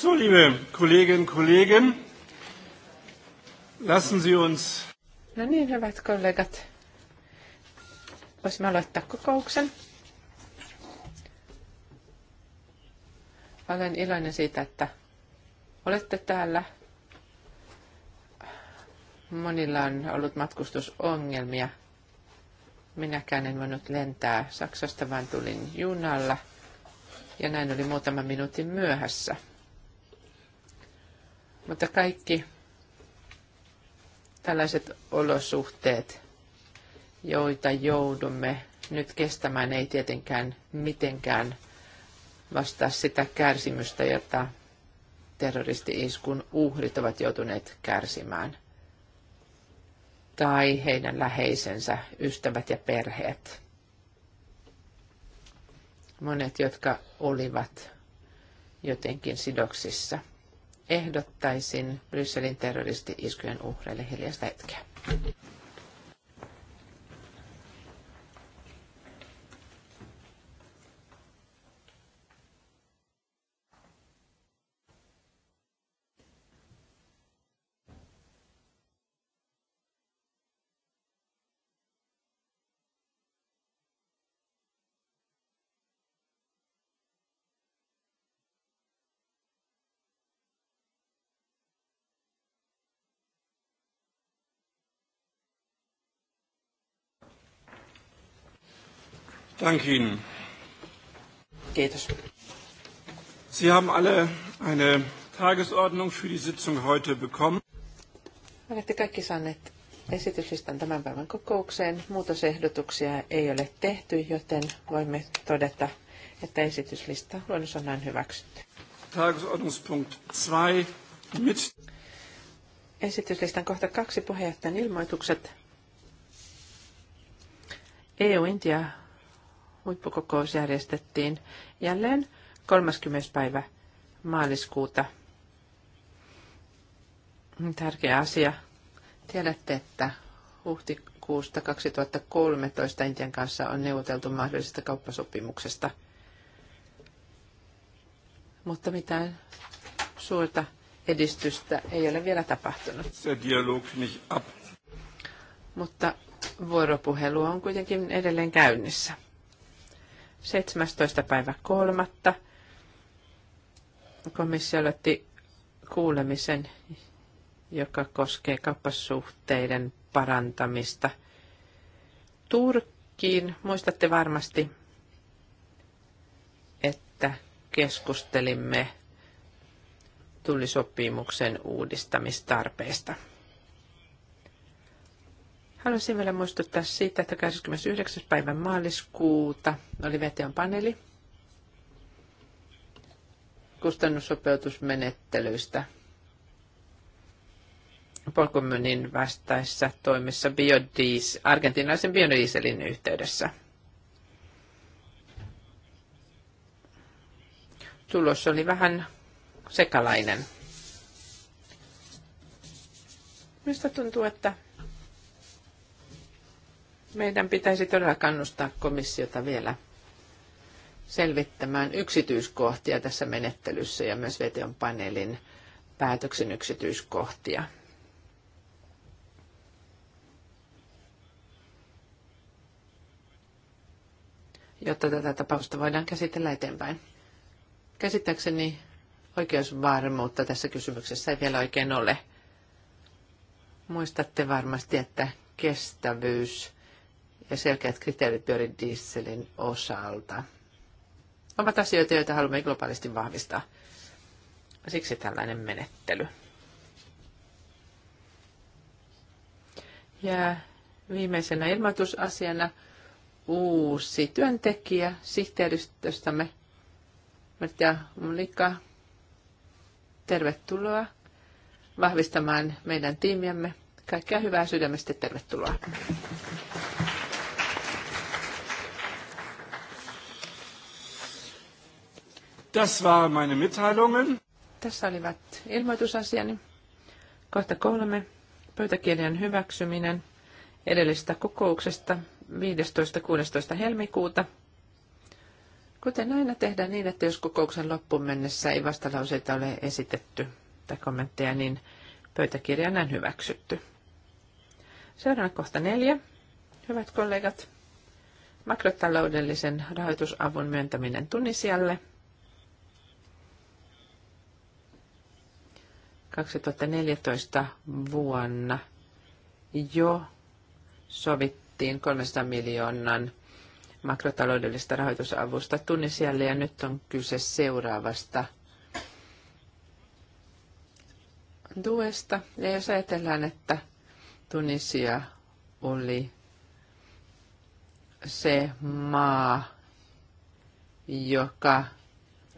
So, liebe Kolleginnen und Kollegen, lassen Sie uns... No niin, hyvät kollegat. Voisimme aloittaa kokouksen. Olen iloinen siitä, että olette täällä. Monilla on ollut matkustusongelmia. Minäkään en voinut lentää Saksasta, vaan tulin junalla. Ja näin oli muutama minuutin myöhässä. Mutta kaikki tällaiset olosuhteet, joita joudumme nyt kestämään, ei tietenkään mitenkään vastaa sitä kärsimystä, jota terroristi-iskun uhrit ovat joutuneet kärsimään. Tai heidän läheisensä, ystävät ja perheet. Monet, jotka olivat jotenkin sidoksissa ehdottaisin Brysselin terroristi-iskujen uhreille hiljaista hetkeä. Danke Ihnen. Kiitos. Sie haben alle eine Tagesordnung für die Sitzung heute bekommen. Olette kaikki saaneet esityslistan tämän päivän kokoukseen. Muutosehdotuksia ei ole tehty, joten voimme todeta, että esityslista luonnos on näin hyväksytty. Tagesordnungspunkt 2 mit Esityslistan kohta kaksi puheenjohtajan ilmoitukset. EU-Intia huippukokous järjestettiin jälleen 30. päivä maaliskuuta. Tärkeä asia. Tiedätte, että huhtikuusta 2013 Intian kanssa on neuvoteltu mahdollisesta kauppasopimuksesta. Mutta mitään suurta edistystä ei ole vielä tapahtunut. Mutta vuoropuhelu on kuitenkin edelleen käynnissä. 17. päivä kolmatta komissio aloitti kuulemisen, joka koskee kauppasuhteiden parantamista Turkkiin. Muistatte varmasti, että keskustelimme tullisopimuksen uudistamistarpeista. Haluaisin vielä muistuttaa siitä, että 29. päivän maaliskuuta oli VTOn paneeli kustannussopeutusmenettelyistä polkumyynnin vastaissa toimissa biodies, argentinaisen biodieselin yhteydessä. Tulos oli vähän sekalainen. Minusta tuntuu, että meidän pitäisi todella kannustaa komissiota vielä selvittämään yksityiskohtia tässä menettelyssä ja myös VTOn paneelin päätöksen yksityiskohtia. jotta tätä tapausta voidaan käsitellä eteenpäin. Käsittääkseni oikeusvarmuutta tässä kysymyksessä ei vielä oikein ole. Muistatte varmasti, että kestävyys ja selkeät kriteerit biodieselin osalta ovat asioita, joita haluamme globaalisti vahvistaa. Siksi tällainen menettely. Ja viimeisenä ilmoitusasiana uusi työntekijä sihteeristöstämme, Mertia Mulika. Tervetuloa vahvistamaan meidän tiimiämme. Kaikkea hyvää sydämestä tervetuloa. Das waren meine Mitteilungen. Tässä olivat ilmoitusasiani. Kohta kolme. Pöytäkirjan hyväksyminen edellisestä kokouksesta 15.16. helmikuuta. Kuten aina tehdään niin, että jos kokouksen loppuun mennessä ei vastalauseita ole esitetty tai kommentteja, niin pöytäkirja on hyväksytty. Seuraava kohta neljä. Hyvät kollegat, makrotaloudellisen rahoitusavun myöntäminen Tunisialle – 2014 vuonna jo sovittiin 300 miljoonan makrotaloudellista rahoitusavusta Tunisialle ja nyt on kyse seuraavasta tuesta. Ja jos ajatellaan, että Tunisia oli se maa, joka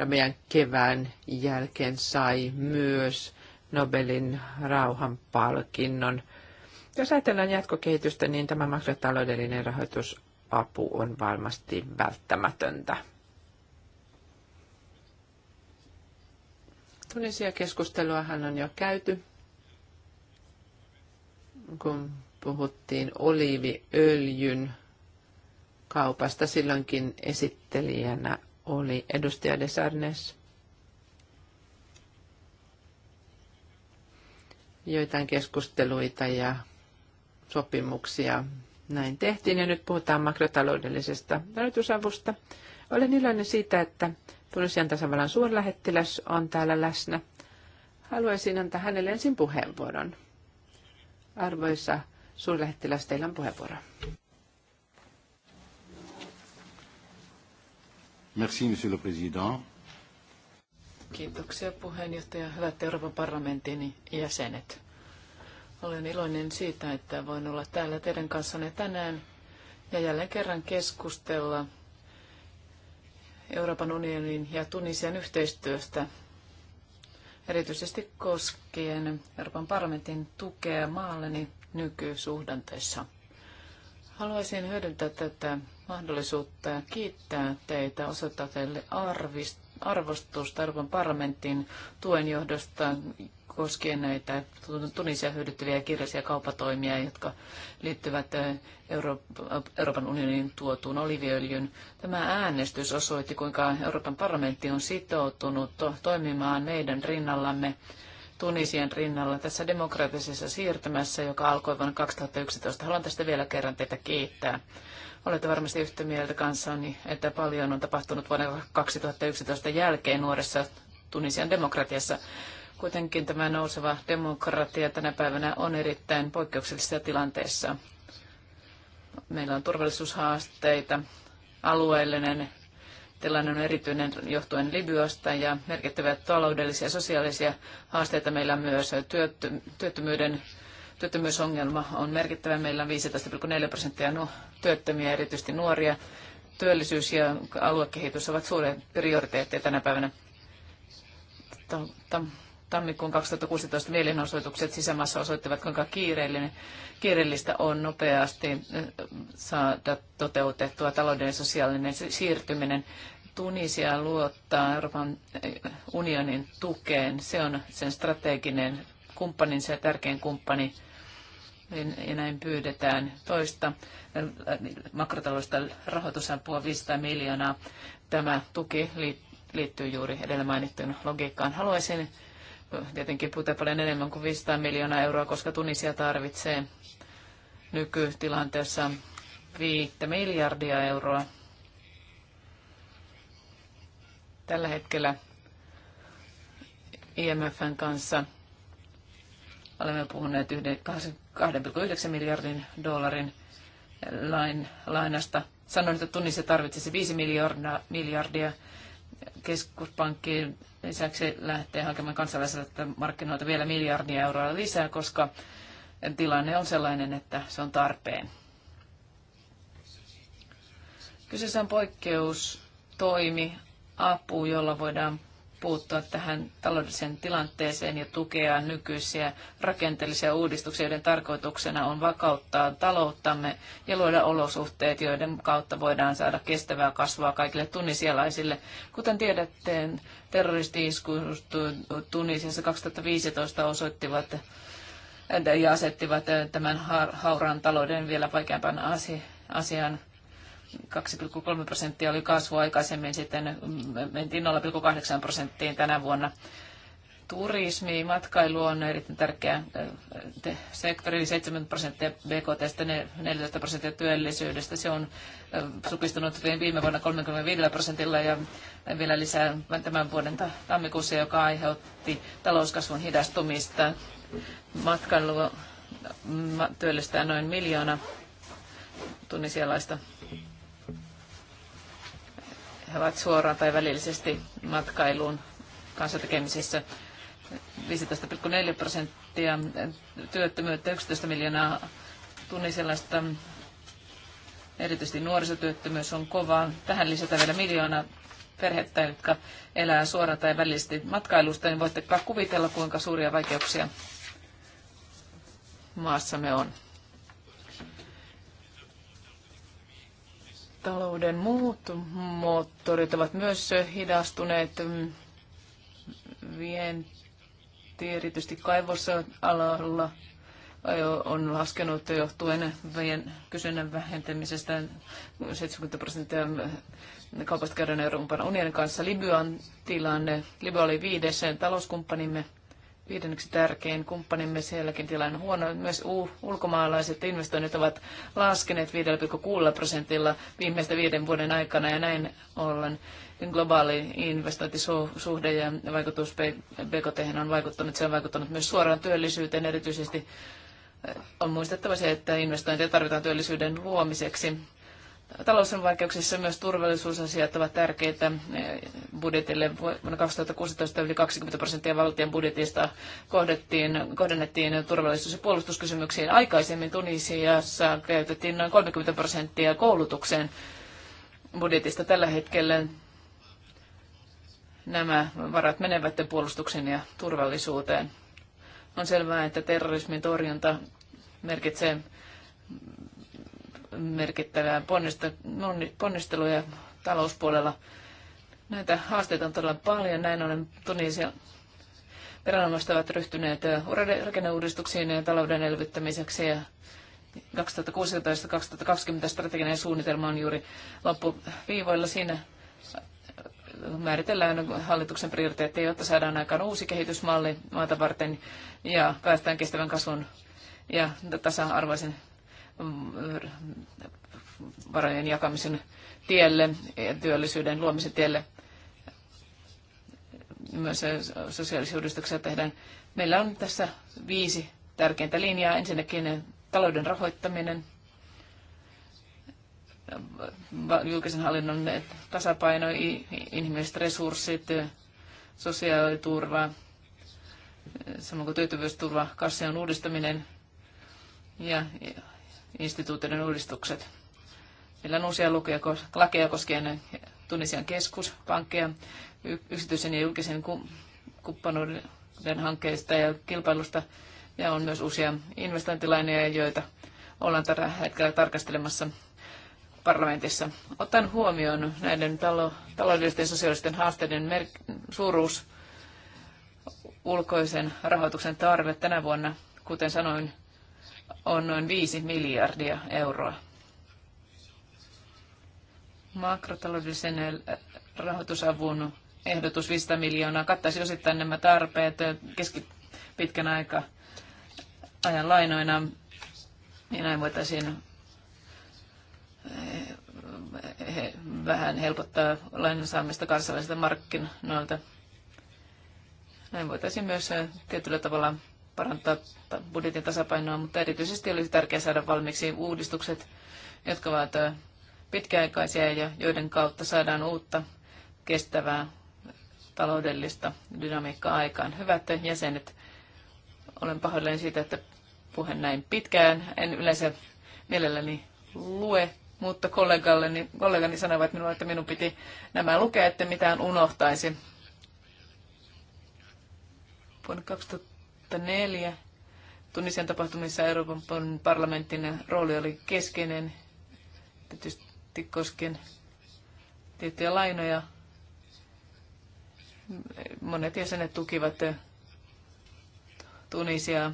meidän kevään jälkeen sai myös Nobelin rauhanpalkinnon. Jos ajatellaan jatkokehitystä, niin tämä makrotaloudellinen rahoitusapu on varmasti välttämätöntä. Tunisia keskusteluahan on jo käyty, kun puhuttiin oliiviöljyn kaupasta. Silloinkin esittelijänä oli edustaja Desarnes. joitain keskusteluita ja sopimuksia näin tehtiin. Ja nyt puhutaan makrotaloudellisesta rahoitusavusta. Olen iloinen siitä, että Tunisian tasavallan suurlähettiläs on täällä läsnä. Haluaisin antaa hänelle ensin puheenvuoron. Arvoisa suurlähettiläs, teillä on puheenvuoro. Merci, monsieur le président. Kiitoksia puheenjohtaja. Hyvät Euroopan parlamentin jäsenet. Olen iloinen siitä, että voin olla täällä teidän kanssanne tänään ja jälleen kerran keskustella Euroopan unionin ja Tunisian yhteistyöstä, erityisesti koskien Euroopan parlamentin tukea maalleni nykysuhdanteessa. Haluaisin hyödyntää tätä mahdollisuutta ja kiittää teitä, osoittaa teille arvist, arvostusta Euroopan parlamentin tuen johdosta koskien näitä Tunisia hyödyttäviä kirjallisia kaupatoimia, jotka liittyvät Euroopan unionin tuotuun oliviöljyn. Tämä äänestys osoitti, kuinka Euroopan parlamentti on sitoutunut toimimaan meidän rinnallamme Tunisian rinnalla tässä demokraattisessa siirtymässä, joka alkoi vuonna 2011. Haluan tästä vielä kerran teitä kiittää. Olette varmasti yhtä mieltä kanssani, että paljon on tapahtunut vuoden 2011 jälkeen nuoressa Tunisian demokratiassa. Kuitenkin tämä nouseva demokratia tänä päivänä on erittäin poikkeuksellisessa tilanteessa. Meillä on turvallisuushaasteita, alueellinen tilanne on erityinen johtuen Libyasta ja merkittäviä taloudellisia ja sosiaalisia haasteita meillä on myös työttömyyden Työttömyysongelma on merkittävä. Meillä on 15,4 prosenttia työttömiä, erityisesti nuoria. Työllisyys ja aluekehitys ovat suuria prioriteetteja tänä päivänä. Tammikuun 2016 mielenosoitukset sisämaassa osoittivat, kuinka kiireellinen, kiireellistä on nopeasti äh, saada toteutettua talouden ja sosiaalinen siirtyminen. Tunisia luottaa Euroopan äh, unionin tukeen. Se on sen strateginen kumppaninsa ja tärkein kumppani ja näin pyydetään toista äh, makrotaloudesta rahoitusapua 500 miljoonaa. Tämä tuki liittyy juuri edellä mainittuun logiikkaan. Haluaisin äh, tietenkin pyytää paljon enemmän kuin 500 miljoonaa euroa, koska Tunisia tarvitsee nykytilanteessa 5 miljardia euroa. Tällä hetkellä IMFn kanssa olemme puhuneet 2,9 miljardin dollarin lain, lainasta. Sanoin, että tunnissa tarvitsisi 5 miljardia, miljardia keskuspankkiin. Lisäksi lähtee hakemaan kansalaiselta markkinoilta vielä miljardia euroa lisää, koska tilanne on sellainen, että se on tarpeen. Kyseessä on poikkeustoimi, apu, jolla voidaan puuttua tähän taloudelliseen tilanteeseen ja tukea nykyisiä rakenteellisia uudistuksia, joiden tarkoituksena on vakauttaa talouttamme ja luoda olosuhteet, joiden kautta voidaan saada kestävää kasvua kaikille tunisialaisille. Kuten tiedätte, terroristi-iskut Tunisiassa 2015 osoittivat ja asettivat tämän hauraan talouden vielä vaikeampaan asiaan 2,3 prosenttia oli kasvu aikaisemmin, sitten mentiin 0,8 prosenttiin tänä vuonna. Turismi, matkailu on erittäin tärkeä eh, sektori, eli 7 prosenttia BKT, 14 prosenttia työllisyydestä. Se on eh, supistunut viime vuonna 35 prosentilla ja vielä lisää tämän vuoden tammikuussa, joka aiheutti talouskasvun hidastumista. Matkailu mm, työllistää noin miljoona tunnisialaista he ovat suoraan tai välillisesti matkailuun kanssa tekemisissä. 15,4 prosenttia työttömyyttä, 11 miljoonaa tunnisellaista. Erityisesti nuorisotyöttömyys on kova. Tähän lisätään vielä miljoona perhettä, jotka elää suoraan tai välillisesti matkailusta, niin voitte kuvitella, kuinka suuria vaikeuksia maassamme on. talouden muut moottorit ovat myös hidastuneet. Vienti erityisesti kaivosalalla on laskenut johtuen kysynnän vähentämisestä 70 prosenttia kaupasta käydään Euroopan unionin kanssa. Libyan tilanne, Libya oli viides talouskumppanimme viidenneksi tärkein kumppanimme. Sielläkin tilanne on huono. Myös ulkomaalaiset investoinnit ovat laskeneet 5,6 prosentilla viimeistä viiden vuoden aikana ja näin ollen globaali investointisuhde ja vaikutus BKT on vaikuttanut. Se on vaikuttanut myös suoraan työllisyyteen erityisesti on muistettava se, että investointeja tarvitaan työllisyyden luomiseksi talous on vaikeuksissa myös turvallisuusasiat ovat tärkeitä budjetille. Vuonna 2016 yli 20 prosenttia valtion budjetista kohdettiin, kohdennettiin turvallisuus- ja puolustuskysymyksiin. Aikaisemmin Tunisiassa käytettiin noin 30 prosenttia koulutukseen budjetista. Tällä hetkellä nämä varat menevät puolustukseen ja turvallisuuteen. On selvää, että terrorismin torjunta merkitsee merkittävää ponnisteluja talouspuolella. Näitä haasteita on todella paljon. Näin ollen Tunisia viranomaiset ovat ryhtyneet rakenneuudistuksiin ja talouden elvyttämiseksi ja 2016-2020 strateginen suunnitelma on juuri loppuviivoilla. Siinä määritellään hallituksen prioriteetteja, jotta saadaan aikaan uusi kehitysmalli maata varten ja päästään kestävän kasvun ja tasa-arvoisen varojen jakamisen tielle ja työllisyyden luomisen tielle. Myös uudistuksia tehdään. Meillä on tässä viisi tärkeintä linjaa. Ensinnäkin talouden rahoittaminen, julkisen hallinnon tasapaino, inhimilliset resurssit, sosiaaliturva, samoin kuin työtyvyysturva, kassion uudistaminen ja instituutioiden uudistukset. Meillä on uusia lukuja, lakeja koskien Tunisian keskuspankkeja, yksityisen ja julkisen kumppanuuden hankkeista ja kilpailusta. Ja on myös uusia investointilaineja, joita ollaan tällä hetkellä tarkastelemassa parlamentissa. Otan huomioon näiden talo- taloudellisten ja sosiaalisten haasteiden mer- suuruus, ulkoisen rahoituksen tarve tänä vuonna, kuten sanoin, on noin 5 miljardia euroa. Makrotaloudellisen eh, rahoitusavun ehdotus 500 miljoonaa kattaisi osittain nämä tarpeet eh, keskipitkän aika ajan lainoina. Ja näin voitaisiin eh, vähän helpottaa lainan saamista kansalaisilta markkinoilta. Näin voitaisiin myös tietyllä tavalla parantaa budjetin tasapainoa, mutta erityisesti olisi tärkeää saada valmiiksi uudistukset, jotka ovat pitkäaikaisia ja joiden kautta saadaan uutta kestävää taloudellista dynamiikkaa aikaan. Hyvät jäsenet, olen pahoillani siitä, että puhun näin pitkään. En yleensä mielelläni lue, mutta kollegalleni, kollegani sanoivat minulle, että minun piti nämä lukea, että mitään unohtaisi. Vuonna 2000 2004 Tunisian tapahtumissa Euroopan parlamentin rooli oli keskeinen, tietysti koskien tiettyjä lainoja. Monet jäsenet tukivat Tunisiaa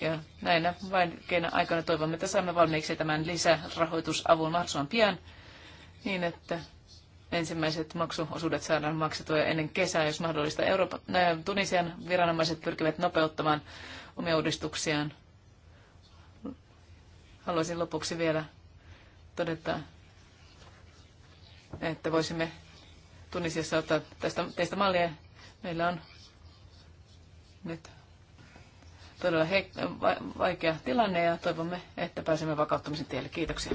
ja näinä vaikeina aikana toivomme, että saamme valmiiksi tämän lisärahoitusavun mahdollisimman pian niin, että ensimmäiset maksuosuudet saadaan maksettua ennen kesää, jos mahdollista. Euroopan, äh, Tunisian viranomaiset pyrkivät nopeuttamaan omia uudistuksiaan. Haluaisin lopuksi vielä todeta, että voisimme Tunisiassa ottaa tästä, tästä mallia. Meillä on nyt todella heik- vaikea tilanne ja toivomme, että pääsemme vakauttamisen tielle. Kiitoksia.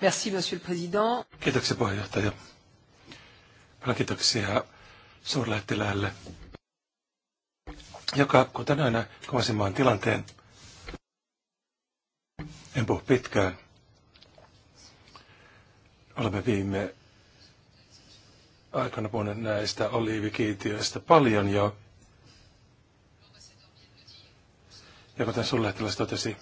Merci, monsieur le président. Kiitoksia puheenjohtaja. Paljon kiitoksia suurlähettiläälle, joka kuten aina kuvasi maan tilanteen. En puhu pitkään. Olemme viime aikana puhuneet näistä oliivikiitiöistä paljon jo. Ja kuten sulle totesi,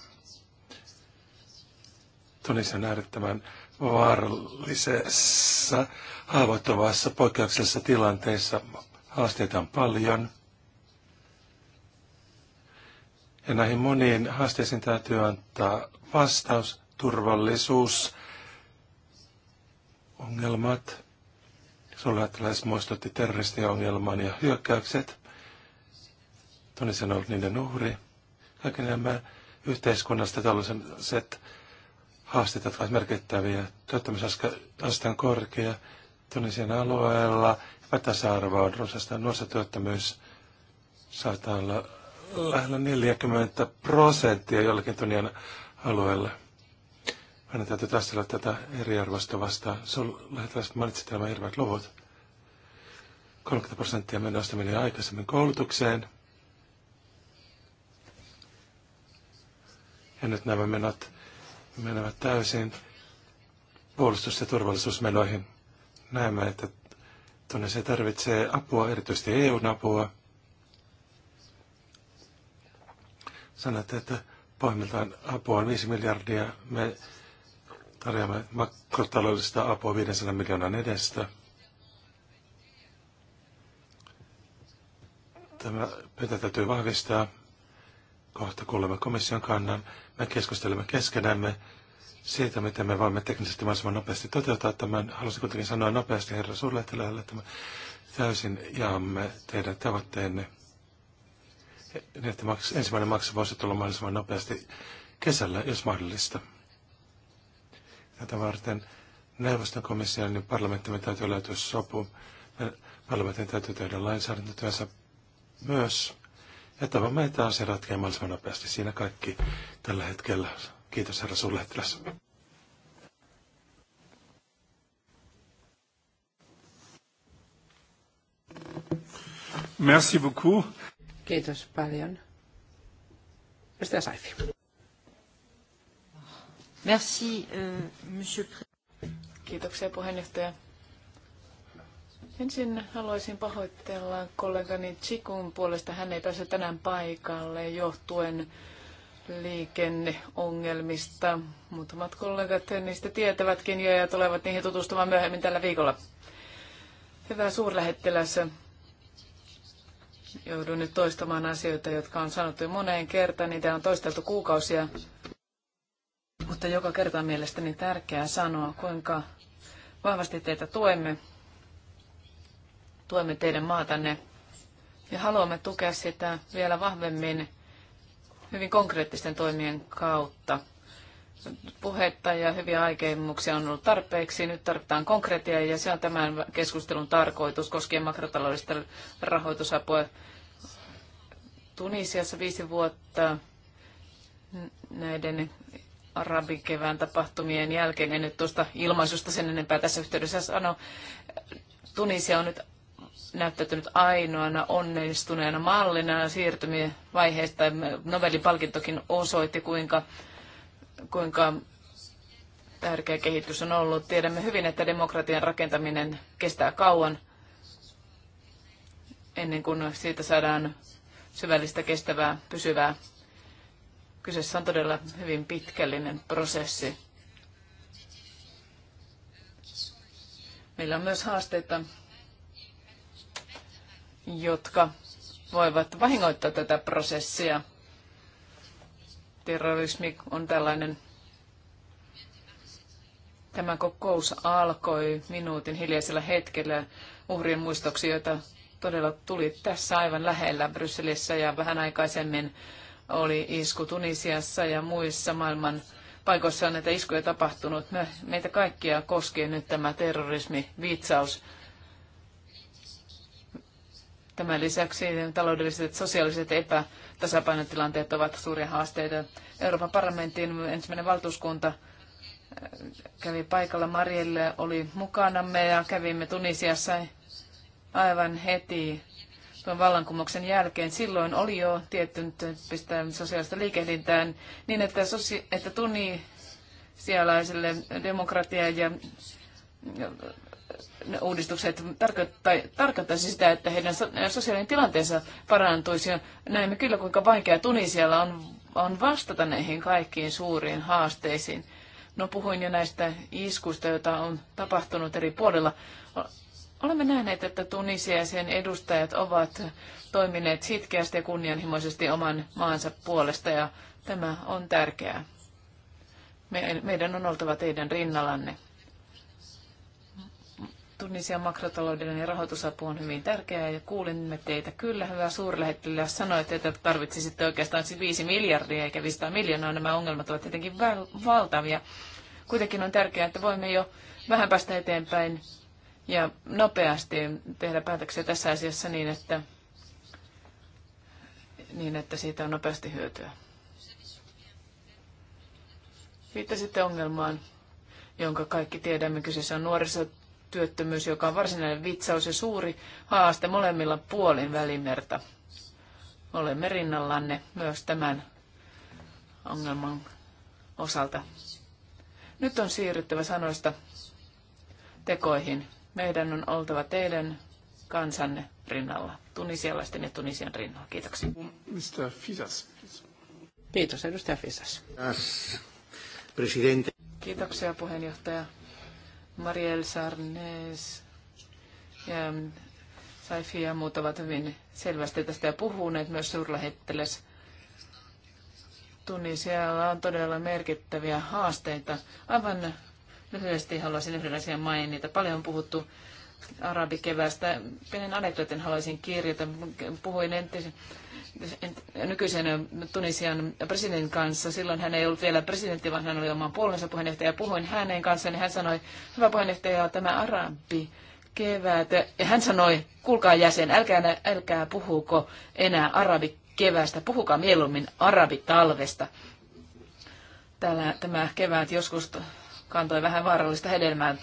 Tunisian äärettömän vaarallisessa, haavoittuvassa, poikkeuksellisessa tilanteessa. Haasteita on paljon. Ja näihin moniin haasteisiin täytyy antaa vastaus, turvallisuus, ongelmat. Sulhattelais muistutti terroristiongelman ja hyökkäykset. Tunisian on ollut niiden uhri. Kaikki nämä yhteiskunnasta tällaiset haasteita, jotka ovat merkittäviä. Työttömyysaste on korkea Tunisian alueella, epätasa-arvo on runsaista. Nuorissa työttömyys saattaa olla lähellä 40 prosenttia jollakin Tunisian alueella. Aina täytyy taistella tätä eriarvoista vastaan. Sinulla on mainitsit nämä hirveät luvut. 30 prosenttia menoista meni aikaisemmin koulutukseen. Ja nyt nämä menot menevät täysin puolustus- ja turvallisuusmeloihin. Näemme, että tuonne se tarvitsee apua, erityisesti EUn apua. Sanoitte, että pohjimmiltaan apua on 5 miljardia. Me tarjoamme makrotaloudellista apua 500 miljoonan edestä. Tämä pitää täytyy vahvistaa. Kohta kuulemme komission kannan. Me keskustelemme keskenämme siitä, miten me voimme teknisesti mahdollisimman nopeasti toteuttaa tämän. Haluaisin kuitenkin sanoa nopeasti herra suurlähettiläälle, että me täysin jaamme teidän tavoitteenne. Niin, että maks, ensimmäinen maksu voisi tulla mahdollisimman nopeasti kesällä, jos mahdollista. Tätä varten neuvoston komission ja parlamenttimme täytyy löytyä sopu. Parlamentin täytyy tehdä lainsäädäntötyönsä myös ja toivomme, meitä asia ratkeaa mahdollisimman nopeasti. Siinä kaikki tällä hetkellä. Kiitos herra tässä. Merci beaucoup. Kiitos paljon. Mr. Saifi. Merci, euh, monsieur Kiitoksia puheenjohtaja. Ensin haluaisin pahoitella kollegani Chikun puolesta. Hän ei pääse tänään paikalle johtuen liikenneongelmista. Muutamat kollegat niistä tietävätkin jo ja tulevat niihin tutustumaan myöhemmin tällä viikolla. Hyvä suurlähettiläs. Joudun nyt toistamaan asioita, jotka on sanottu jo moneen kertaan. Niitä on toisteltu kuukausia. Mutta joka kerta on mielestäni tärkeää sanoa, kuinka vahvasti teitä tuemme tuemme teidän maatanne ja haluamme tukea sitä vielä vahvemmin hyvin konkreettisten toimien kautta. Puhetta ja hyviä aikeimuksia on ollut tarpeeksi. Nyt tarvitaan konkreettia ja se on tämän keskustelun tarkoitus koskien makrotaloudellista rahoitusapua. Tunisiassa viisi vuotta näiden arabikevään tapahtumien jälkeen, en nyt tuosta ilmaisusta sen enempää tässä yhteydessä sano, Tunisia on nyt näyttäytynyt ainoana onnistuneena mallina siirtymien vaiheesta. Nobelin palkintokin osoitti, kuinka, kuinka tärkeä kehitys on ollut. Tiedämme hyvin, että demokratian rakentaminen kestää kauan ennen kuin siitä saadaan syvällistä, kestävää, pysyvää. Kyseessä on todella hyvin pitkällinen prosessi. Meillä on myös haasteita jotka voivat vahingoittaa tätä prosessia. Terrorismi on tällainen. Tämä kokous alkoi minuutin hiljaisella hetkellä uhrien muistoksi, joita todella tuli tässä aivan lähellä Brysselissä ja vähän aikaisemmin oli isku Tunisiassa ja muissa maailman paikoissa on näitä iskuja tapahtunut. Me, meitä kaikkia koskee nyt tämä terrorismi viitsaus. Tämän lisäksi taloudelliset sosiaaliset epätasapainotilanteet ovat suuria haasteita. Euroopan parlamentin ensimmäinen valtuuskunta äh, kävi paikalla. Marielle oli mukanamme ja kävimme Tunisiassa aivan heti tuon vallankumouksen jälkeen. Silloin oli jo tietty pistää sosiaalista liikehdintään niin, että, sosia- että tunisialaiselle demokratia ja uudistukset tarkoittaisi sitä, että heidän sosiaalinen tilanteensa parantuisi. Ja näemme kyllä, kuinka vaikea Tunisialla on, on vastata näihin kaikkiin suuriin haasteisiin. No puhuin jo näistä iskuista, joita on tapahtunut eri puolilla. Olemme nähneet, että Tunisia ja sen edustajat ovat toimineet sitkeästi ja kunnianhimoisesti oman maansa puolesta ja tämä on tärkeää. meidän on oltava teidän rinnallanne. Tunisian makrotaloudellinen rahoitusapu on hyvin tärkeää ja kuulimme teitä. Kyllä, hyvä suurlähettilä sanoi, että tarvitsisitte oikeastaan 5 siis miljardia eikä 500 miljoonaa. Nämä ongelmat ovat tietenkin valtavia. Kuitenkin on tärkeää, että voimme jo vähän päästä eteenpäin ja nopeasti tehdä päätöksiä tässä asiassa niin, että, niin, että siitä on nopeasti hyötyä. Viittasitte ongelmaan, jonka kaikki tiedämme. Kyseessä on nuorisotyö nuorisotyöttömyys, joka on varsinainen vitsaus ja suuri haaste molemmilla puolin välimerta. Olemme rinnallanne myös tämän ongelman osalta. Nyt on siirryttävä sanoista tekoihin. Meidän on oltava teidän kansanne rinnalla, tunisialaisten ja tunisian rinnalla. Kiitoksia. Mr. Fisas. Kiitos, edustaja Fisas. Presidente. Kiitoksia, puheenjohtaja. Mariel Sarnes ja mm, Saifi ja muut ovat hyvin selvästi tästä puhuneet, myös suurlähettiläs. Tunisialla on todella merkittäviä haasteita. Aivan lyhyesti haluaisin yhden asian mainita. Paljon on puhuttu arabikevästä. Pienen anekdotin haluaisin kirjata. Puhuin entisen nykyisen Tunisian presidentin kanssa. Silloin hän ei ollut vielä presidentti, vaan hän oli oman puolensa puheenjohtaja. Puhuin hänen kanssaan niin hän sanoi, hyvä puheenjohtaja, tämä arabi kevät. Ja hän sanoi, kuulkaa jäsen, älkää, älkää puhuko enää arabi kevästä, puhukaa mieluummin arabi talvesta. tämä kevät joskus kantoi vähän vaarallista hedelmää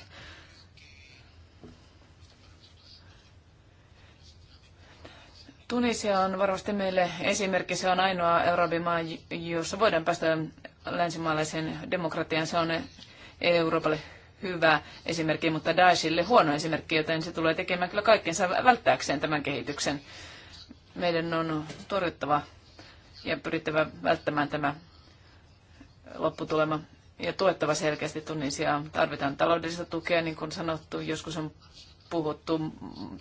Tunisia on varmasti meille esimerkki. Se on ainoa Euroopan maa, jossa voidaan päästä länsimaalaisen demokratian. Se on Euroopalle hyvä esimerkki, mutta Daeshille huono esimerkki, joten se tulee tekemään kyllä kaikkensa välttääkseen tämän kehityksen. Meidän on torjuttava ja pyrittävä välttämään tämä lopputulema ja tuettava selkeästi Tunisiaa. Tarvitaan taloudellista tukea, niin kuin sanottu, joskus on puhuttu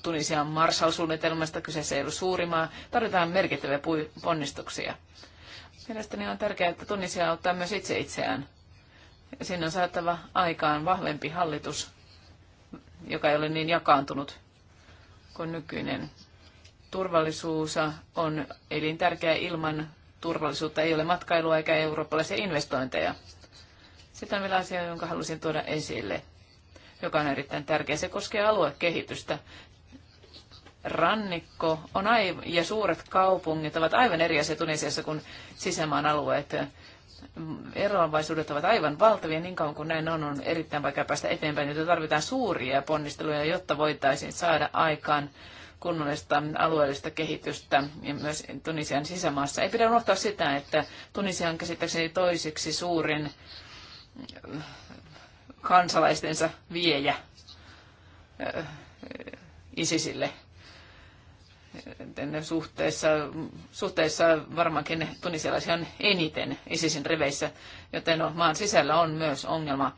Tunisian Marshall-suunnitelmasta, kyseessä ei ollut suuri maa. Tarvitaan merkittäviä ponnistuksia. Mielestäni on tärkeää, että Tunisia auttaa myös itse itseään. Sinne on saatava aikaan vahvempi hallitus, joka ei ole niin jakaantunut kuin nykyinen. Turvallisuus on elintärkeä ilman turvallisuutta ei ole matkailua eikä eurooppalaisia investointeja. Sitten on vielä asia, jonka halusin tuoda esille joka on erittäin tärkeä. Se koskee aluekehitystä. Rannikko on aiv- ja suuret kaupungit ovat aivan eri asia Tunisiassa kuin sisämaan alueet. Eroavaisuudet ovat aivan valtavia, niin kauan kuin näin on, on erittäin vaikea päästä eteenpäin, joten tarvitaan suuria ponnisteluja, jotta voitaisiin saada aikaan kunnollista alueellista kehitystä ja myös Tunisian sisämaassa. Ei pidä unohtaa sitä, että Tunisia on käsittääkseni toiseksi suurin kansalaistensa viejä ISISille. Suhteessa, suhteessa varmaankin tunisialaisia on eniten ISISin riveissä, joten no, maan sisällä on myös ongelma.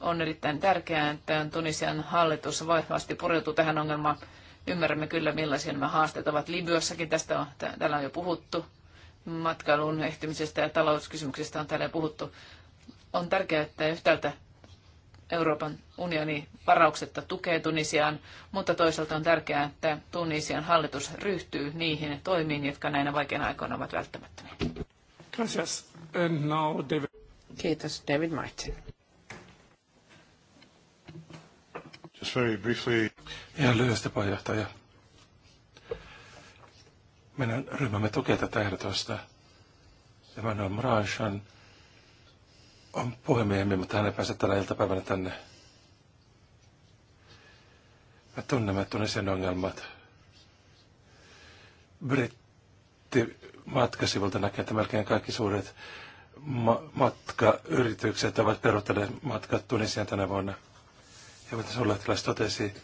On erittäin tärkeää, että Tunisian hallitus vahvasti pureutuu tähän ongelmaan. Ymmärrämme kyllä, millaisia nämä haasteet ovat. Libyassakin tästä on, täällä on jo puhuttu. Matkailun ehtymisestä ja talouskysymyksistä on täällä jo puhuttu. On tärkeää, että yhtäältä Euroopan unioni varauksetta tukee Tunisiaan, mutta toisaalta on tärkeää, että Tunisian hallitus ryhtyy niihin toimiin, jotka näinä vaikeina aikoina ovat välttämättömiä. Gracias. And now David. Kiitos, David Martin. Just very briefly. Ihan lyhyesti, puheenjohtaja. Meidän ryhmämme tukee tätä ehdotusta. Emmanuel Mrajan on puhemiehemme, mutta hän ei pääse tänä iltapäivänä tänne. Mä tunnen, mä tunnen sen ongelmat. Britti matkasivulta näkee, että melkein kaikki suuret ma- matkayritykset ovat peruuttaneet matkat Tunisiaan tänä vuonna. Ja kuten Sullettilas totesi,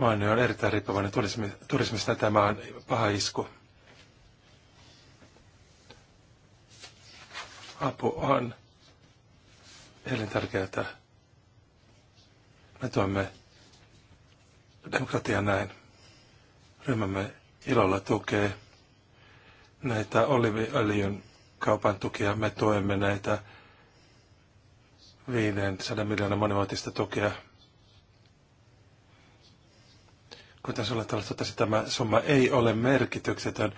maanne on erittäin riippuvainen turismi, turismista ja tämä on paha isku. Apu on elintärkeää. Me tuemme demokratiaa näin. Ryhmämme ilolla tukee näitä oliviöljyn kaupan tukia. Me tuemme näitä 500 miljoonaa monivuotista tukea. Kuten Solatalo totesi, tämä summa ei ole merkityksetön,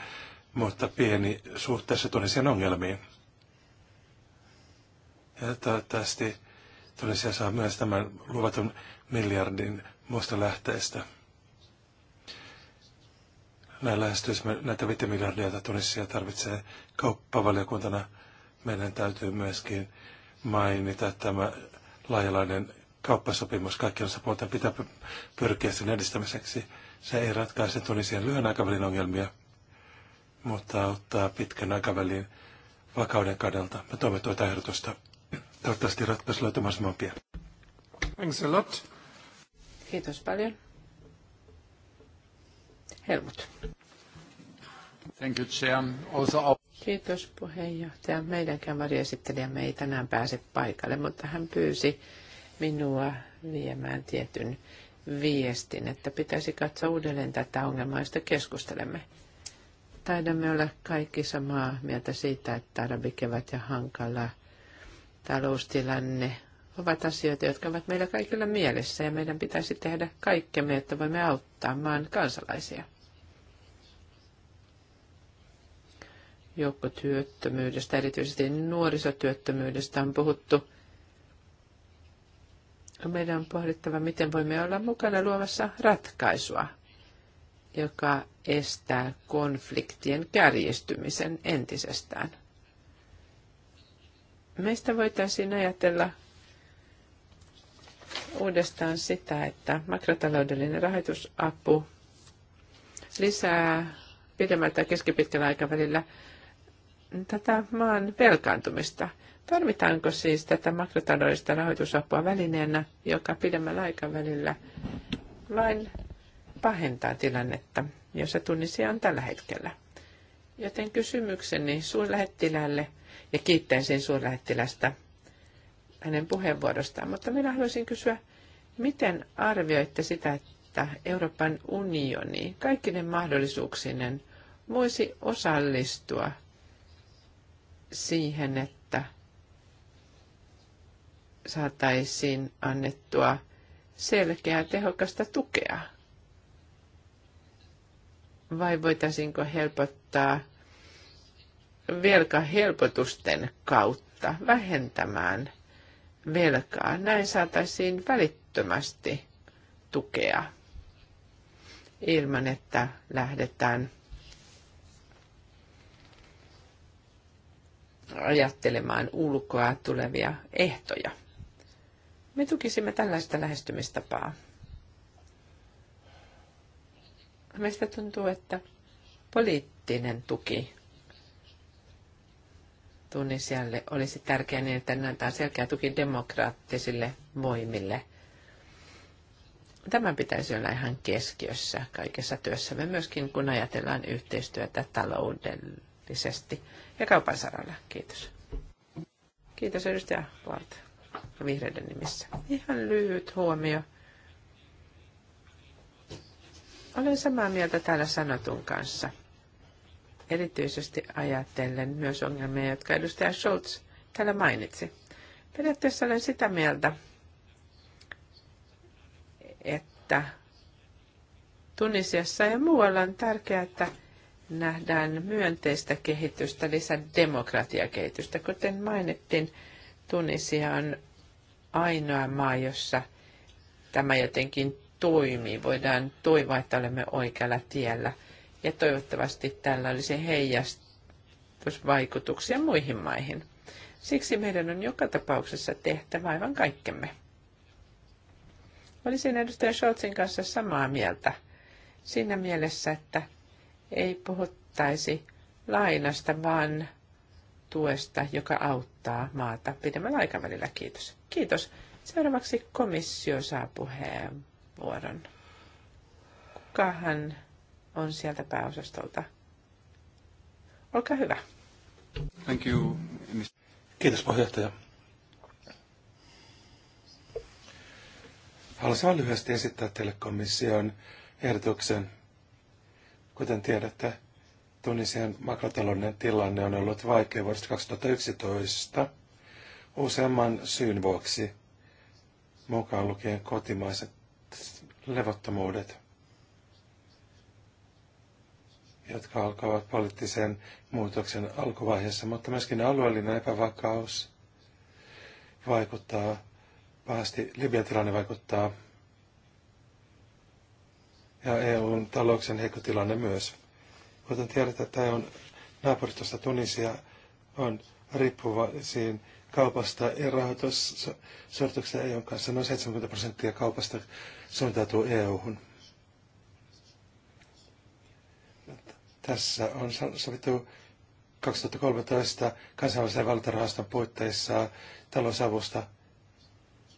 mutta pieni suhteessa tunnisiin ongelmiin. Ja toivottavasti tulisi saa myös tämän luvatun miljardin muusta lähteestä. Näin lähestyisimme näitä 5 miljardia, joita Tunisia tarvitsee kauppavaliokuntana. Meidän täytyy myöskin mainita tämä laajalainen kauppasopimus kaikkien osapuolten pitää pyrkiä sen edistämiseksi. Se ei ratkaise Tunisian lyhyen aikavälin ongelmia, mutta auttaa pitkän aikavälin vakauden kannalta. Me toimme tuota ehdotusta. Toivottavasti ratkaisu löytyy mahdollisimman pian. Thanks a lot. Kiitos paljon. Helmut. Thank you, Chair. Also... Kiitos puheenjohtaja. Meidänkään varjoesittelijämme ei tänään pääse paikalle, mutta hän pyysi minua viemään tietyn viestin, että pitäisi katsoa uudelleen tätä ongelmaa, josta keskustelemme. Taidamme olla kaikki samaa mieltä siitä, että arabikevät ja hankala taloustilanne ovat asioita, jotka ovat meillä kaikilla mielessä ja meidän pitäisi tehdä kaikkemme, että voimme auttaa maan kansalaisia. Joukkotyöttömyydestä, erityisesti nuorisotyöttömyydestä on puhuttu. Meidän on pohdittava, miten voimme olla mukana luomassa ratkaisua, joka estää konfliktien kärjistymisen entisestään meistä voitaisiin ajatella uudestaan sitä, että makrotaloudellinen rahoitusapu lisää pidemmällä tai keskipitkällä aikavälillä tätä maan velkaantumista. Tarvitaanko siis tätä makrotaloudellista rahoitusapua välineenä, joka pidemmällä aikavälillä vain pahentaa tilannetta, jossa tunnisia on tällä hetkellä? Joten kysymykseni suurlähettilälle – ja kiittäisin suurlähettilästä hänen puheenvuorostaan. Mutta minä haluaisin kysyä, miten arvioitte sitä, että Euroopan unioni kaikkinen mahdollisuuksinen voisi osallistua siihen, että saataisiin annettua selkeää tehokasta tukea? Vai voitaisiinko helpottaa velkahelpotusten kautta vähentämään velkaa. Näin saataisiin välittömästi tukea ilman, että lähdetään ajattelemaan ulkoa tulevia ehtoja. Me tukisimme tällaista lähestymistapaa. Meistä tuntuu, että poliittinen tuki Tunisialle olisi tärkeää niin, että antaa selkeä tuki demokraattisille voimille. Tämän pitäisi olla ihan keskiössä kaikessa työssämme, myöskin kun ajatellaan yhteistyötä taloudellisesti ja kaupan saralla. Kiitos. Kiitos edustaja Valta vihreiden nimissä. Ihan lyhyt huomio. Olen samaa mieltä täällä sanotun kanssa erityisesti ajatellen myös ongelmia, jotka edustaja Schultz täällä mainitsi. Periaatteessa olen sitä mieltä, että Tunisiassa ja muualla on tärkeää, että nähdään myönteistä kehitystä, lisää demokratiakehitystä. Kuten mainittiin, Tunisia on ainoa maa, jossa tämä jotenkin toimii. Voidaan toivoa, että olemme oikealla tiellä – ja toivottavasti tällä olisi heijastusvaikutuksia muihin maihin. Siksi meidän on joka tapauksessa tehtävä aivan kaikkemme. Olisin edustaja Scholzin kanssa samaa mieltä siinä mielessä, että ei puhuttaisi lainasta, vaan tuesta, joka auttaa maata pidemmällä aikavälillä. Kiitos. Kiitos. Seuraavaksi komissio saa puheenvuoron. Kukahan on sieltä pääosastolta. Olkaa hyvä. Thank you. Kiitos puheenjohtaja. Haluaisin lyhyesti esittää teille komission ehdotuksen. Kuten tiedätte, Tunisian makrotalouden tilanne on ollut vaikea vuodesta 2011 useamman syyn vuoksi, mukaan lukien kotimaiset levottomuudet jotka alkavat poliittisen muutoksen alkuvaiheessa, mutta myöskin alueellinen epävakaus vaikuttaa pahasti. Libyan tilanne vaikuttaa ja EUn talouksen heikko tilanne myös. Kuten tiedetään, että on e naapuristosta Tunisia on riippuvaisiin kaupasta ja rahoitussortuksesta EUn kanssa. Noin 70 prosenttia kaupasta suuntautuu EUhun. Tässä on sovittu 2013 kansainvälisen valuutarahaston puitteissa talousavusta.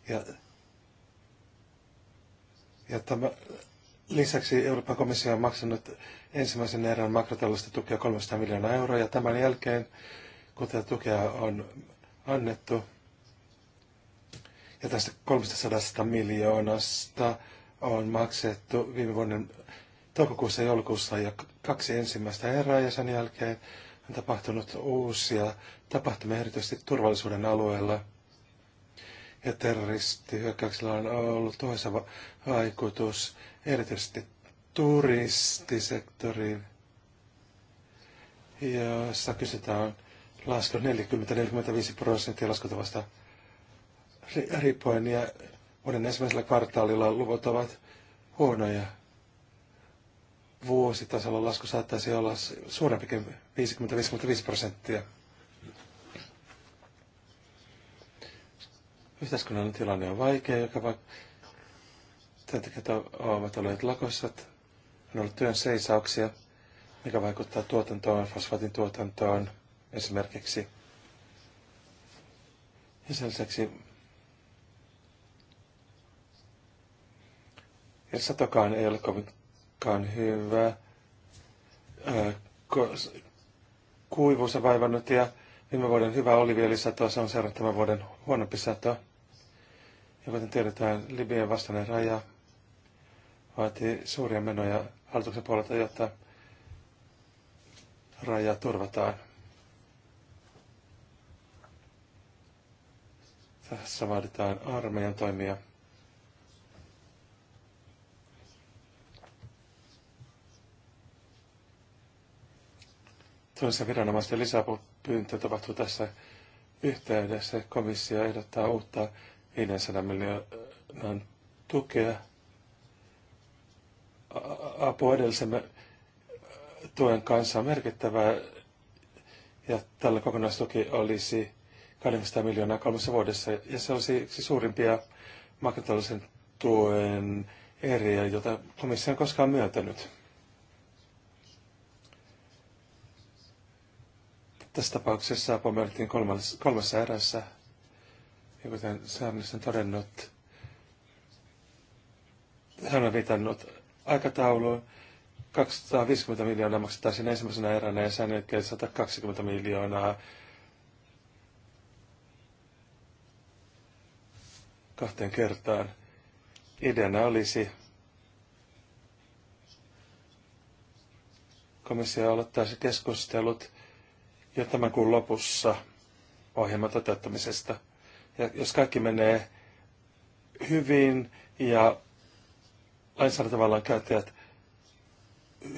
Ja, ja tämä, lisäksi Euroopan komissio on maksanut ensimmäisen erän makrotaloudellista tukea 300 miljoonaa euroa. Ja tämän jälkeen, kun tätä tukea on annettu, ja tästä 300 miljoonasta on maksettu viime vuoden toukokuussa ja joulukuussa ja kaksi ensimmäistä erää ja sen jälkeen on tapahtunut uusia tapahtumia erityisesti turvallisuuden alueella. Ja terroristihyökkäyksellä on ollut toisa vaikutus erityisesti turistisektoriin, jossa kysytään lasku 40-45 prosenttia laskutavasta riippuen ja vuoden ensimmäisellä kvartaalilla luvut ovat huonoja vuositasolla lasku saattaisi olla suurempikin 50-55 prosenttia. Yhteiskunnallinen tilanne on vaikea, joka vaikka työntekijät ovat olleet lakossa, on ollut työn seisauksia, mikä vaikuttaa tuotantoon, fosfaatin tuotantoon esimerkiksi. Ja sen lisäksi ja satokaan ei ole kovin joka on hyvä. Kuivuus on vaivannut ja viime vuoden hyvä olivielisatoa, se on seurannut tämän vuoden huonompi sato. Ja kuten tiedetään, Libyan vastainen raja vaatii suuria menoja hallituksen puolelta, jotta raja turvataan. Tässä vaaditaan armeijan toimia. Tuossa viranomaisten lisäpyyntö tapahtuu tässä yhteydessä. Komissio ehdottaa uutta 500 miljoonan tukea apua edellisen tuen kanssa on merkittävää ja tällä kokonaistuki olisi 200 miljoonaa kolmessa vuodessa ja se olisi yksi suurimpia makrotalousen tuen eriä, jota komissio on koskaan myöntänyt. Tässä tapauksessa pommeltiin kolmessa erässä. Ja kuten Säännös on todennut, hän on viitannut aikatauluun. 250 miljoonaa maksetaan siinä ensimmäisenä eränä ja sen jälkeen 120 miljoonaa kahteen kertaan. Ideana olisi komissio aloittaisi keskustelut jo tämän kuun lopussa ohjelman toteuttamisesta. Ja jos kaikki menee hyvin ja lainsäädäntövallan käyttäjät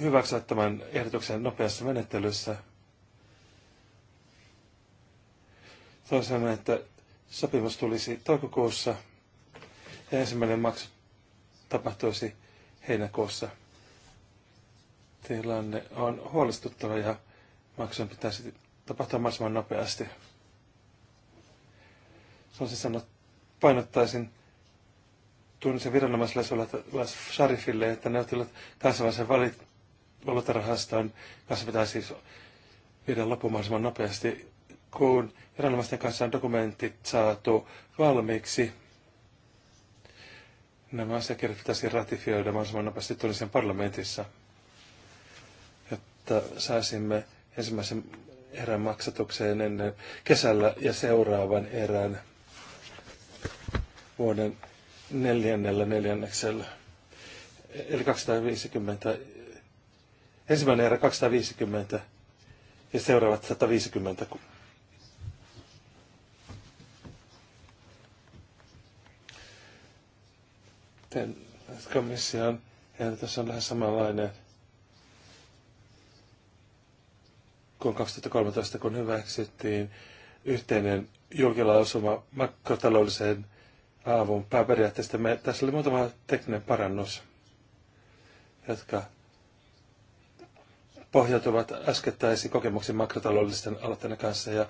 hyväksyvät tämän ehdotuksen nopeassa menettelyssä, toisena, että sopimus tulisi toukokuussa ja ensimmäinen maksu tapahtuisi heinäkuussa. Tilanne on huolestuttava ja maksun pitäisi tapahtua mahdollisimman nopeasti. Haluaisin sanoa, painottaisin tunnisen viranomaiselle Sharifille, että ne neuvottelut kansainvälisen valit- valuutarahaston kanssa pitää siis viedä loppuun mahdollisimman nopeasti, kun viranomaisten kanssa on dokumentit saatu valmiiksi. Nämä asiakirjat pitäisi ratifioida mahdollisimman nopeasti Tunisian parlamentissa, jotta saisimme ensimmäisen erän maksatukseen ennen kesällä ja seuraavan erän vuoden neljännellä neljänneksellä. Eli 250, ensimmäinen erä 250 ja seuraavat 150. Tämän komission ehdotus on vähän samanlainen. kun 2013, kun hyväksyttiin yhteinen julkilausuma makrotaloudelliseen avun pääperiaatteesta, me, tässä oli muutama tekninen parannus, jotka pohjautuvat äskettäisiin kokemuksiin makrotaloudellisten aloitteiden kanssa. Ja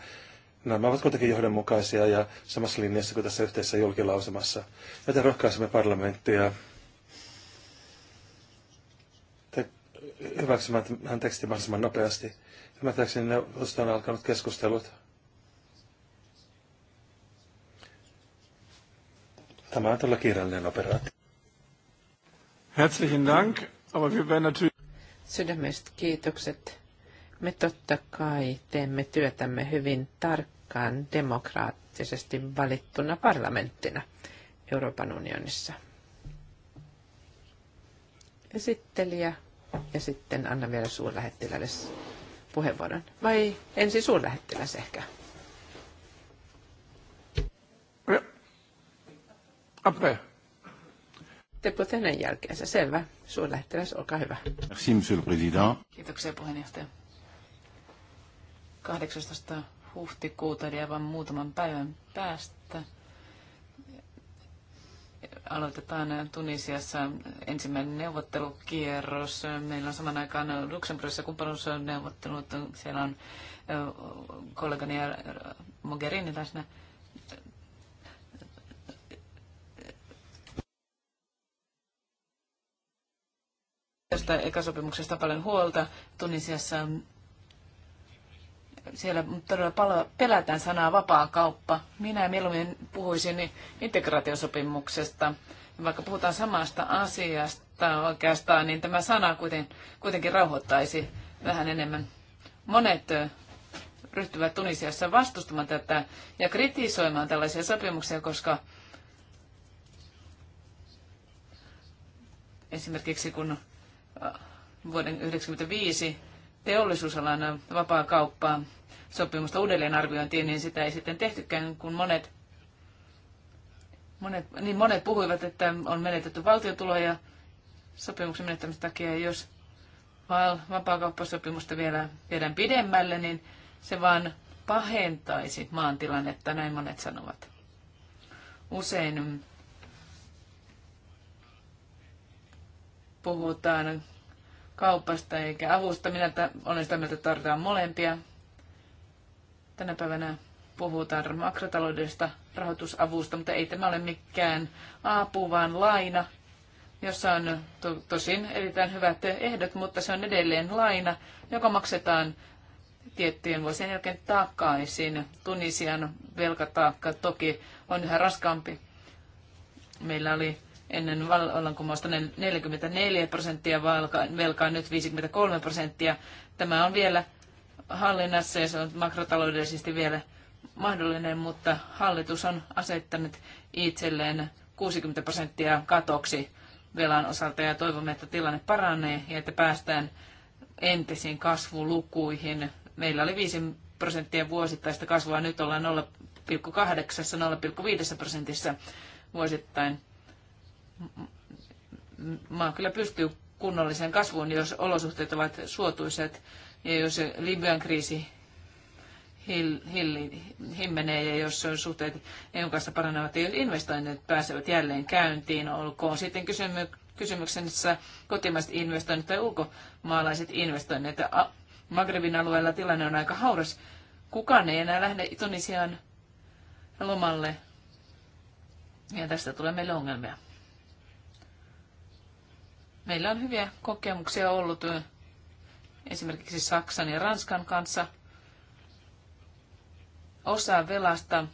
nämä ovat kuitenkin johdonmukaisia ja samassa linjassa kuin tässä yhteisessä julkilausumassa. Joten rohkaisemme parlamenttia hyväksymään tämän tekstin mahdollisimman nopeasti. Ymmärtääkseni ne on alkanut keskustelut. Tämä on todella kiireellinen operaatio. Herzlichen Dank, aber wir werden natürlich... Sydämest kiitokset. Me totta kai teemme työtämme hyvin tarkkaan demokraattisesti valittuna parlamenttina Euroopan unionissa. Esittelijä ja sitten anna vielä suurlähettilälle puheenvuoron? Vai ensin suurlähettiläs ehkä? Après. Te jälkeen jälkeensä. Selvä. Suurlähettiläs, olkaa hyvä. Merci, monsieur le président. Kiitoksia puheenjohtaja. 18. huhtikuuta eli aivan muutaman päivän päästä aloitetaan Tunisiassa ensimmäinen neuvottelukierros. Meillä on saman aikaan Luxemburgissa kumppanuusneuvottelut. Siellä on kollegani ja Mogherini läsnä. Tästä ekasopimuksesta paljon huolta. Tunisiassa siellä todella palo, pelätään sanaa vapaa kauppa. Minä mieluummin puhuisin integraatiosopimuksesta. Vaikka puhutaan samasta asiasta oikeastaan, niin tämä sana kuiten, kuitenkin rauhoittaisi vähän enemmän. Monet ryhtyvät Tunisiassa vastustamaan tätä ja kritisoimaan tällaisia sopimuksia, koska esimerkiksi kun vuoden 1995 teollisuusalan vapaa kauppaa sopimusta uudelleenarviointiin, niin sitä ei sitten tehtykään, kun monet, monet, niin monet puhuivat, että on menetetty valtiotuloja sopimuksen menettämisen takia. Jos vapaakauppasopimusta vielä viedään pidemmälle, niin se vaan pahentaisi maan tilannetta, näin monet sanovat. Usein puhutaan kaupasta eikä avusta. Minä olen sitä mieltä, että tarvitaan molempia. Tänä päivänä puhutaan makrotaloudesta rahoitusavusta, mutta ei tämä ole mikään apu, vaan laina, jossa on to, tosin erittäin hyvät ehdot, mutta se on edelleen laina, joka maksetaan tiettyjen vuosien jälkeen takaisin. Tunisian velkataakka toki on yhä raskaampi. Meillä oli ennen vallankumousta 44 prosenttia velkaa, nyt 53 prosenttia. Tämä on vielä hallinnassa ja se on makrotaloudellisesti vielä mahdollinen, mutta hallitus on asettanut itselleen 60 prosenttia katoksi velan osalta ja toivomme, että tilanne paranee ja että päästään entisiin kasvulukuihin. Meillä oli 5 prosenttia vuosittaista kasvua, nyt ollaan 0,8-0,5 prosentissa vuosittain maa kyllä pystyy kunnolliseen kasvuun, jos olosuhteet ovat suotuisat ja jos Libyan kriisi hilli, himmenee ja jos suhteet EUn kanssa paranevat ja jos investoinnit pääsevät jälleen käyntiin, olkoon sitten kysymy, kysymyksessä kotimaiset investoinnit tai ulkomaalaiset investoinnit. Magrebin alueella tilanne on aika hauras. Kukaan ei enää lähde Tunisiaan lomalle ja tästä tulee meille ongelmia. Meillä on hyviä kokemuksia ollut esimerkiksi Saksan ja Ranskan kanssa. Osa velasta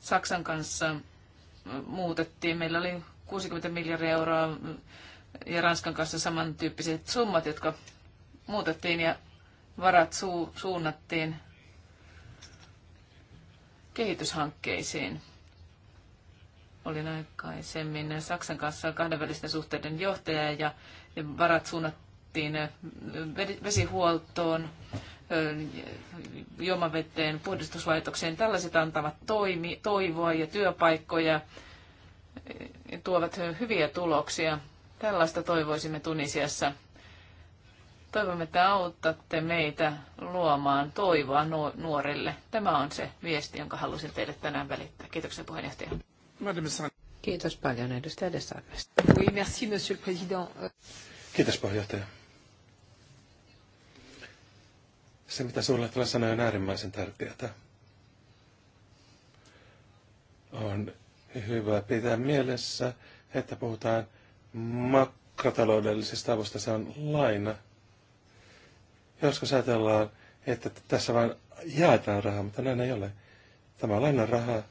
Saksan kanssa muutettiin. Meillä oli 60 miljardia euroa ja Ranskan kanssa samantyyppiset summat, jotka muutettiin ja varat su- suunnattiin kehityshankkeisiin. Olin aikaisemmin Saksan kanssa kahdenvälisten suhteiden johtaja ja varat suunnattiin vesihuoltoon, juomaveteen, puhdistuslaitokseen. Tällaiset antavat toimi, toivoa ja työpaikkoja ja tuovat hyviä tuloksia. Tällaista toivoisimme Tunisiassa. Toivomme, että autatte meitä luomaan toivoa nuorille. Tämä on se viesti, jonka halusin teille tänään välittää. Kiitoksia puheenjohtaja. Kiitos paljon, edustaja Oui, merci, monsieur le président. Kiitos, puheenjohtaja. Se, mitä suurlähtöllä sanoi, on äärimmäisen tärkeää. On hyvä pitää mielessä, että puhutaan makrotaloudellisesta avusta. Se on laina. Joskus ajatellaan, että tässä vain jaetaan rahaa, mutta näin ei ole. Tämä on lainan rahaa,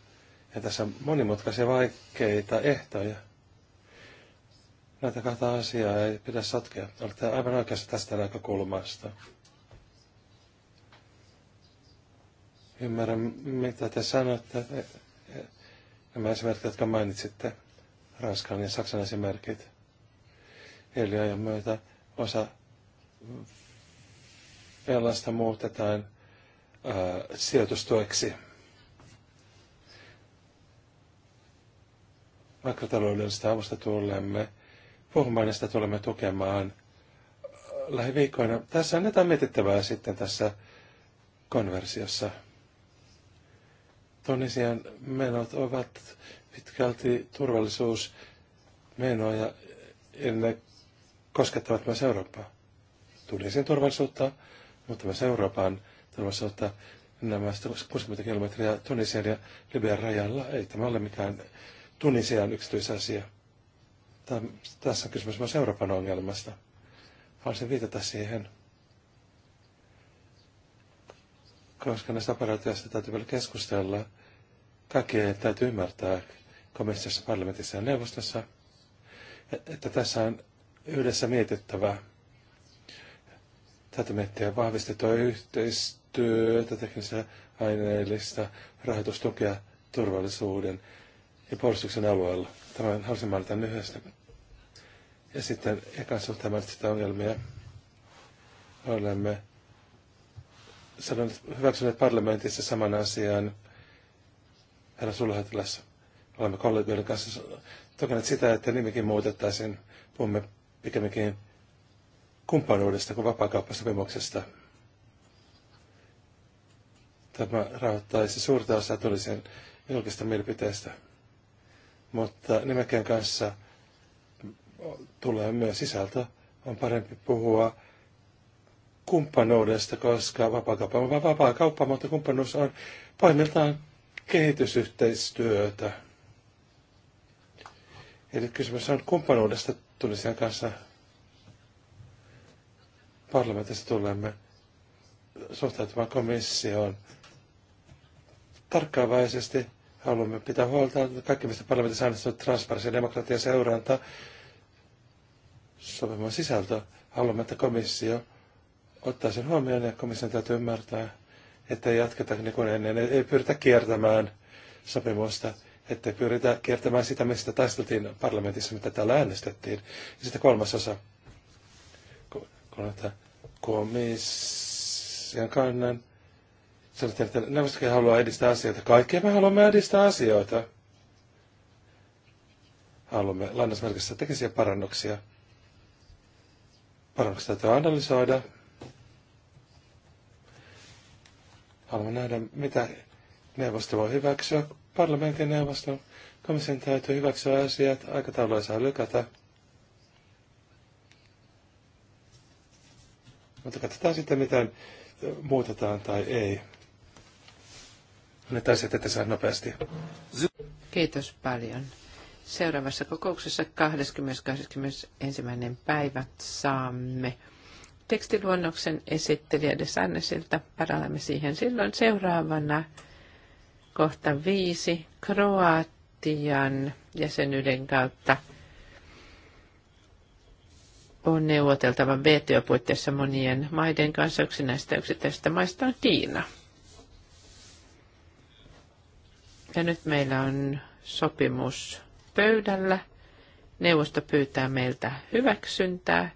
ja tässä on monimutkaisia vaikeita ehtoja. Näitä kahta asiaa ei pidä sotkea. Olette aivan oikeassa tästä näkökulmasta. Ymmärrän, mitä te sanotte. Nämä esimerkit, jotka mainitsitte, Ranskan ja Saksan esimerkit. Eli ajan myötä osa velasta muutetaan ää, sijoitustueksi. makrotaloudellisesta avusta tulemme puhumaan ja sitä tulemme tukemaan lähiviikkoina. Tässä on jotain mietittävää sitten tässä konversiossa. Tunisian menot ovat pitkälti turvallisuusmenoja ja ne koskettavat myös Eurooppaa. Tunisian turvallisuutta, mutta myös Euroopan turvallisuutta. Nämä 60 kilometriä Tunisian ja Libyan rajalla ei tämä ole mikään Tunisian yksityisasia. yksityisasia. Tässä on kysymys myös Euroopan ongelmasta. Haluaisin viitata siihen, koska näistä operaatioista täytyy vielä keskustella. Kaikki täytyy ymmärtää komissiossa, parlamentissa ja neuvostossa, että tässä on yhdessä mietittävää. tätä miettiä vahvistettua yhteistyötä, teknistä aineellista rahoitustukea turvallisuuden ja puolustuksen alueella. Tämän halusin mainita lyhyesti. Ja sitten ekan suhteen sitä ongelmia. Olemme sanoneet, hyväksyneet parlamentissa saman asian herra sulhatilassa. Olemme kollegoiden kanssa tokeneet sitä, että nimikin muutettaisiin. Puhumme pikemminkin kumppanuudesta kuin vapaakauppasopimuksesta. Tämä rahoittaisi suurta osaa tulisen julkista mielipiteestä mutta nimekkeen kanssa tulee myös sisältö. On parempi puhua kumppanuudesta, koska vapaakauppa on vapaa kauppa, mutta kumppanuus on paimiltaan kehitysyhteistyötä. Eli kysymys on kumppanuudesta tulisien kanssa. Parlamentissa tulemme suhtautumaan komissioon tarkkaavaisesti haluamme pitää huolta kaikkimmista parlamentissa äänestystä ja demokratia, seuranta, sopimuksen sisältö. Haluamme, että komissio ottaa sen huomioon ja komission täytyy ymmärtää, että ei jatketa niin kuin ennen, ei pyritä kiertämään sopimusta, että pyritä kiertämään sitä, mistä taisteltiin parlamentissa, mitä täällä äänestettiin. Ja sitten kolmas osa, kun komission kannan sanoit, että neuvostokin haluaa edistää asioita. Kaikkea me haluamme edistää asioita. Haluamme lainausmerkissä tekisiä parannuksia. Parannuksia täytyy analysoida. Haluamme nähdä, mitä neuvosto voi hyväksyä. Parlamentin neuvoston komission täytyy hyväksyä asiat. Aikataulua saa lykätä. Mutta katsotaan sitten, miten muutetaan tai ei. Nyt asiat nopeasti. Kiitos paljon. Seuraavassa kokouksessa 20.21. päivä saamme tekstiluonnoksen esittelijä Sannesilta. Paralamme siihen silloin seuraavana kohta viisi Kroatian jäsenyyden kautta on neuvoteltava bto puitteissa monien maiden kanssa. Yksi näistä yksittäisistä maista on Kiina. Ja nyt meillä on sopimus pöydällä. Neuvosto pyytää meiltä hyväksyntää.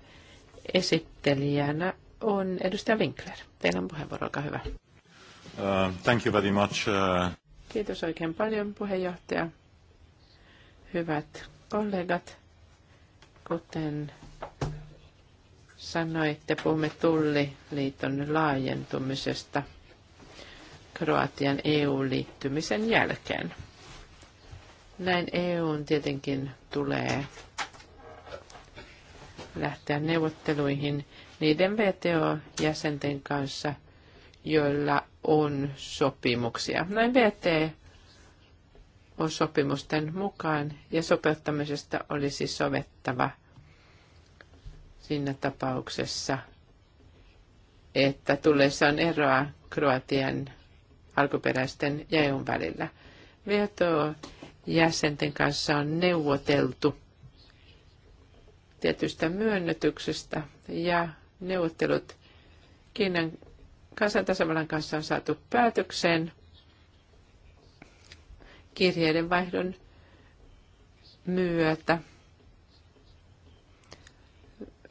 Esittelijänä on edustaja Winkler. Teillä on puheenvuoro, olkaa hyvä. Uh, thank you very much. Uh... Kiitos oikein paljon puheenjohtaja. Hyvät kollegat, kuten sanoitte, puhumme Tulliliiton laajentumisesta – Kroatian EU-liittymisen jälkeen. Näin on tietenkin tulee lähteä neuvotteluihin niiden VTO-jäsenten kanssa, joilla on sopimuksia. Näin VT on sopimusten mukaan ja sopeuttamisesta olisi sovettava siinä tapauksessa, että tulee on eroa Kroatian alkuperäisten ja EUn välillä. veto jäsenten kanssa on neuvoteltu tietystä myönnytyksestä ja neuvottelut Kiinan kansantasavallan kanssa on saatu päätökseen kirjeiden vaihdon myötä.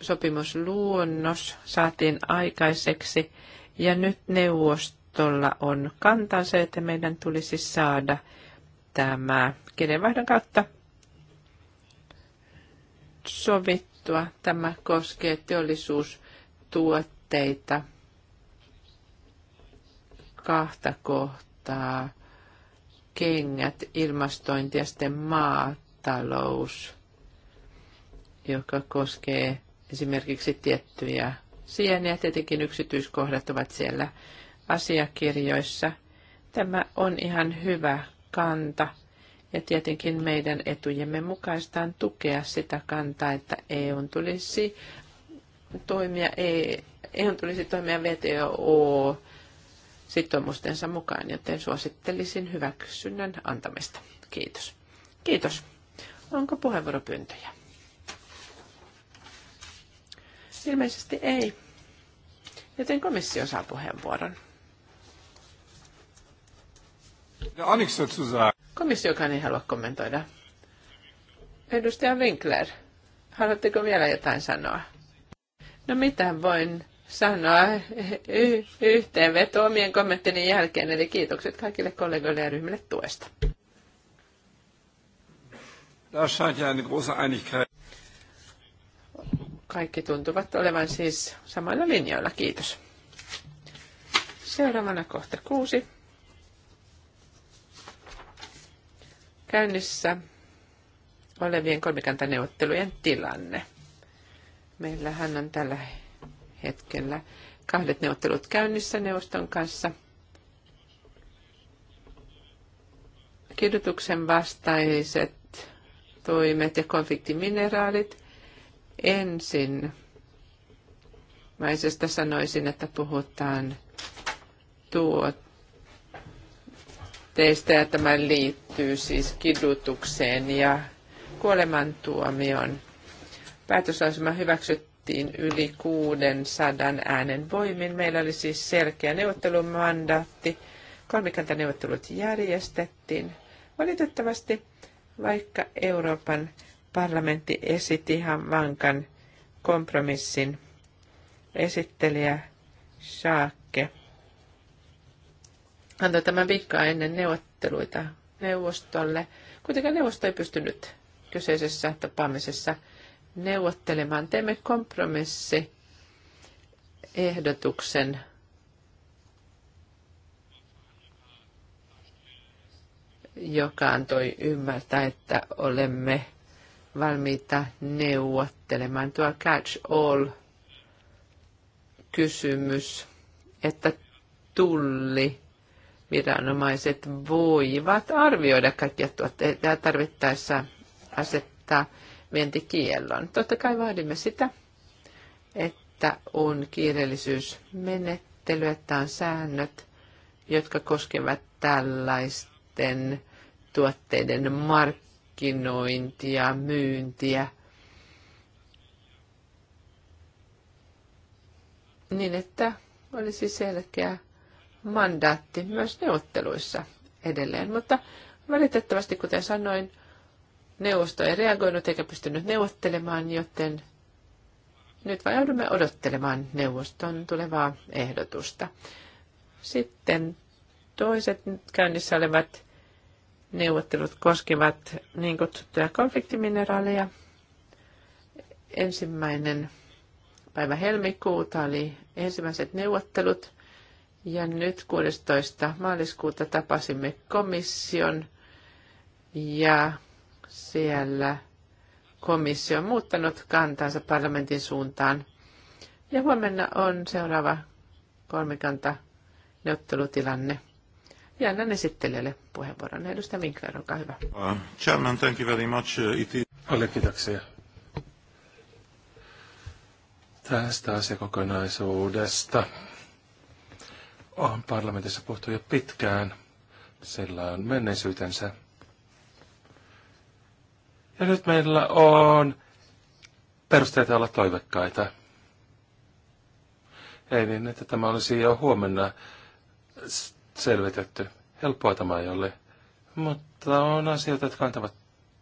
Sopimusluonnos saatiin aikaiseksi ja nyt neuvosto neuvostolla on kantansa, että meidän tulisi saada tämä kirjeenvaihdon kautta sovittua. Tämä koskee teollisuustuotteita kahta kohtaa. Kengät, ilmastointi ja sitten maatalous, joka koskee esimerkiksi tiettyjä sieniä. Tietenkin yksityiskohdat ovat siellä asiakirjoissa. Tämä on ihan hyvä kanta ja tietenkin meidän etujemme mukaistaan tukea sitä kantaa, että EUn tulisi toimia, EUn e tulisi toimia VTO sitoumustensa mukaan, joten suosittelisin hyväksynnän antamista. Kiitos. Kiitos. Onko puheenvuoropyyntöjä? Ilmeisesti ei. Joten komissio saa puheenvuoron. Komissiokaan ei halua kommentoida. Edustaja Winkler, haluatteko vielä jotain sanoa? No mitä voin sanoa y- yhteenveto omien kommenttini jälkeen, eli kiitokset kaikille kollegoille ja ryhmille tuesta. Kaikki tuntuvat olevan siis samoilla linjoilla, kiitos. Seuraavana kohta kuusi. käynnissä olevien kolmikantaneuvottelujen tilanne. Meillähän on tällä hetkellä kahdet neuvottelut käynnissä neuvoston kanssa. Kidutuksen vastaiset toimet ja konfliktimineraalit. Ensin maisesta sanoisin, että puhutaan tuot teistä ja tämä liittyy siis kidutukseen ja kuolemantuomioon. päätösasema hyväksyttiin yli 600 äänen voimin. Meillä oli siis selkeä neuvottelumandaatti. Kolmikantaneuvottelut järjestettiin. Valitettavasti vaikka Euroopan parlamentti esitti ihan vankan kompromissin, esittelijä Jacques antoi tämän vihkaa ennen neuvotteluita neuvostolle. Kuitenkaan neuvosto ei pystynyt kyseisessä tapaamisessa neuvottelemaan. Teemme kompromissi ehdotuksen joka antoi ymmärtää, että olemme valmiita neuvottelemaan. Tuo catch all kysymys, että tulli viranomaiset voivat arvioida kaikkia tuotteita ja tarvittaessa asettaa vientikiellon. Totta kai vaadimme sitä, että on kiireellisyysmenettely, että on säännöt, jotka koskevat tällaisten tuotteiden markkinointia, myyntiä, niin että olisi selkeä mandaatti myös neuvotteluissa edelleen, mutta valitettavasti, kuten sanoin, neuvosto ei reagoinut eikä pystynyt neuvottelemaan, joten nyt vain joudumme odottelemaan neuvoston tulevaa ehdotusta. Sitten toiset käynnissä olevat neuvottelut koskivat niin kutsuttuja konfliktimineraaleja. Ensimmäinen päivä helmikuuta oli ensimmäiset neuvottelut. Ja nyt 16. maaliskuuta tapasimme komission ja siellä komissio on muuttanut kantansa parlamentin suuntaan. Ja huomenna on seuraava kolmikanta neuvottelutilanne. Ja annan esittelijälle puheenvuoron. Edustaja Winkler, olkaa hyvä. Uh, chairman, thank you very much. Uh, it is... Paljon kiitoksia tästä asiakokonaisuudesta on parlamentissa puhuttu jo pitkään. Sillä on menneisyytensä. Ja nyt meillä on perusteita olla toivekkaita. Ei niin, että tämä olisi jo huomenna selvitetty. Helppoa tämä ei ole. Mutta on asioita, jotka antavat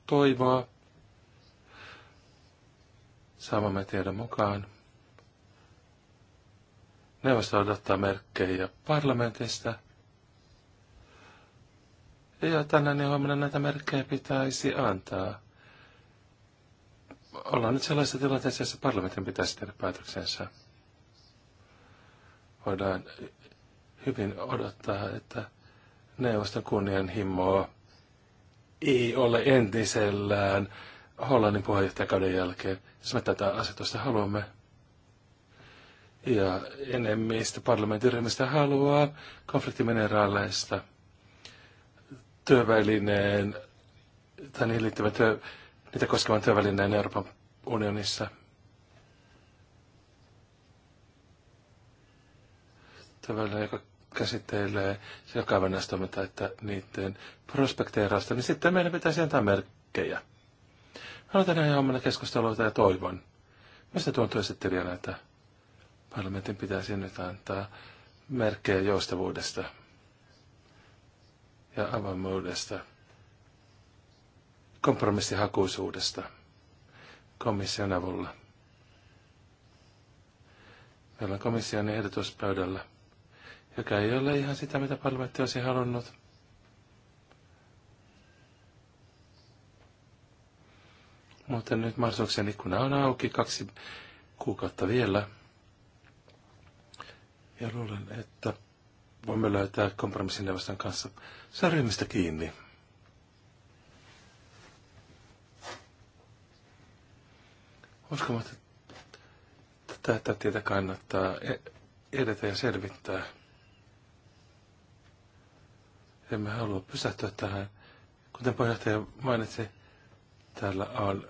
toivoa saamamme tiedon mukaan. Ne odottaa merkkejä parlamentista. Ja tänään niin ja huomenna näitä merkkejä pitäisi antaa. Ollaan nyt sellaisessa tilanteessa, jossa parlamentin pitäisi tehdä päätöksensä. Voidaan hyvin odottaa, että neuvoston kunnianhimoa ei ole entisellään Hollannin puheenjohtajakauden jälkeen. Jos me tätä asetusta haluamme, ja enemmistö parlamentin ryhmistä haluaa konfliktimineraaleista työvälineen tai niihin liittyvän työ, niitä koskevan työvälineen Euroopan unionissa. Työväline, joka käsittelee sekä kaivannaistoimintaa että niiden prospekteerausta, niin sitten meidän pitäisi antaa merkkejä. Haluan tänään huomenna keskustelua ja toivon. Mistä tuon työsittelijänä, että Parlamentin pitäisi nyt antaa merkkejä joustavuudesta ja avoimuudesta, kompromissihakuisuudesta komission avulla. Meillä on komission ehdotus pöydällä, joka ei ole ihan sitä, mitä parlamentti olisi halunnut. Mutta nyt mahdollisuuksien ikkuna on auki kaksi kuukautta vielä. Ja luulen, että voimme löytää kompromissineuvoston kanssa. Se kiinni. Uskomatta, että tätä tietä kannattaa e-, edetä ja selvittää. Emme halua pysähtyä tähän. Kuten puheenjohtaja mainitsi, täällä on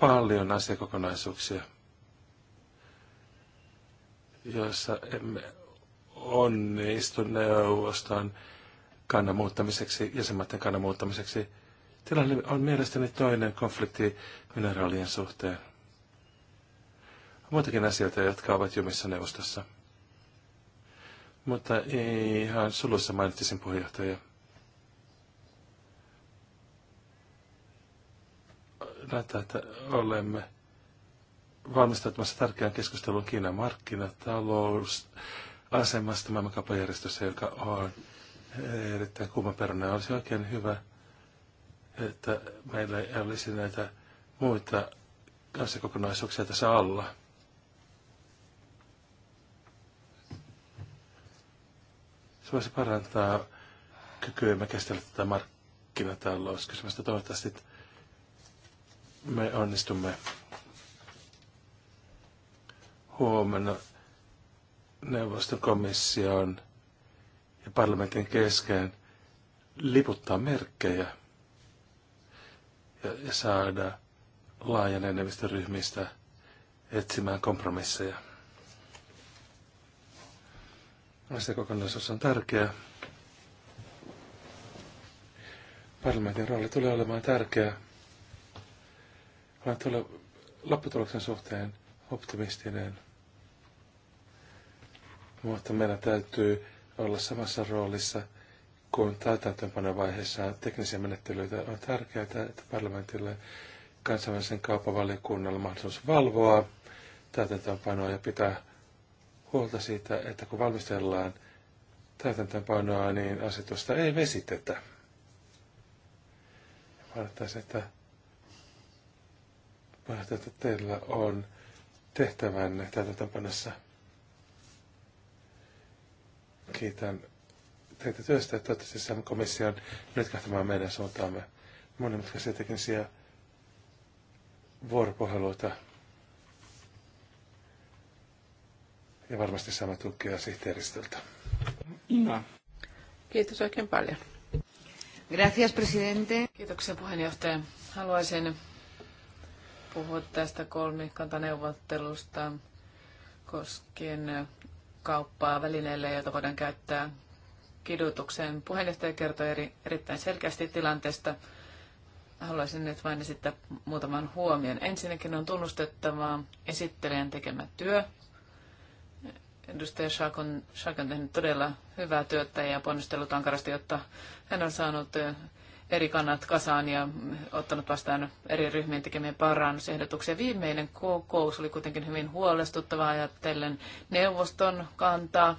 paljon asiakokonaisuuksia joissa emme onnistu neuvoston kannan muuttamiseksi, jäsenmaiden kannan muuttamiseksi. Tilanne on mielestäni toinen konflikti mineraalien suhteen. On muitakin asioita, jotka ovat jumissa neuvostossa. Mutta ihan sulussa mainitsin puheenjohtaja. Näyttää, että olemme valmistautumassa tärkeään keskusteluun Kiinan markkinatalous asemasta maailmankauppajärjestössä, joka on eh, erittäin kuumaperäinen. Olisi oikein hyvä, että meillä ei olisi näitä muita kansakokonaisuuksia tässä alla. Se voisi parantaa kykyämme kestellä tätä markkinatalouskysymystä. Toivottavasti me onnistumme huomenna neuvoston komission ja parlamentin kesken liputtaa merkkejä ja, ja saada laajan enemmistöryhmistä etsimään kompromisseja. Se kokonaisuus on tärkeä. Parlamentin rooli tulee olemaan tärkeä. Olen tullut lopputuloksen suhteen optimistinen. Mutta meillä täytyy olla samassa roolissa kun täytäntöönpanovaiheessa teknisiä menettelyitä on tärkeää, että parlamentille kansainvälisen kaupavaliokunnalla mahdollisuus valvoa täytäntöönpanoa ja pitää huolta siitä, että kun valmistellaan täytäntöönpanoa, niin asetusta ei vesitetä. Mä että, että teillä on tehtävänne tapanassa. Kiitän teitä työstä, että olette siis komission nyt kahtamaan meidän suuntaamme monimutkaisia teknisiä vuoropuheluita. Ja varmasti sama tukea sihteeristöltä. No. Kiitos oikein paljon. Gracias, presidente. Kiitoksia puheenjohtaja. Haluaisin puhua tästä kolmikantaneuvottelusta koskien kauppaa välineille, joita voidaan käyttää kidutukseen. Puheenjohtaja kertoi eri, erittäin selkeästi tilanteesta. Haluaisin nyt vain esittää muutaman huomion. Ensinnäkin on tunnustettava esittelijän tekemä työ. Edustaja Shark on, Shark on tehnyt todella hyvää työtä ja ponnistellut ankarasti, jotta hän on saanut eri kannat kasaan ja ottanut vastaan eri ryhmien tekemiä parannusehdotuksia. Viimeinen kokous oli kuitenkin hyvin huolestuttava ajatellen neuvoston kantaa.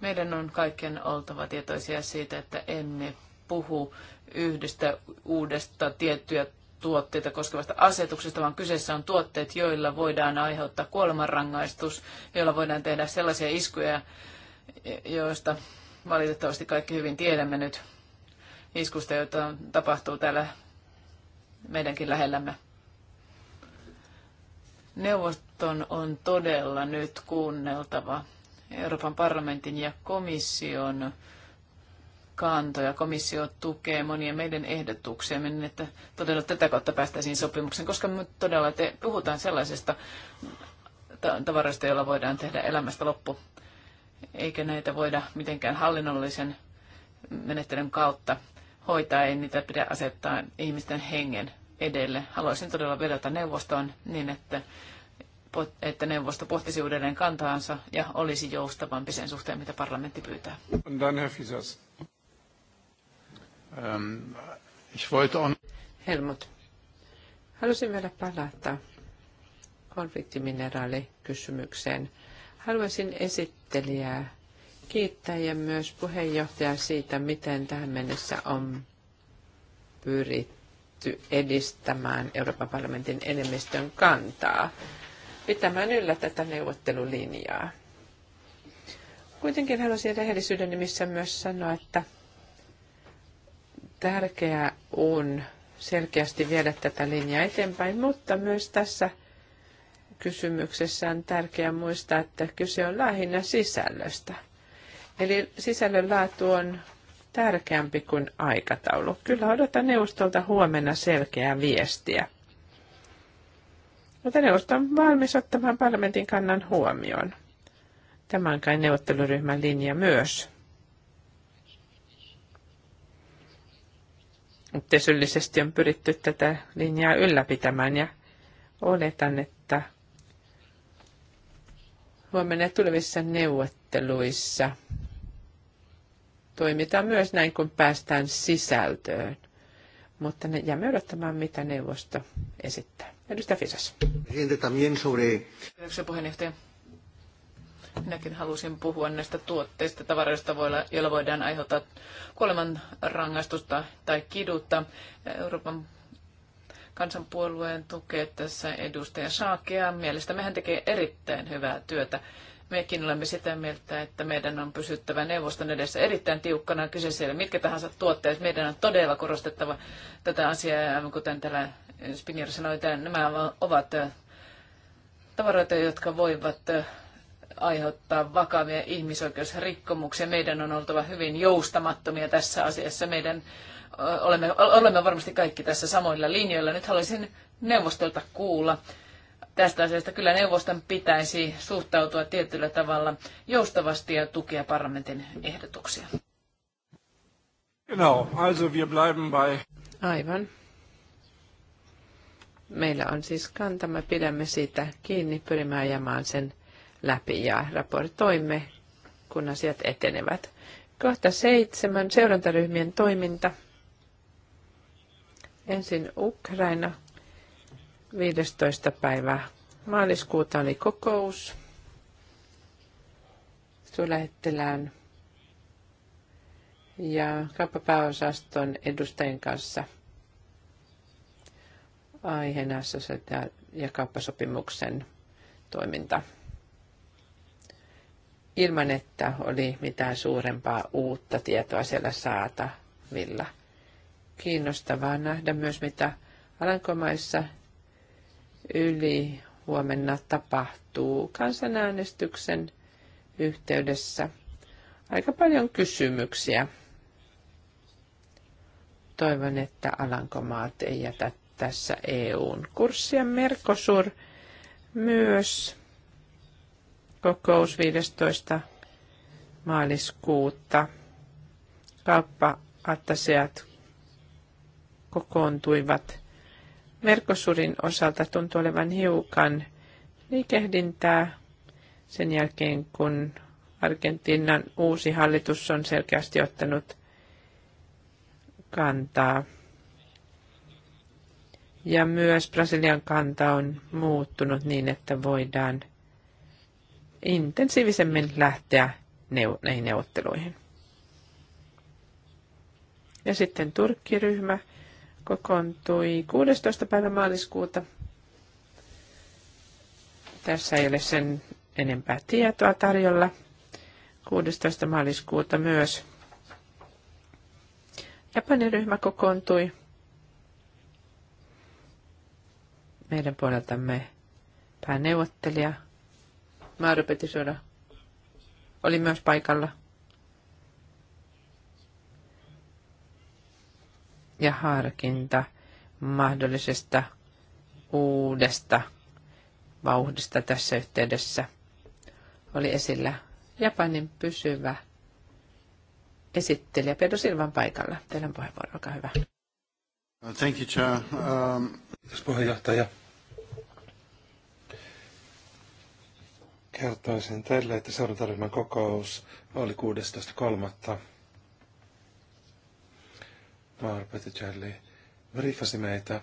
Meidän on kaikkien oltava tietoisia siitä, että emme puhu yhdestä uudesta tiettyä tuotteita koskevasta asetuksesta, vaan kyseessä on tuotteet, joilla voidaan aiheuttaa kuolemanrangaistus, joilla voidaan tehdä sellaisia iskuja, joista valitettavasti kaikki hyvin tiedämme nyt iskusta, joita tapahtuu täällä meidänkin lähellämme. Neuvoston on todella nyt kuunneltava Euroopan parlamentin ja komission kantoja. Komissio tukee monia meidän ehdotuksia, niin että todella tätä kautta päästäisiin sopimukseen, koska me todella te, puhutaan sellaisesta tavarasta, jolla voidaan tehdä elämästä loppu, eikä näitä voida mitenkään hallinnollisen menettelyn kautta hoitaa, ei niitä pidä asettaa ihmisten hengen edelle. Haluaisin todella vedota neuvostoon niin, että, että neuvosto pohtisi uudelleen kantaansa ja olisi joustavampi sen suhteen, mitä parlamentti pyytää. Ähm, Helmut, haluaisin vielä palata konfliktimineraalikysymykseen. Haluaisin esittelijää kiittää ja myös puheenjohtaja siitä, miten tähän mennessä on pyritty edistämään Euroopan parlamentin enemmistön kantaa, pitämään yllä tätä neuvottelulinjaa. Kuitenkin haluaisin rehellisyyden nimissä myös sanoa, että tärkeää on selkeästi viedä tätä linjaa eteenpäin, mutta myös tässä kysymyksessä on tärkeää muistaa, että kyse on lähinnä sisällöstä – Eli sisällön laatu on tärkeämpi kuin aikataulu. Kyllä odotan neuvostolta huomenna selkeää viestiä. Mutta neuvosto on valmis ottamaan parlamentin kannan huomioon. Tämä on kai neuvotteluryhmän linja myös. Yhteisöllisesti on pyritty tätä linjaa ylläpitämään ja oletan, että huomenna tulevissa neuvotteluissa toimitaan myös näin, kun päästään sisältöön. Mutta ne jäämme odottamaan, mitä neuvosto esittää. Edustaja Fisas. Kiitoksia puheenjohtaja. Minäkin halusin puhua näistä tuotteista, tavaroista, joilla voidaan aiheuttaa kuoleman rangaistusta tai kidutta. Euroopan kansanpuolueen tukee tässä edustaja Saakea. Mielestäni hän tekee erittäin hyvää työtä mekin olemme sitä mieltä, että meidän on pysyttävä neuvoston edessä erittäin tiukkana kyseessä, eli mitkä tahansa tuotteet. Meidän on todella korostettava tätä asiaa, kuten täällä Spinier sanoi, että nämä ovat äh, tavaroita, jotka voivat äh, aiheuttaa vakavia ihmisoikeusrikkomuksia. Meidän on oltava hyvin joustamattomia tässä asiassa. Meidän äh, olemme, olemme varmasti kaikki tässä samoilla linjoilla. Nyt haluaisin neuvostolta kuulla tästä asiasta. Kyllä neuvoston pitäisi suhtautua tietyllä tavalla joustavasti ja tukea parlamentin ehdotuksia. Genau, also wir bleiben bei... Aivan. Meillä on siis kanta, me pidämme siitä kiinni, pyrimme ajamaan sen läpi ja raportoimme, kun asiat etenevät. Kohta seitsemän, seurantaryhmien toiminta. Ensin Ukraina, 15. päivä. maaliskuuta oli kokous suurlähettilään ja kauppapääosaston edustajien kanssa aiheena ja kauppasopimuksen toiminta ilman, että oli mitään suurempaa uutta tietoa siellä saatavilla. Kiinnostavaa nähdä myös, mitä Alankomaissa yli huomenna tapahtuu kansanäänestyksen yhteydessä aika paljon kysymyksiä. Toivon, että Alankomaat ei jätä tässä EUn kurssia. Merkosur myös kokous 15. maaliskuuta. Kauppa-attaseat kokoontuivat Merkosurin osalta tuntuu olevan hiukan liikehdintää sen jälkeen, kun Argentiinan uusi hallitus on selkeästi ottanut kantaa. Ja myös Brasilian kanta on muuttunut niin, että voidaan intensiivisemmin lähteä neu- näihin neuvotteluihin. Ja sitten Turkkiryhmä kokoontui 16. päivä maaliskuuta. Tässä ei ole sen enempää tietoa tarjolla. 16. maaliskuuta myös Japanin ryhmä kokoontui. Meidän puoleltamme pääneuvottelija Maru Petisoda oli myös paikalla – ja harkinta mahdollisesta uudesta vauhdista tässä yhteydessä oli esillä. Japanin pysyvä esittelijä Pedro Silvan paikalla. Teidän puheenvuoro, olkaa hyvä. Thank you, Chair. Um... Kiitos puheenjohtaja. Kertoisin teille, että seurantaryhmän kokous oli Mauro Petticelli briefasi meitä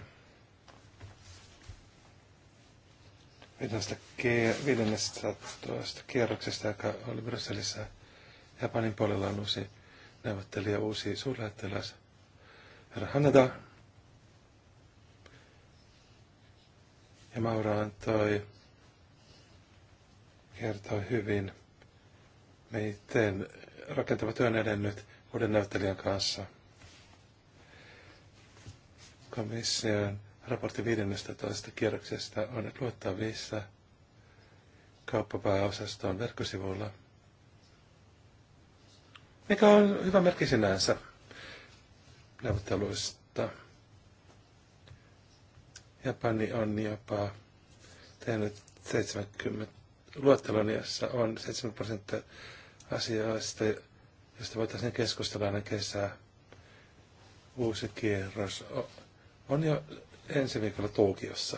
viidennestä, viidennestä kierroksesta, joka oli Brysselissä. Japanin puolella on uusi neuvottelija, uusi suurlähettiläs, herra Hanada. Ja Maura antoi, kertoi hyvin, miten rakentava työn edennyt uuden näyttelijän kanssa – Komission raportti 15 kierroksesta on luettavissa kauppapääosaston verkkosivuilla, mikä on hyvä merkki sinänsä neuvotteluista. Japani on jopa tehnyt 70 luettelon, jossa on 70 prosenttia asioista, joista voitaisiin keskustella ennen kesää. Uusi kierros on jo ensi viikolla Tokiossa.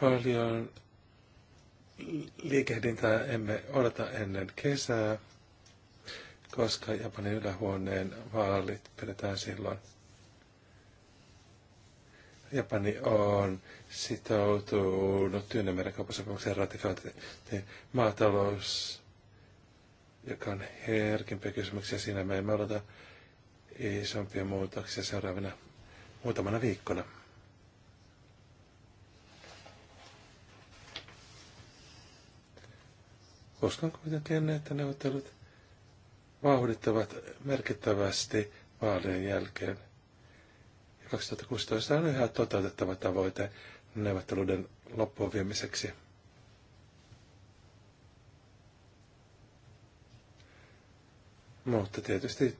Paljon liikehdintää emme odota ennen kesää, koska Japanin ylähuoneen vaalit pidetään silloin. Japani on sitoutunut Tyynemeren kauppasopimuksen ratifiointiin maatalous joka on herkimpiä kysymyksiä. Siinä me emme odota isompia muutoksia seuraavina muutamana viikkona. Uskon kuitenkin, että neuvottelut vauhdittavat merkittävästi vaalien jälkeen. 2016 on yhä toteutettava tavoite neuvotteluiden loppuun viemiseksi. Mutta tietysti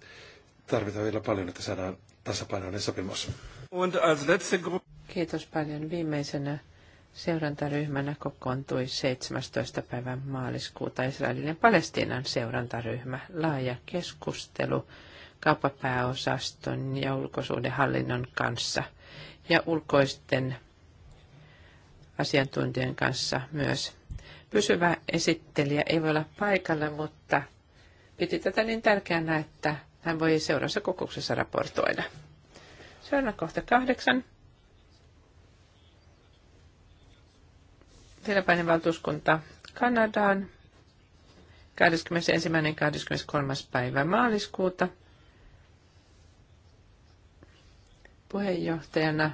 tarvitaan vielä paljon, että saadaan tasapainoinen sopimus. Kiitos paljon. Viimeisenä seurantaryhmänä kokoontui 17. päivän maaliskuuta Israelin ja Palestiinan seurantaryhmä. Laaja keskustelu kauppapääosaston ja ulkosuudenhallinnon kanssa ja ulkoisten asiantuntijan kanssa myös. Pysyvä esittelijä ei voi olla paikalla, mutta piti tätä niin tärkeänä, että hän voi seuraavassa kokouksessa raportoida. Seuraava kohta kahdeksan. Filippainen valtuuskunta Kanadaan 21. 23. päivä maaliskuuta. Puheenjohtajana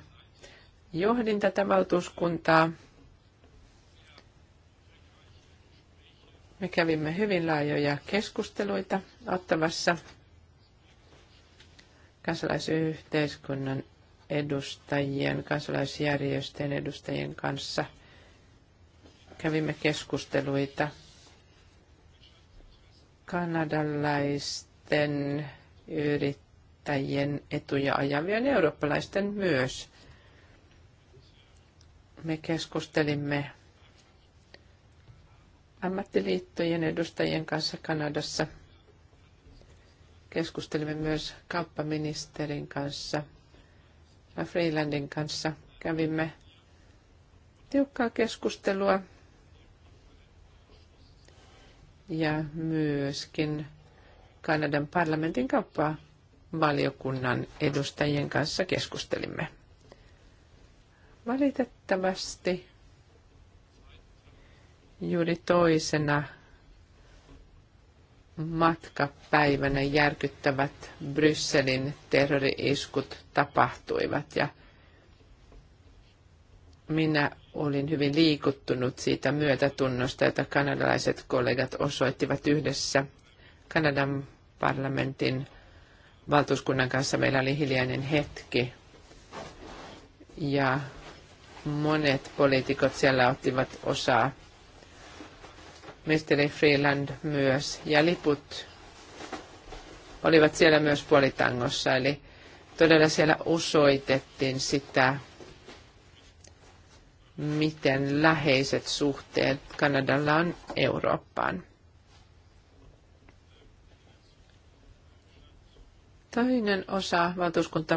johdin tätä valtuuskuntaa. Me kävimme hyvin laajoja keskusteluita ottavassa kansalaisyhteiskunnan edustajien, kansalaisjärjestöjen edustajien kanssa. Kävimme keskusteluita kanadalaisten yrittäjien etuja ajavien eurooppalaisten myös. Me keskustelimme ammattiliittojen edustajien kanssa Kanadassa. Keskustelimme myös kauppaministerin kanssa ja Freelandin kanssa. Kävimme tiukkaa keskustelua ja myöskin Kanadan parlamentin kauppaa valiokunnan edustajien kanssa keskustelimme. Valitettavasti juuri toisena matkapäivänä järkyttävät Brysselin terrori-iskut tapahtuivat ja minä olin hyvin liikuttunut siitä myötätunnosta, jota kanadalaiset kollegat osoittivat yhdessä Kanadan parlamentin valtuuskunnan kanssa. Meillä oli hiljainen hetki ja monet poliitikot siellä ottivat osaa ministeri Freeland myös. Ja liput olivat siellä myös puolitangossa, eli todella siellä osoitettiin sitä, miten läheiset suhteet Kanadalla on Eurooppaan. Toinen osa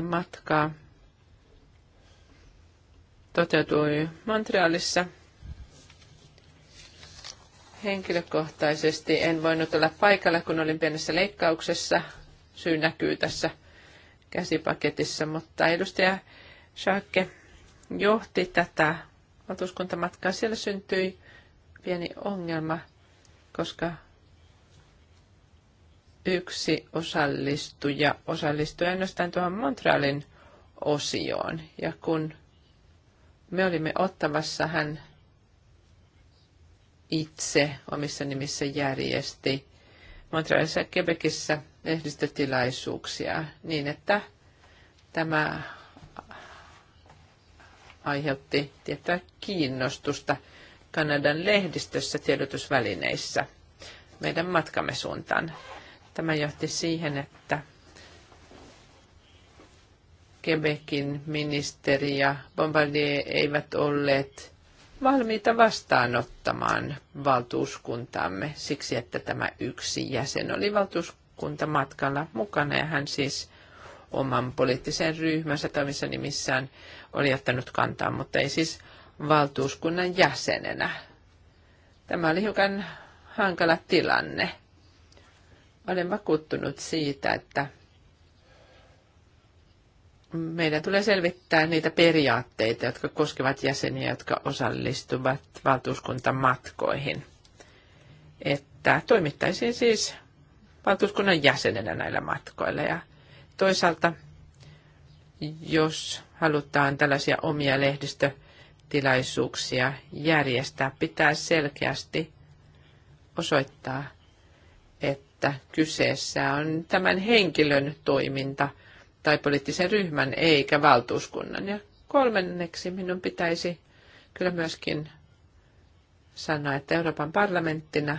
matkaa, toteutui Montrealissa – Henkilökohtaisesti en voinut olla paikalla, kun olin pienessä leikkauksessa. Syy näkyy tässä käsipaketissa, mutta edustaja Schaake johti tätä valtuuskuntamatkaa. Siellä syntyi pieni ongelma, koska yksi osallistuja osallistui ainoastaan tuohon Montrealin osioon. Ja kun me olimme ottavassa, hän itse omissa nimissä järjesti Montrealissa ja Quebecissä lehdistötilaisuuksia niin, että tämä aiheutti tiettyä kiinnostusta Kanadan lehdistössä tiedotusvälineissä meidän matkamme suuntaan. Tämä johti siihen, että Quebecin ministeri ja Bombardier eivät olleet valmiita vastaanottamaan valtuuskuntaamme siksi, että tämä yksi jäsen oli valtuuskuntamatkalla mukana ja hän siis oman poliittisen ryhmänsä toimissa nimissään oli ottanut kantaa, mutta ei siis valtuuskunnan jäsenenä. Tämä oli hiukan hankala tilanne. Olen vakuuttunut siitä, että meidän tulee selvittää niitä periaatteita, jotka koskevat jäseniä, jotka osallistuvat valtuuskuntamatkoihin. Että toimittaisiin siis valtuuskunnan jäsenenä näillä matkoilla. Ja toisaalta, jos halutaan tällaisia omia lehdistötilaisuuksia järjestää, pitää selkeästi osoittaa, että kyseessä on tämän henkilön toiminta – tai poliittisen ryhmän eikä valtuuskunnan. Ja kolmenneksi minun pitäisi kyllä myöskin sanoa, että Euroopan parlamenttina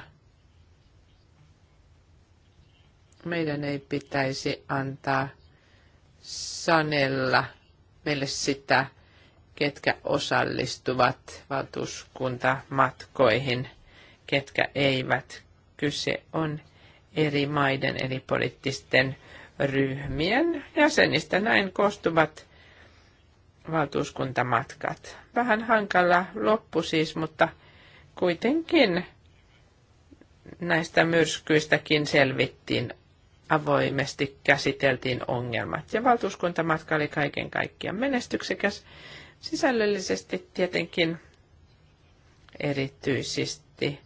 meidän ei pitäisi antaa sanella meille sitä, ketkä osallistuvat valtuuskuntamatkoihin, ketkä eivät. Kyse on eri maiden, eri poliittisten ryhmien jäsenistä. Näin koostuvat valtuuskuntamatkat. Vähän hankala loppu siis, mutta kuitenkin näistä myrskyistäkin selvittiin avoimesti käsiteltiin ongelmat. Ja valtuuskuntamatka oli kaiken kaikkiaan menestyksekäs. Sisällöllisesti tietenkin erityisesti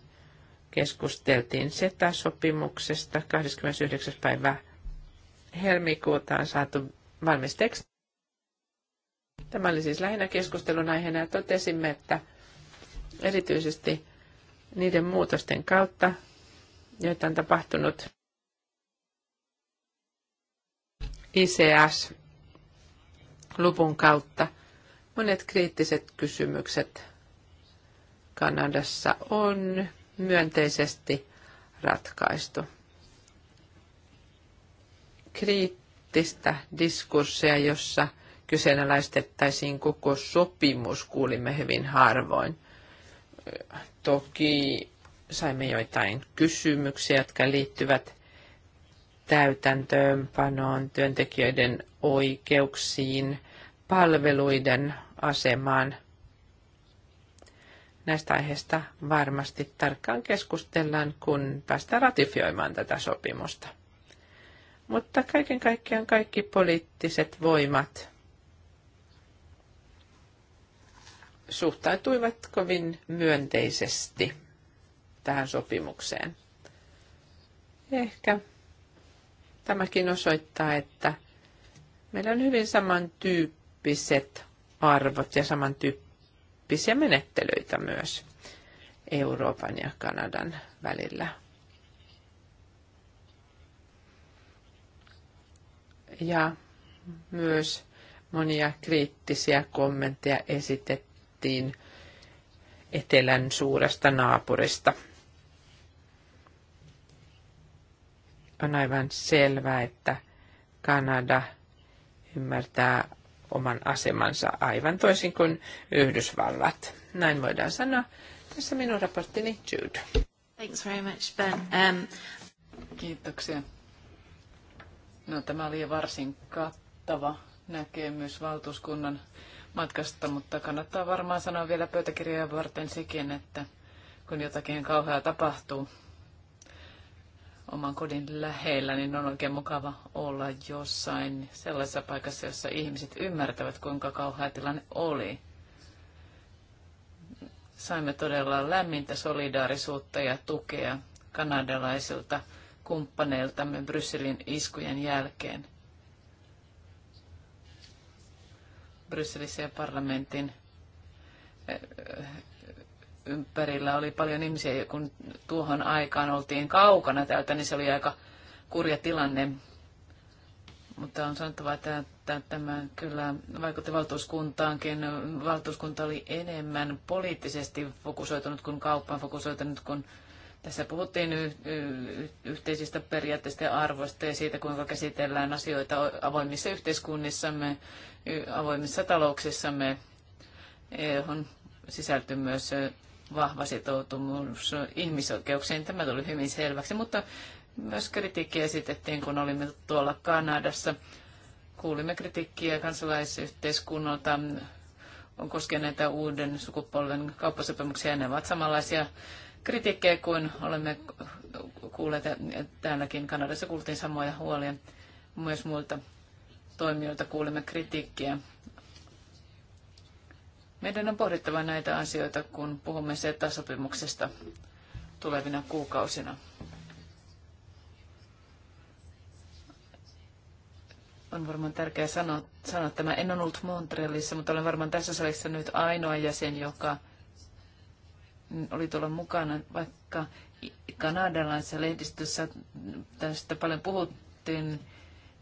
keskusteltiin SETA-sopimuksesta 29. päivä helmikuuta on saatu valmis teksti. Tämä oli siis lähinnä keskustelun aiheena ja totesimme, että erityisesti niiden muutosten kautta, joita on tapahtunut ICS-lupun kautta, monet kriittiset kysymykset Kanadassa on myönteisesti ratkaistu kriittistä diskurssia, jossa kyseenalaistettaisiin koko sopimus, kuulimme hyvin harvoin. Toki saimme joitain kysymyksiä, jotka liittyvät täytäntöönpanoon, työntekijöiden oikeuksiin, palveluiden asemaan. Näistä aiheista varmasti tarkkaan keskustellaan, kun päästään ratifioimaan tätä sopimusta. Mutta kaiken kaikkiaan kaikki poliittiset voimat suhtautuivat kovin myönteisesti tähän sopimukseen. Ehkä tämäkin osoittaa, että meillä on hyvin samantyyppiset arvot ja samantyyppisiä menettelyitä myös Euroopan ja Kanadan välillä. Ja myös monia kriittisiä kommentteja esitettiin etelän suuresta naapurista. On aivan selvää, että Kanada ymmärtää oman asemansa aivan toisin kuin Yhdysvallat. Näin voidaan sanoa. Tässä minun raporttini Jude. Thanks very much, Ben. Um... Kiitoksia. No, tämä oli varsin kattava näkemys valtuuskunnan matkasta, mutta kannattaa varmaan sanoa vielä pöytäkirjoja varten sekin, että kun jotakin kauheaa tapahtuu oman kodin lähellä, niin on oikein mukava olla jossain sellaisessa paikassa, jossa ihmiset ymmärtävät, kuinka kauhea tilanne oli. Saimme todella lämmintä solidaarisuutta ja tukea kanadalaisilta kumppaneiltamme Brysselin iskujen jälkeen. Brysselissä ja parlamentin eh, eh, ympärillä oli paljon ihmisiä, kun tuohon aikaan oltiin kaukana täältä, niin se oli aika kurja tilanne. Mutta on sanottava, että, että tämä kyllä vaikutti valtuuskuntaankin. Valtuuskunta oli enemmän poliittisesti fokusoitunut kuin kauppaan fokusoitunut, kun tässä puhuttiin y- y- yhteisistä periaatteista ja arvoista ja siitä, kuinka käsitellään asioita avoimissa yhteiskunnissamme, avoimissa talouksissamme, johon sisältyy myös vahva sitoutumus ihmisoikeuksiin. Tämä tuli hyvin selväksi, mutta myös kritiikkiä esitettiin, kun olimme tuolla Kanadassa. Kuulimme kritiikkiä kansalaisyhteiskunnalta on koskien näitä uuden sukupolven kauppasopimuksia. Ne ovat samanlaisia kritiikkiä kuin olemme kuulleet täälläkin Kanadassa. Kuultiin samoja huolia. Myös muilta toimijoilta kuulemme kritiikkiä. Meidän on pohdittava näitä asioita, kun puhumme CETA-sopimuksesta tulevina kuukausina. on varmaan tärkeää sanoa, sanoa tämä. En ollut Montrealissa, mutta olen varmaan tässä salissa nyt ainoa jäsen, joka oli tuolla mukana, vaikka kanadalaisessa lehdistössä tästä paljon puhuttiin,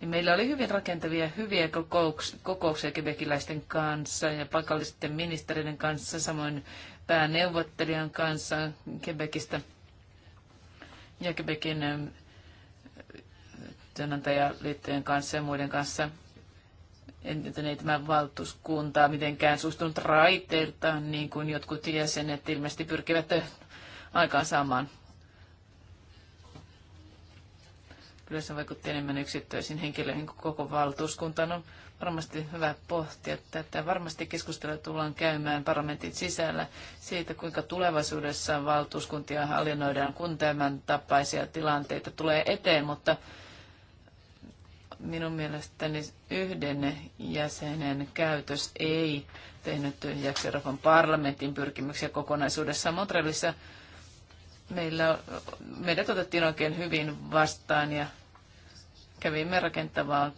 niin meillä oli hyvin rakentavia, hyviä kokouks- kokouksia kebekiläisten kanssa ja paikallisten ministerien kanssa, samoin pääneuvottelijan kanssa Quebecistä ja Quebecin työnantajaliittojen kanssa ja muiden kanssa että ei tämä valtuuskunta mitenkään suistunut raiteiltaan, niin kuin jotkut jäsenet ilmeisesti pyrkivät aikaan saamaan. Kyllä se vaikutti enemmän yksittäisiin henkilöihin kuin koko valtuuskuntaan. On varmasti hyvä pohtia tätä. Varmasti keskustelua tullaan käymään parlamentin sisällä siitä, kuinka tulevaisuudessa valtuuskuntia hallinnoidaan, kun tämän tapaisia tilanteita tulee eteen, mutta minun mielestäni yhden jäsenen käytös ei tehnyt tyhjäksi Euroopan parlamentin pyrkimyksiä kokonaisuudessaan Montrealissa. Meillä, meidät otettiin oikein hyvin vastaan ja kävimme rakentavaa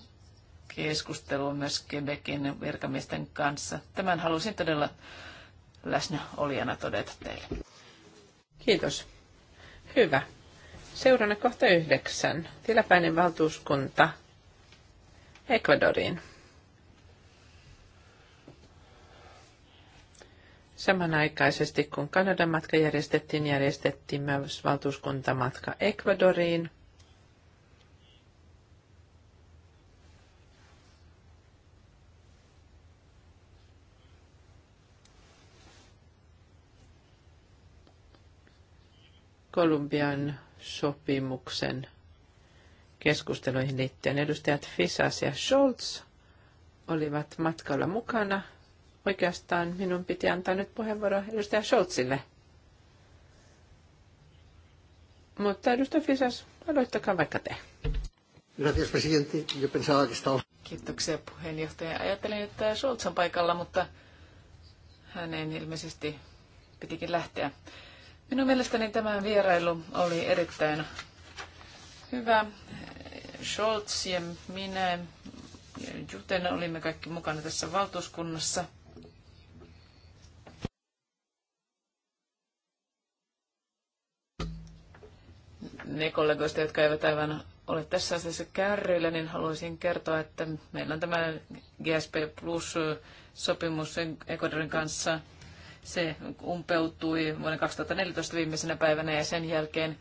keskustelua myös Quebecin virkamiesten kanssa. Tämän halusin todella läsnäolijana todeta teille. Kiitos. Hyvä. Seurana kohta yhdeksän. Tilapäinen valtuuskunta Ecuadoriin. Samanaikaisesti kun Kanadan matka järjestettiin, järjestettiin myös valtuuskuntamatka Ecuadoriin. Kolumbian sopimuksen keskusteluihin liittyen. Edustajat Fisas ja Scholz olivat matkalla mukana. Oikeastaan minun piti antaa nyt puheenvuoro edustaja Scholzille. Mutta edustaja Fisas, aloittakaa vaikka te. Gracias, presidente. Yo pensaba que estaba... Kiitoksia puheenjohtaja. Ajattelin, että Scholz on paikalla, mutta hänen ilmeisesti pitikin lähteä. Minun mielestäni tämä vierailu oli erittäin Hyvä. Scholz ja minä, Juten, olimme kaikki mukana tässä valtuuskunnassa. Ne kollegoista, jotka eivät aivan ole tässä asiassa kärryillä, niin haluaisin kertoa, että meillä on tämä GSP Plus-sopimus Ecuadorin kanssa. Se umpeutui vuonna 2014 viimeisenä päivänä ja sen jälkeen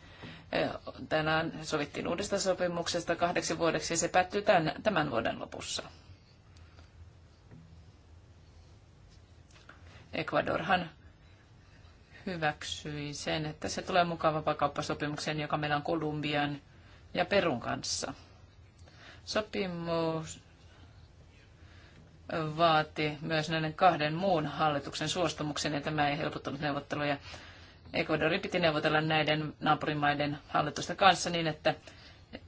Tänään sovittiin uudesta sopimuksesta kahdeksi vuodeksi ja se päättyy tämän, tämän vuoden lopussa. Ecuadorhan hyväksyi sen, että se tulee mukaan vapakauppasopimukseen, joka meillä on Kolumbian ja Perun kanssa. Sopimus vaati myös näiden kahden muun hallituksen suostumuksen, ja tämä ei helpottanut neuvotteluja. Ecuadorin piti neuvotella näiden naapurimaiden hallitusta kanssa niin, että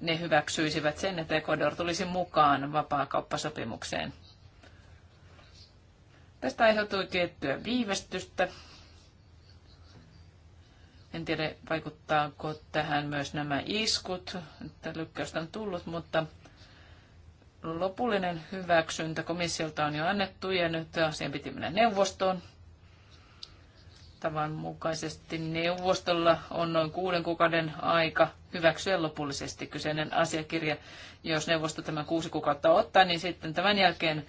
ne hyväksyisivät sen, että Ecuador tulisi mukaan vapaakauppasopimukseen. Tästä aiheutui tiettyä viivästystä. En tiedä, vaikuttaako tähän myös nämä iskut, että lykkäystä on tullut, mutta lopullinen hyväksyntä komissiolta on jo annettu ja nyt asian piti mennä neuvostoon tavan mukaisesti neuvostolla on noin kuuden kuukauden aika hyväksyä lopullisesti kyseinen asiakirja. Jos neuvosto tämän kuusi kuukautta ottaa, niin sitten tämän jälkeen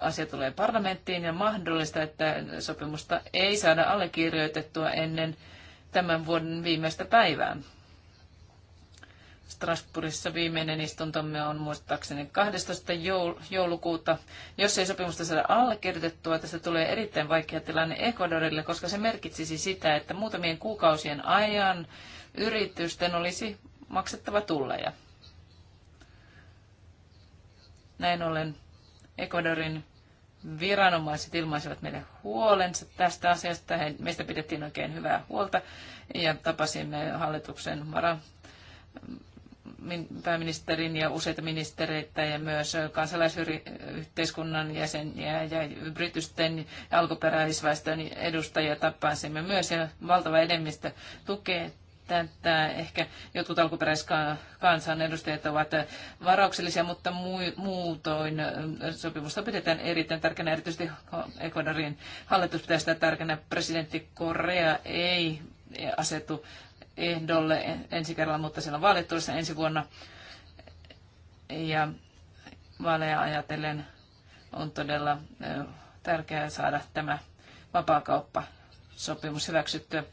asia tulee parlamenttiin ja mahdollista, että sopimusta ei saada allekirjoitettua ennen tämän vuoden viimeistä päivää. Strasbourgissa viimeinen istuntomme on muistaakseni 12. joulukuuta. Jos ei sopimusta saada allekirjoitettua, tästä tulee erittäin vaikea tilanne Ecuadorille, koska se merkitsisi sitä, että muutamien kuukausien ajan yritysten olisi maksettava tulleja. Näin ollen Ecuadorin viranomaiset ilmaisivat meille huolensa tästä asiasta. He, meistä pidettiin oikein hyvää huolta ja tapasimme hallituksen vara pääministerin ja useita ministereitä ja myös kansalaisyhteiskunnan jäseniä ja yritysten ja alkuperäisväestön edustajia tapasimme myös ja valtava enemmistö tukee tätä. Ehkä jotkut alkuperäiskansan edustajat ovat varauksellisia, mutta muutoin sopimusta pidetään erittäin tärkeänä. Erityisesti Ecuadorin hallitus pitää sitä tärkeänä. Presidentti Korea ei asetu ehdolle ensi kerralla, mutta siellä on vaalit tulossa ensi vuonna. Ja vaaleja ajatellen on todella tärkeää saada tämä vapaakauppasopimus hyväksyttyä.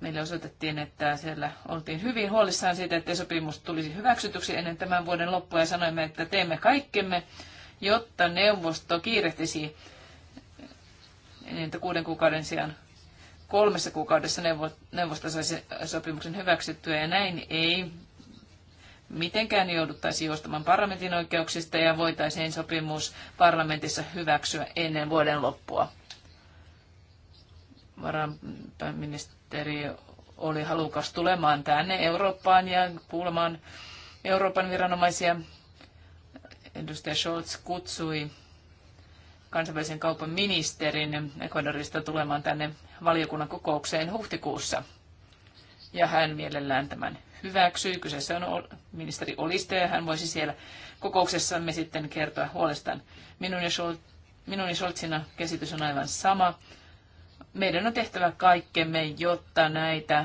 Meille osoitettiin, että siellä oltiin hyvin huolissaan siitä, että sopimus tulisi hyväksytyksi ennen tämän vuoden loppua ja sanoimme, että teemme kaikkemme, jotta neuvosto kiirehtisi niin, että kuuden kuukauden sijaan kolmessa kuukaudessa neuvosto saisi sopimuksen hyväksyttyä ja näin ei mitenkään jouduttaisi juostamaan parlamentin oikeuksista ja voitaisiin sopimus parlamentissa hyväksyä ennen vuoden loppua. Varapääministeri oli halukas tulemaan tänne Eurooppaan ja kuulemaan Euroopan viranomaisia. Edustaja Scholz kutsui kansainvälisen kaupan ministerin Ecuadorista tulemaan tänne valiokunnan kokoukseen huhtikuussa. Ja hän mielellään tämän hyväksyy. Kyseessä on ministeri Oliste ja hän voisi siellä kokouksessamme sitten kertoa huolestaan. Minun ja, Scholzin minun ja käsitys on aivan sama. Meidän on tehtävä kaikkemme, jotta näitä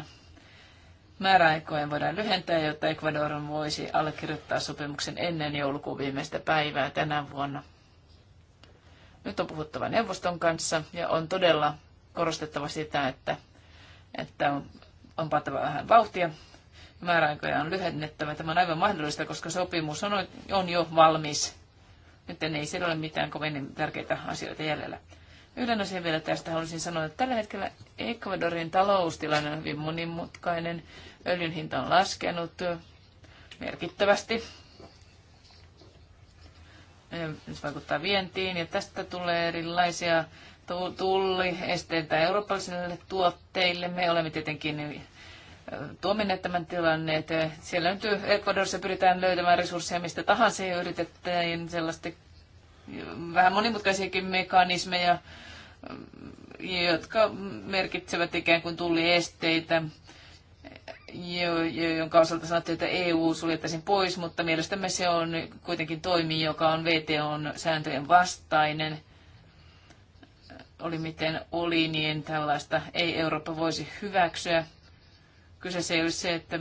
määräaikoja voidaan lyhentää, jotta Ecuador voisi allekirjoittaa sopimuksen ennen joulukuun viimeistä päivää tänä vuonna. Nyt on puhuttava neuvoston kanssa ja on todella korostettava sitä, että, että on, on pantava vähän vauhtia. Määräaikoja on lyhennettävä. Tämä on aivan mahdollista, koska sopimus on, on jo valmis. Nyt ei siellä ole mitään kovin tärkeitä asioita jäljellä. Yhden asian vielä tästä haluaisin sanoa, että tällä hetkellä Ecuadorin taloustilanne on hyvin monimutkainen. Öljyn hinta on laskenut merkittävästi se vaikuttaa vientiin ja tästä tulee erilaisia tulliesteitä eurooppalaisille tuotteille. Me olemme tietenkin tuominneet tämän tilanneet. Siellä nyt Ecuadorissa pyritään löytämään resursseja mistä tahansa ja yritetään sellaista vähän monimutkaisiakin mekanismeja, jotka merkitsevät ikään kuin tulliesteitä jonka osalta sanottiin, että EU suljettaisiin pois, mutta mielestämme se on kuitenkin toimi, joka on VTOn sääntöjen vastainen. Oli miten oli, niin tällaista ei Eurooppa voisi hyväksyä. Kyseessä ei ole se, että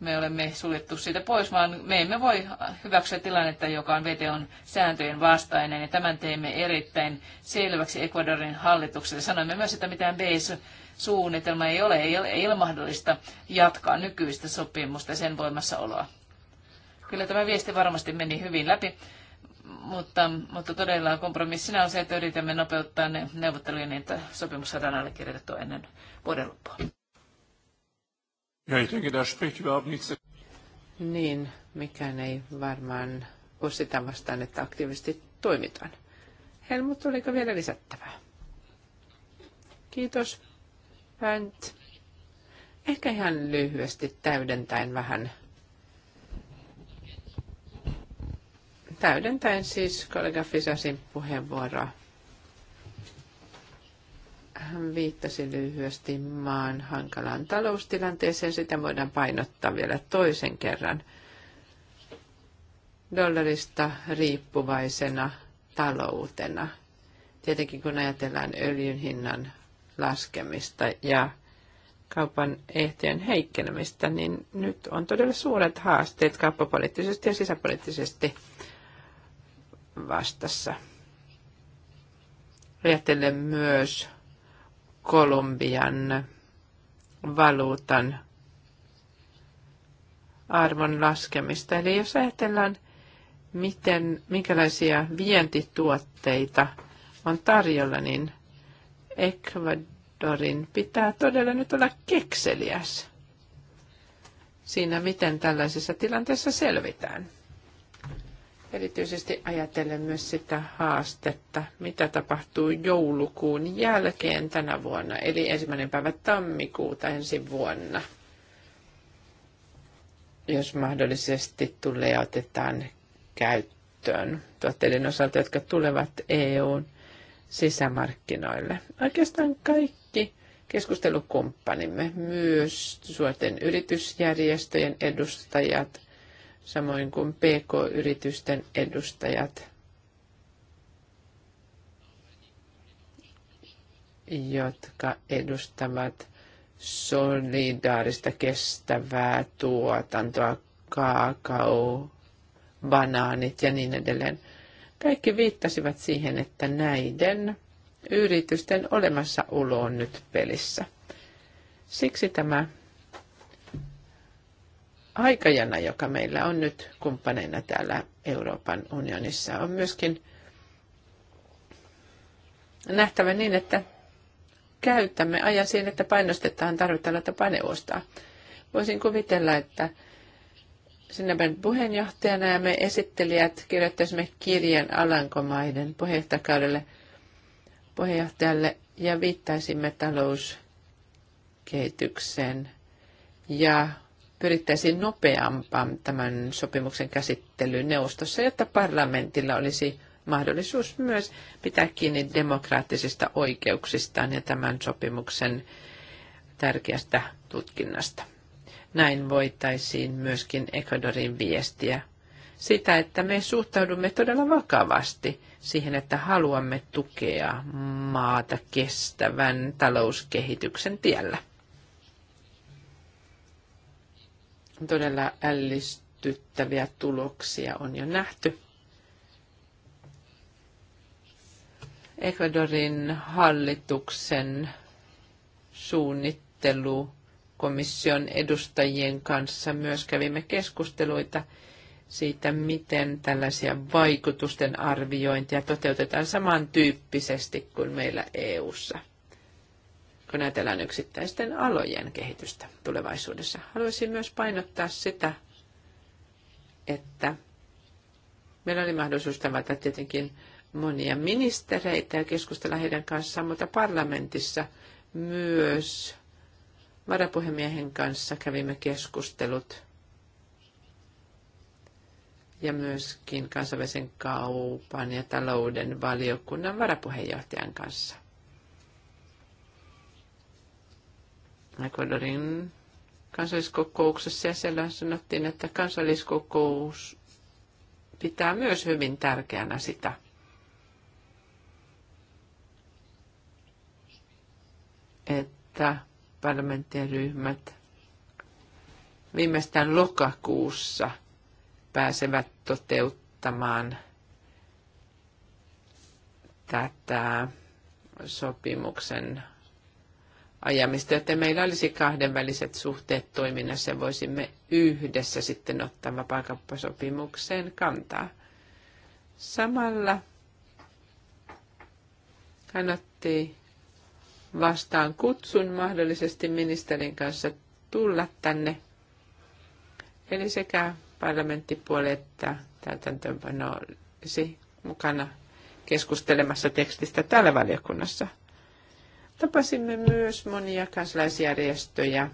me olemme suljettu siitä pois, vaan me emme voi hyväksyä tilannetta, joka on VTOn sääntöjen vastainen. Ja tämän teimme erittäin selväksi Ecuadorin hallitukselle. Sanoimme myös, että mitään base suunnitelma ei ole, ei ole, mahdollista jatkaa nykyistä sopimusta ja sen voimassaoloa. Kyllä tämä viesti varmasti meni hyvin läpi, mutta, mutta todella kompromissina on se, että yritämme nopeuttaa ne neuvotteluja niin, että sopimus saadaan allekirjoitettua ennen vuoden loppua. Niin, mikään ei varmaan ole sitä vastaan, että aktiivisesti toimitaan. Helmut, oliko vielä lisättävää? Kiitos. Pönt. ehkä ihan lyhyesti täydentäen vähän. Täydentäen siis kollega Fisasin puheenvuoroa. Hän viittasi lyhyesti maan hankalaan taloustilanteeseen. Sitä voidaan painottaa vielä toisen kerran. Dollarista riippuvaisena taloutena. Tietenkin kun ajatellaan öljyn hinnan laskemista ja kaupan ehtojen heikkenemistä, niin nyt on todella suuret haasteet kauppapoliittisesti ja sisäpoliittisesti vastassa. Ajattelen myös Kolumbian valuutan arvon laskemista. Eli jos ajatellaan, miten, minkälaisia vientituotteita on tarjolla, niin – Ecuadorin pitää todella nyt olla kekseliäs siinä, miten tällaisessa tilanteessa selvitään. Erityisesti ajatellen myös sitä haastetta, mitä tapahtuu joulukuun jälkeen tänä vuonna, eli ensimmäinen päivä tammikuuta ensi vuonna. Jos mahdollisesti tulee otetaan käyttöön tuotteiden osalta, jotka tulevat EUn sisämarkkinoille. Oikeastaan kaikki keskustelukumppanimme, myös suorten yritysjärjestöjen edustajat, samoin kuin PK-yritysten edustajat, jotka edustavat solidaarista kestävää tuotantoa, kaakao, banaanit ja niin edelleen – kaikki viittasivat siihen, että näiden yritysten olemassaolo on nyt pelissä. Siksi tämä aikajana, joka meillä on nyt kumppaneina täällä Euroopan unionissa, on myöskin nähtävä niin, että käytämme ajan siihen, että painostetaan tarvittavaa tapaa neuvostaa. Voisin kuvitella, että Sinneberg puheenjohtajana ja me esittelijät kirjoittaisimme kirjeen Alankomaiden puheenjohtajakaudelle puheenjohtajalle ja viittaisimme talouskehitykseen ja pyrittäisiin nopeampaan tämän sopimuksen käsittelyyn neuvostossa, jotta parlamentilla olisi mahdollisuus myös pitää kiinni demokraattisista oikeuksistaan ja tämän sopimuksen tärkeästä tutkinnasta. Näin voitaisiin myöskin Ecuadorin viestiä sitä, että me suhtaudumme todella vakavasti siihen, että haluamme tukea maata kestävän talouskehityksen tiellä. Todella ällistyttäviä tuloksia on jo nähty. Ecuadorin hallituksen suunnittelu komission edustajien kanssa myös kävimme keskusteluita siitä, miten tällaisia vaikutusten arviointia toteutetaan samantyyppisesti kuin meillä EU:ssa. Kun ajatellaan yksittäisten alojen kehitystä tulevaisuudessa, haluaisin myös painottaa sitä, että meillä oli mahdollisuus tavata tietenkin monia ministereitä ja keskustella heidän kanssaan, mutta parlamentissa myös varapuhemiehen kanssa kävimme keskustelut ja myöskin kansainvälisen kaupan ja talouden valiokunnan varapuheenjohtajan kanssa. Ecuadorin kansalliskokouksessa ja siellä sanottiin, että kansalliskokous pitää myös hyvin tärkeänä sitä. Että parlamenttien ryhmät viimeistään lokakuussa pääsevät toteuttamaan tätä sopimuksen ajamista, että meillä olisi kahdenväliset suhteet toiminnassa ja voisimme yhdessä sitten ottaa vapaakauppasopimukseen kantaa. Samalla hän otti vastaan kutsun mahdollisesti ministerin kanssa tulla tänne. Eli sekä parlamenttipuoli että täytäntöönpano olisi mukana keskustelemassa tekstistä täällä valiokunnassa. Tapasimme myös monia kansalaisjärjestöjä.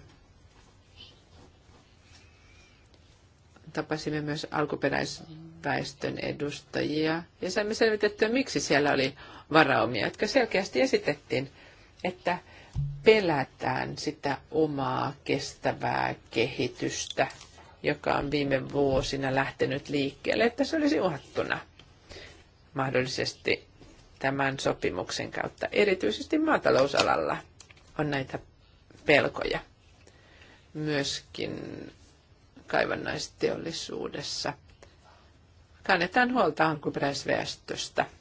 Tapasimme myös alkuperäisväestön edustajia ja saimme selvitettyä, miksi siellä oli varaumia, jotka selkeästi esitettiin että pelätään sitä omaa kestävää kehitystä, joka on viime vuosina lähtenyt liikkeelle, että se olisi uhattuna mahdollisesti tämän sopimuksen kautta. Erityisesti maatalousalalla on näitä pelkoja. Myöskin kaivannaisteollisuudessa kannetaan huolta alkuperäisväestöstä –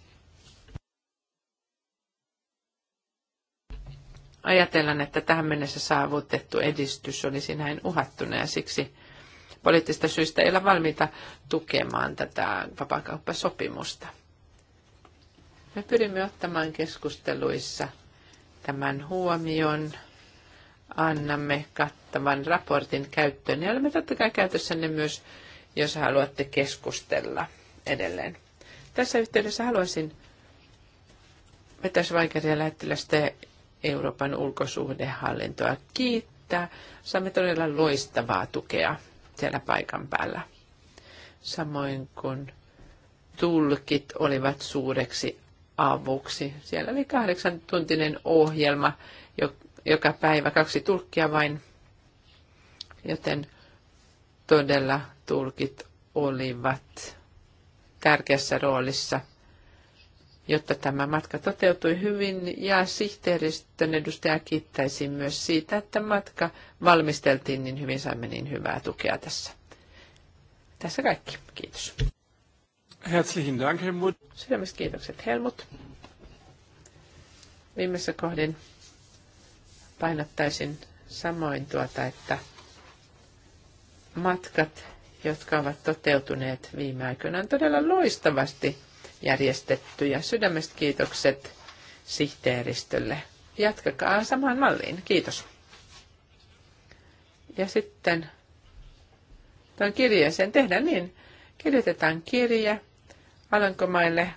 ajatellaan, että tähän mennessä saavutettu edistys olisi näin uhattuna ja siksi poliittista syistä ei ole valmiita tukemaan tätä vapaakauppasopimusta. Me pyrimme ottamaan keskusteluissa tämän huomion, annamme kattavan raportin käyttöön ja olemme totta kai käytössänne myös, jos haluatte keskustella edelleen. Tässä yhteydessä haluaisin vetäisi vaikeria lähettilästä Euroopan ulkosuhdehallintoa kiittää. Saamme todella loistavaa tukea siellä paikan päällä. Samoin kun tulkit olivat suureksi avuksi. Siellä oli kahdeksan tuntinen ohjelma, joka päivä kaksi tulkkia vain, joten todella tulkit olivat tärkeässä roolissa jotta tämä matka toteutui hyvin. Ja sihteeristön edustaja kiittäisi myös siitä, että matka valmisteltiin niin hyvin, saimme niin hyvää tukea tässä. Tässä kaikki. Kiitos. Herzlichen Dank, Helmut. Sydämiset kiitokset, Helmut. Viimeisessä kohdin painottaisin samoin tuota, että matkat, jotka ovat toteutuneet viime aikoina, on todella loistavasti – järjestetty ja sydämestä kiitokset sihteeristölle. Jatkakaa samaan malliin. Kiitos. Ja sitten tuon kirjeeseen tehdään niin. Kirjoitetaan kirje Alankomaille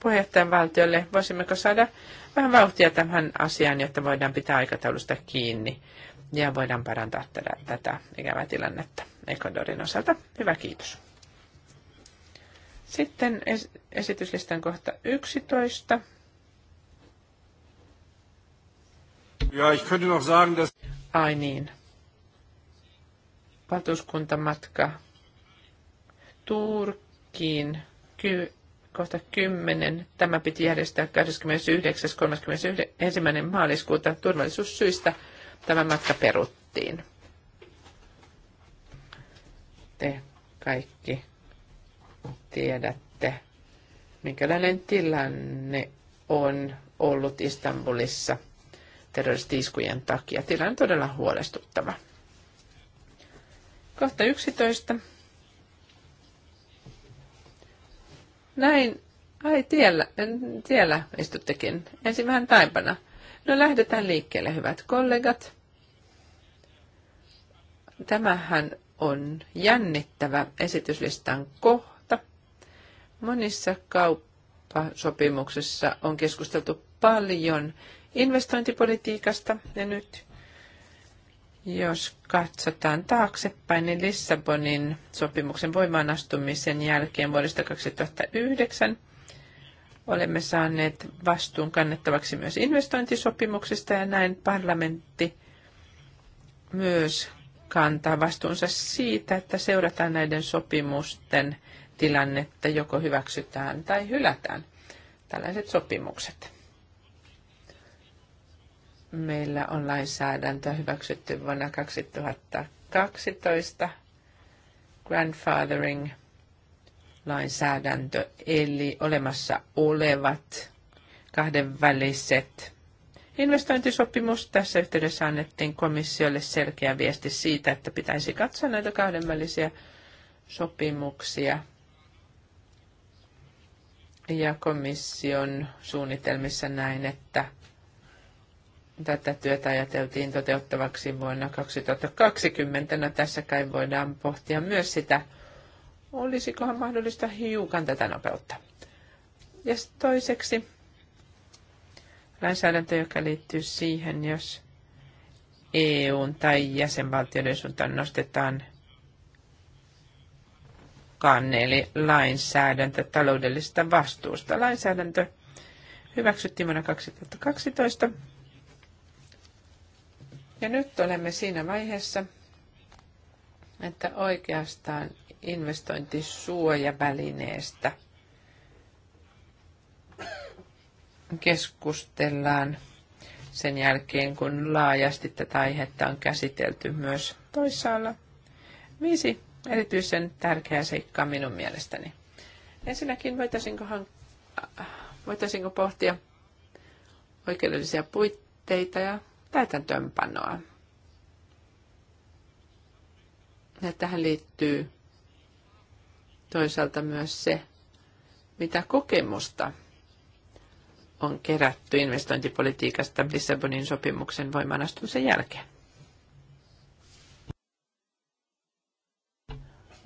puheenjohtajan valtiolle. Voisimmeko saada vähän vauhtia tämän asiaan, jotta voidaan pitää aikataulusta kiinni ja voidaan parantaa tätä, tätä ikävää tilannetta Ecuadorin osalta. Hyvä, kiitos. Sitten esityslistan kohta 11. Ja, ich könnte noch sagen, dass... Ai niin. Valtuuskuntamatka Turkkiin ky- kohta 10. Tämä piti järjestää 29.31. maaliskuuta turvallisuussyistä. Tämä matka peruttiin. Te kaikki tiedätte, minkälainen tilanne on ollut Istanbulissa terroristiiskujen takia. Tilanne on todella huolestuttava. Kohta 11. Näin, ai tiellä, tiellä istuttekin. Ensin vähän taipana. No lähdetään liikkeelle, hyvät kollegat. Tämähän on jännittävä esityslistan kohta Monissa kauppasopimuksissa on keskusteltu paljon investointipolitiikasta ja nyt jos katsotaan taaksepäin, niin Lissabonin sopimuksen voimaanastumisen jälkeen vuodesta 2009 olemme saaneet vastuun kannettavaksi myös investointisopimuksista ja näin parlamentti myös kantaa vastuunsa siitä, että seurataan näiden sopimusten tilannetta joko hyväksytään tai hylätään tällaiset sopimukset. Meillä on lainsäädäntö hyväksytty vuonna 2012 grandfathering lainsäädäntö, eli olemassa olevat kahdenväliset investointisopimus. Tässä yhteydessä annettiin komissiolle selkeä viesti siitä, että pitäisi katsoa näitä kahdenvälisiä sopimuksia ja komission suunnitelmissa näin, että tätä työtä ajateltiin toteuttavaksi vuonna 2020. No tässä kai voidaan pohtia myös sitä, olisikohan mahdollista hiukan tätä nopeutta. Ja toiseksi lainsäädäntö, joka liittyy siihen, jos EUn tai jäsenvaltioiden suuntaan nostetaan mukaan, eli lainsäädäntö taloudellisesta vastuusta. Lainsäädäntö hyväksyttiin vuonna 2012. Ja nyt olemme siinä vaiheessa, että oikeastaan investointisuojavälineestä keskustellaan sen jälkeen, kun laajasti tätä aihetta on käsitelty myös toisaalla. Viisi erityisen tärkeä seikka minun mielestäni. Ensinnäkin voitaisinko, hank- äh, voitaisinko pohtia oikeudellisia puitteita ja täytäntöönpanoa. Ja tähän liittyy toisaalta myös se, mitä kokemusta on kerätty investointipolitiikasta Lissabonin sopimuksen voimaanastumisen jälkeen.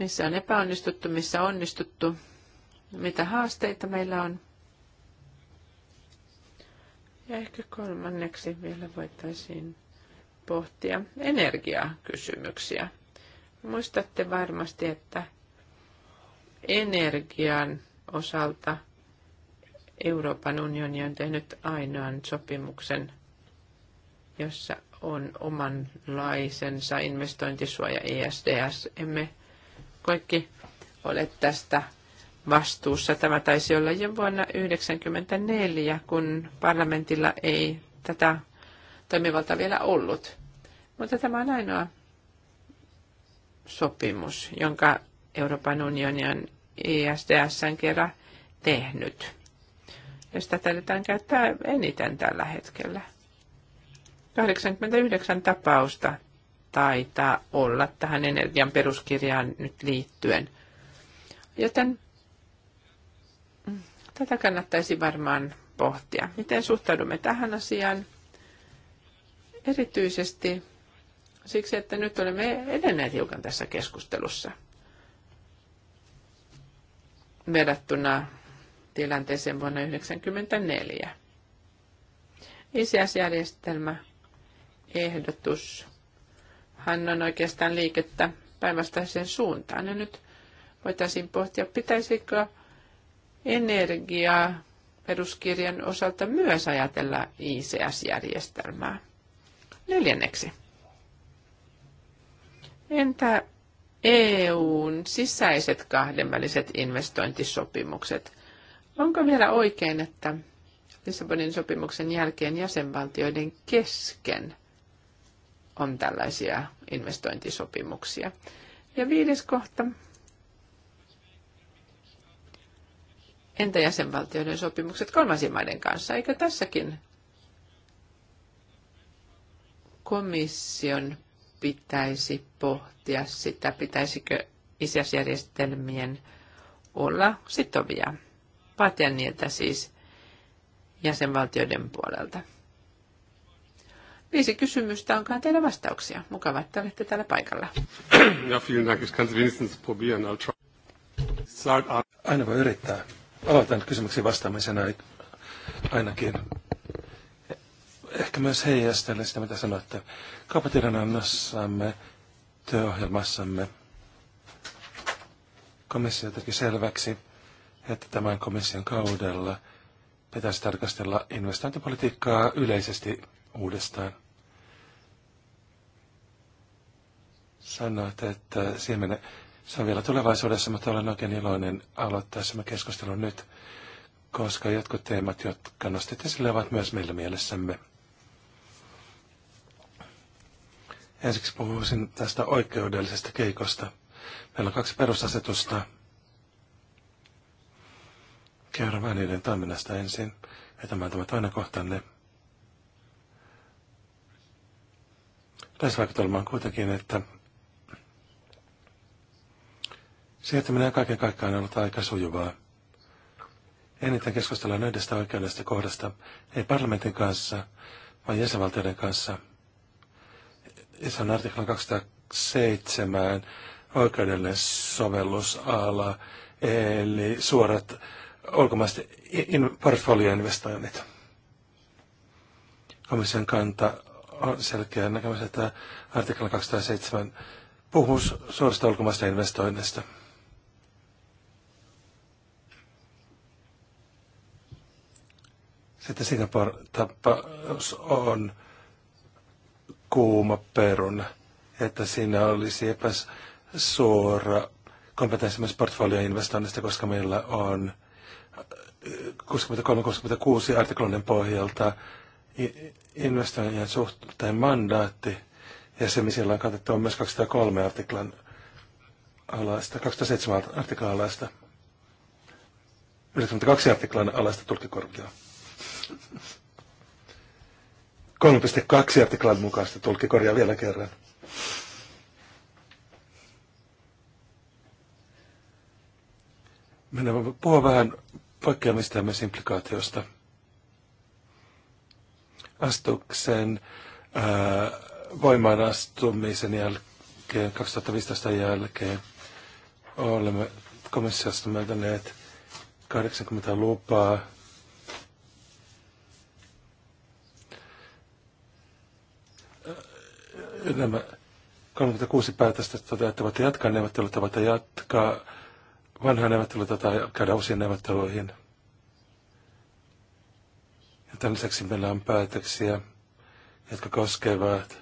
missä on epäonnistuttu, missä on onnistuttu, mitä haasteita meillä on. Ja ehkä kolmanneksi vielä voitaisiin pohtia energiakysymyksiä. Muistatte varmasti, että energian osalta Euroopan unioni on tehnyt ainoan sopimuksen, jossa on omanlaisensa investointisuoja ESDS. Emme kaikki olet tästä vastuussa. Tämä taisi olla jo vuonna 1994, kun parlamentilla ei tätä toimivalta vielä ollut. Mutta tämä on ainoa sopimus, jonka Euroopan unioni on ISDSn kerran tehnyt. Ja sitä tarvitaan käyttää eniten tällä hetkellä. 89 tapausta taitaa olla tähän energian peruskirjaan nyt liittyen. Joten tätä kannattaisi varmaan pohtia. Miten suhtaudumme tähän asiaan? Erityisesti siksi, että nyt olemme edenneet hiukan tässä keskustelussa verrattuna tilanteeseen vuonna 1994. ics ehdotus hän on oikeastaan liikettä päinvastaiseen suuntaan. Ja nyt voitaisiin pohtia, pitäisikö energiaa peruskirjan osalta myös ajatella ICS-järjestelmää. Neljänneksi. Entä EUn sisäiset kahdenväliset investointisopimukset? Onko vielä oikein, että Lissabonin sopimuksen jälkeen jäsenvaltioiden kesken on tällaisia investointisopimuksia. Ja viides kohta. Entä jäsenvaltioiden sopimukset kolmansien maiden kanssa? Eikö tässäkin komission pitäisi pohtia sitä, pitäisikö isäsjärjestelmien olla sitovia. Vaatia niitä siis jäsenvaltioiden puolelta. Viisi kysymystä, onkaan teillä vastauksia. Mukava, että olette täällä paikalla. Ja, vielen Dank. Ich kann es wenigstens probieren. Aina voi yrittää. Aloitan kysymyksiin vastaamisen ainakin. Ehkä myös heijastelen sitä, mitä sanoitte. Kaupatiedonannossamme, työohjelmassamme komissio teki selväksi, että tämän komission kaudella pitäisi tarkastella investointipolitiikkaa yleisesti uudestaan. Sanoit, että siemen Se on vielä tulevaisuudessa, mutta olen oikein iloinen aloittaa tämä keskustelu nyt, koska jotkut teemat, jotka nostit esille, ovat myös meillä mielessämme. Ensiksi puhuisin tästä oikeudellisesta keikosta. Meillä on kaksi perusasetusta. Kerro vähän niiden toiminnasta ensin. Ja tämä on tämä toinen kohtanne. Yleisvaikutelma on kuitenkin, että Siirtyminen kaiken kaikkiaan on ollut aika sujuvaa. Eniten keskustellaan yhdestä oikeudesta kohdasta, ei parlamentin kanssa, vaan jäsenvaltioiden kanssa. Se on artiklan 207 oikeudellinen sovellusala, eli suorat ulkomaiset in- portfolioinvestoinnit. Komission kanta on selkeä näkemys, että artikla 207 puhuu suorasta ulkomaista investoinnista. Sitten Singapore-tapaus on kuuma peruna, että siinä olisi epäsuora kompetenssi myös portfolioinvestoinnista, koska meillä on 63-66 äh, artiklonen pohjalta investoijien suhteen mandaatti, ja se, missä on katsottu, on myös 203 artiklan alaista, 207 artiklan alaista, 92 artiklan alaista tulkikorkeaa. 3.2 artiklan mukaista korjaa vielä kerran. Minä voin puhua vähän poikkeamista ja myös implikaatiosta. Astuksen ää, äh, voimaan astumisen jälkeen, 2015 jälkeen, olemme komissiosta myöntäneet 80 lupaa nämä 36 päätöstä toteuttavat ja jatkaa neuvotteluita, voivat jatkaa vanhaa neuvotteluita tai käydä uusiin neuvotteluihin. Ja tämän lisäksi meillä on päätöksiä, jotka koskevat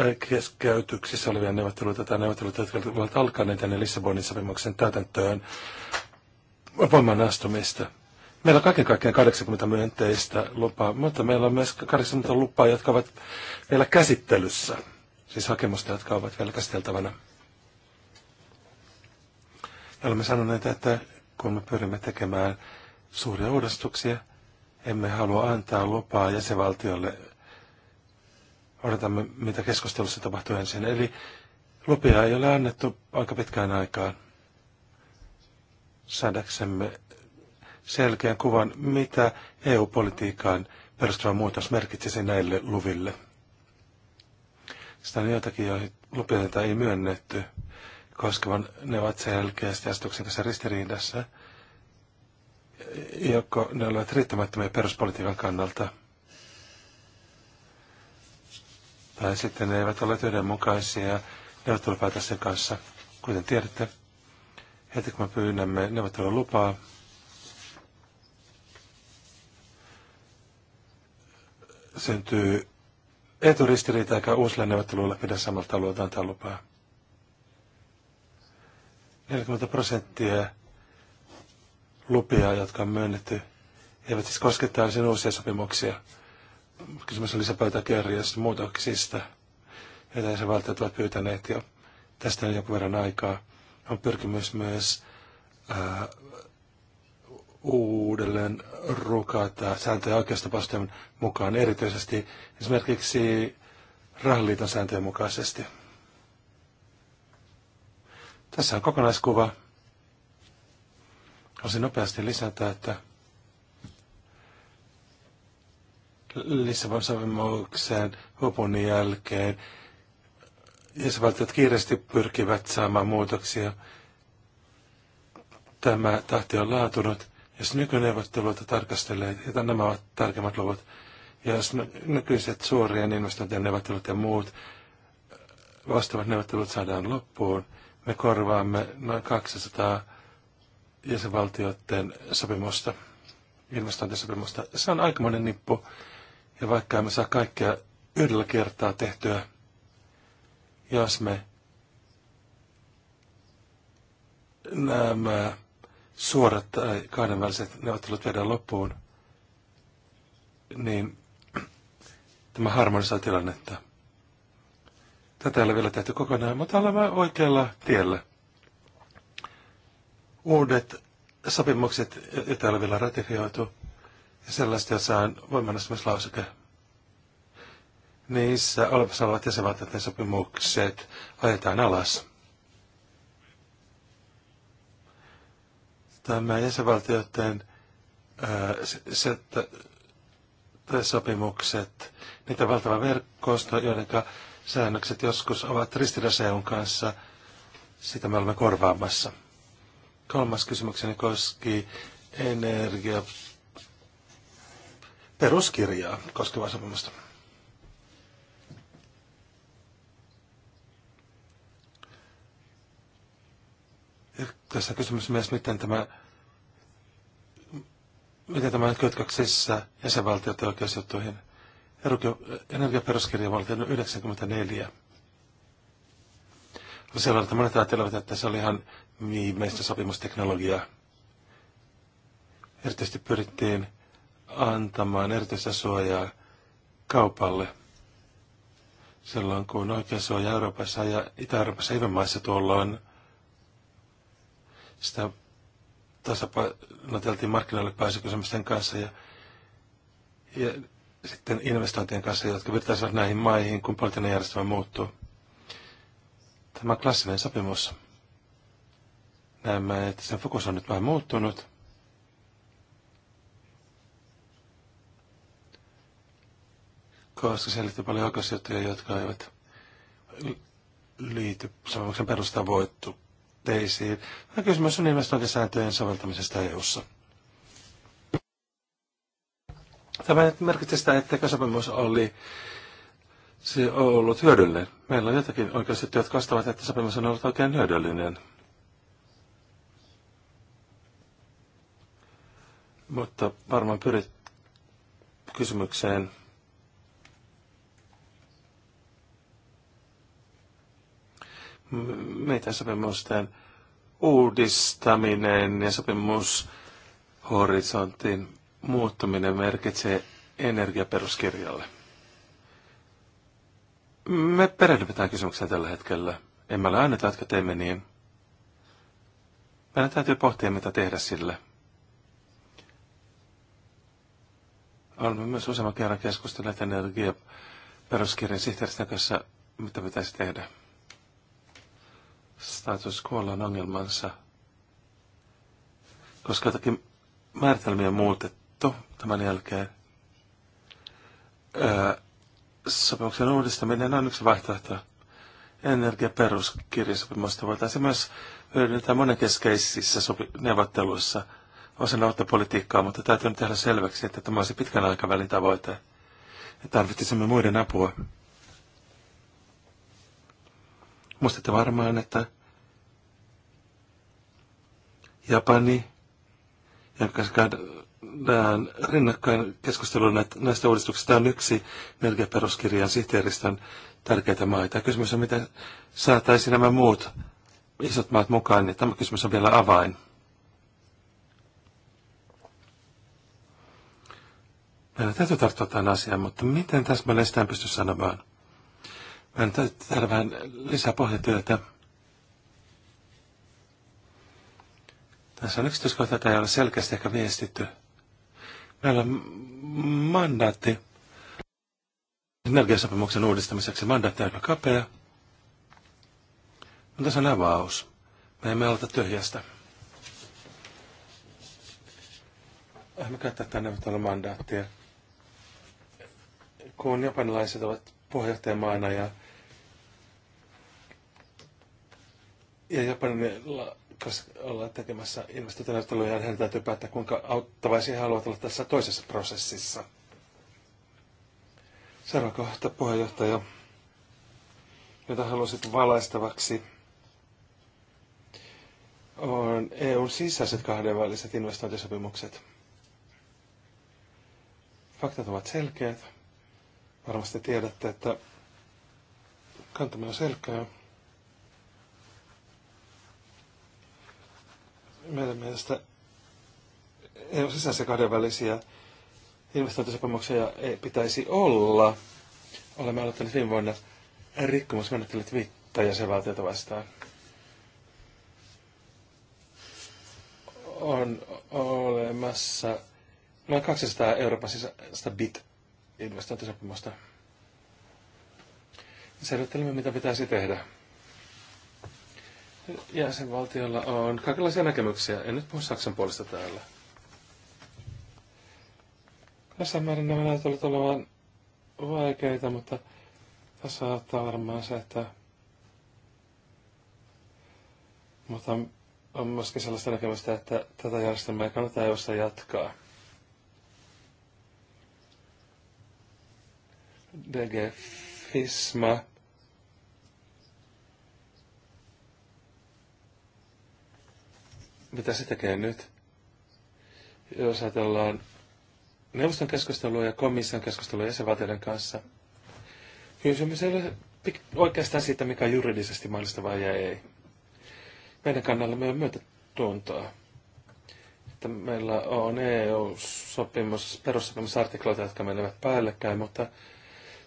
äh, keskeytyksissä olevia neuvotteluita tai neuvotteluita, jotka ovat alkaneet ennen Lissabonin sopimuksen täytäntöön voimaan astumista. Meillä on kaiken kaikkiaan 80 myönteistä lupaa, mutta meillä on myös 80 lupaa, jotka ovat vielä käsittelyssä. Siis hakemusta, jotka ovat vielä käsiteltävänä. Ja olemme sanoneet, että kun me pyrimme tekemään suuria uudistuksia, emme halua antaa lupaa jäsenvaltiolle. Odotamme, mitä keskustelussa tapahtuu ensin. Eli lupia ei ole annettu aika pitkään aikaan saadaksemme selkeän kuvan, mitä EU-politiikkaan perustuva muutos merkitsisi näille luville. Sitä on joitakin, joihin lupia ei myönnetty, koska ne ovat selkeästi astuksen kanssa ristiriidassa, joko ne olivat riittämättömiä peruspolitiikan kannalta, tai sitten ne eivät ole yhdenmukaisia neuvottelupäätösten kanssa. Kuten tiedätte, heti kun me pyydämme neuvottelulupaa, lupaa, syntyy eturistiriita eikä uusilla neuvotteluilla pidä samalta alueelta antaa lupaa. 40 prosenttia lupia, jotka on myönnetty, eivät siis koske täysin uusia sopimuksia. Kysymys on lisäpöytäkirjasta muutoksista, joita valtiot ovat pyytäneet jo. Tästä on jonkun verran aikaa. On pyrkimys myös ää, uudelleen rukata sääntöjä oikeustapausten mukaan, erityisesti esimerkiksi rahaliiton sääntöjen mukaisesti. Tässä on kokonaiskuva. Haluaisin nopeasti lisätä, että Lissabon sopimuksen hupun jälkeen jäsenvaltiot kiireesti pyrkivät saamaan muutoksia. Tämä tahti on laatunut jos nykyneuvotteluita tarkastelleet, ja nämä ovat tarkemmat luvut, ja jos nykyiset suorien investointien neuvottelut ja muut vastaavat neuvottelut saadaan loppuun, me korvaamme noin 200 jäsenvaltioiden sopimusta, investointisopimusta. Se on aikamoinen nippu, ja vaikka emme saa kaikkea yhdellä kertaa tehtyä, jos me nämä suorat tai äh, kahdenväliset neuvottelut viedään loppuun, niin tämä harmonisoi tilannetta. Tätä ei ole vielä tehty kokonaan, mutta olemme oikealla tiellä. Uudet sopimukset, joita ei ole vielä ratifioitu, ja sellaista, jossa on voimanastamislauseke. Niissä olemassa olevat jäsenvaltioiden sopimukset ajetaan alas. tämä jäsenvaltioiden se, sopimukset, niitä valtava verkkosto, joiden säännökset joskus ovat ristiriidassa EUn kanssa, sitä me olemme korvaamassa. Kolmas kysymykseni koski energia peruskirjaa koskevaa sopimusta. tässä kysymys myös, miten tämä, miten tämä kytköksissä jäsenvaltioiden oikeusjuttuihin. Energiaperuskirja valtio 94. Siellä että monet ajattelevat, että se oli ihan viimeistä sopimusteknologiaa. Erityisesti pyrittiin antamaan erityistä suojaa kaupalle silloin, kun oikea suoja Euroopassa ja Itä-Euroopassa ja maissa tuolloin sitä tasapainoteltiin markkinoille pääsykysymysten kanssa ja, ja sitten investointien kanssa, jotka virtaisivat näihin maihin, kun poliittinen järjestelmä muuttuu. Tämä klassinen sopimus. Näemme, että sen fokus on nyt vähän muuttunut. Koska siellä liittyy paljon oikeusjuttuja, jotka eivät liity sopimuksen perustavoittuun tavoitteisiin, vaan kysymys on investointisääntöjen soveltamisesta EU-ssa. Tämä merkitsee sitä, että sopimus oli se on ollut hyödyllinen. Meillä on jotakin oikeasti, jotka kastavat, että sopimus on ollut oikein hyödyllinen. Mutta varmaan pyrit kysymykseen meitä sopimusten uudistaminen ja sopimushorisontin muuttuminen merkitsee energiaperuskirjalle. Me perehdymme tähän kysymykseen tällä hetkellä. Emme ole ainoita, jotka teemme niin. Meidän täytyy pohtia, mitä tehdä sille. Olemme myös useamman kerran keskustelleet energiaperuskirjan sihteeristä kanssa, mitä pitäisi tehdä status quolla on ongelmansa, koska jotakin määritelmiä on muutettu tämän jälkeen. Öö, sopimuksen uudistaminen on yksi vaihtoehto. Energiaperuskirjasopimusta voitaisiin myös hyödyntää monenkeskeisissä sopi- neuvotteluissa osana uutta politiikkaa, mutta täytyy nyt tehdä selväksi, että tämä olisi pitkän aikavälin tavoite. Ja tarvitsisimme muiden apua. Muistatte varmaan, että Japani, jonka käydään rinnakkain keskustelua näistä uudistuksista, on yksi melkein peruskirjan sihteeristön tärkeitä maita. Kysymys on, miten saataisiin nämä muut isot maat mukaan, niin tämä kysymys on vielä avain. Meidän täytyy tarttua tämän asiaan, mutta miten täsmälleen sitä en pysty sanomaan. Mä en täällä vähän lisää pohjatyötä. Tässä on yksityiskohta, että ei ole selkeästi ehkä viestitty. Meillä on mandaatti energiasopimuksen uudistamiseksi. Mandaatti on aika kapea. Mutta tässä on avaus. Me emme aloita tyhjästä. Me käyttää tänne mandaattia. Kun japanilaiset ovat puheenjohtajamaana ja ja Japanilla kanssa ollaan tekemässä investointineuvotteluja, ja heidän täytyy päättää, kuinka auttavaisia he haluavat olla tässä toisessa prosessissa. Seuraava kohta, puheenjohtaja, jota haluaisit valaistavaksi, on EUn sisäiset kahdenväliset investointisopimukset. Faktat ovat selkeät. Varmasti tiedätte, että kantamme on selkeä. meidän mielestä EU sisänsä kahdenvälisiä investointisopimuksia ei pitäisi olla. Olemme aloittaneet viime vuonna rikkomusmenettelyt viittä jäsenvaltiota vastaan. On olemassa noin 200 Euroopan sisäistä bit-investointisopimusta. Selvittelemme, mitä pitäisi tehdä jäsenvaltiolla on kaikenlaisia näkemyksiä. En nyt puhu Saksan puolesta täällä. Tässä määrin nämä näyttävät olevan vaikeita, mutta tässä saattaa varmaan se, että mutta on myöskin sellaista näkemystä, että tätä järjestelmää kannata jossa jatkaa. DG Fisma mitä se tekee nyt? Jos ajatellaan neuvoston keskustelua ja komission keskustelua jäsenvaltioiden kanssa, kysymys ei ole oikeastaan siitä, mikä on juridisesti mahdollista vai ei. Meidän kannallamme on myötätuntoa että meillä on EU-sopimus, perussopimusartikloita, jotka menevät päällekkäin, mutta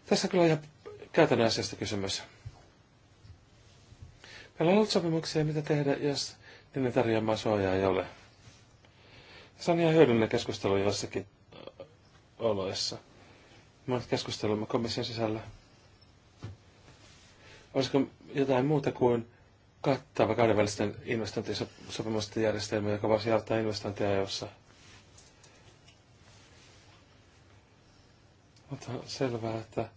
tässä on kyllä ihan käytännön asiasta kysymys. Meillä on ollut sopimuksia, mitä tehdä, jos niiden tarjoamaa suojaa ei ole. Se on ihan hyödyllinen keskustelu jossakin oloissa. Me nyt komission sisällä. Olisiko jotain muuta kuin kattava kahdenvälisten investointisopimusten järjestelmä, joka voisi auttaa investointia jossa Mutta on selvää, että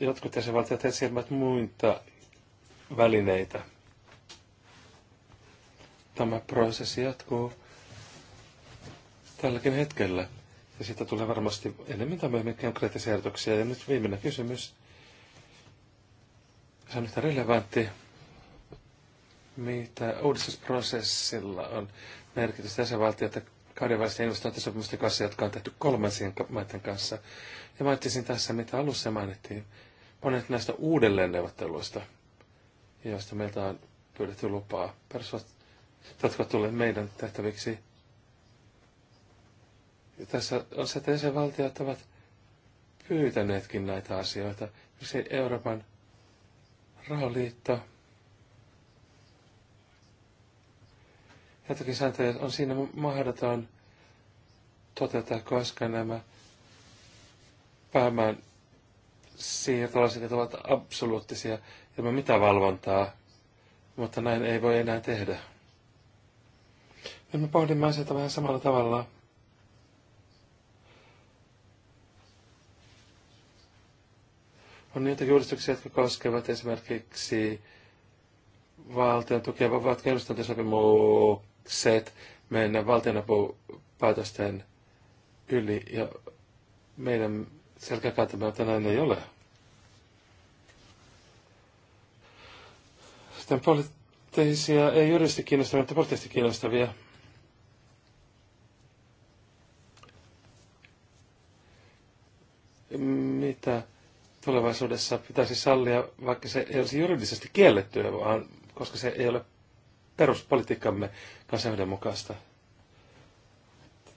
jotkut jäsenvaltiot etsivät muita välineitä – tämä prosessi jatkuu tälläkin hetkellä. Ja siitä tulee varmasti enemmän tai myöhemmin konkreettisia ehdotuksia. Ja nyt viimeinen kysymys. Se on yhtä relevantti. Mitä uudistusprosessilla on merkitystä jäsenvaltiota kahdenvälisten investointisopimusten kanssa, jotka on tehty kolmansien maiden kanssa? Ja mainitsin tässä, mitä alussa mainittiin, monet näistä uudelleenneuvotteluista, joista meiltä on pyydetty lupaa. Perusvat jotka tulee meidän tehtäviksi. Ja tässä on se, että jäsenvaltiot ovat pyytäneetkin näitä asioita. Se Euroopan rahaliitto. Jotakin sääntöjä on siinä mahdoton toteuttaa, koska nämä päämään siirtolaiset ovat absoluuttisia ilman mitä valvontaa, mutta näin ei voi enää tehdä. Ja me pohdimme asioita vähän samalla tavalla. On niitä julistuksia, jotka koskevat esimerkiksi valtion tukea, ovat sopimukset mennä valtionapupäätösten yli ja meidän selkäkäytämältä näin ei ole. Sitten poliittisia, ei juristi kiinnostavia, mutta poliittisesti kiinnostavia mitä tulevaisuudessa pitäisi sallia, vaikka se ei olisi juridisesti kiellettyä, vaan koska se ei ole peruspolitiikkamme kanssa yhdenmukaista.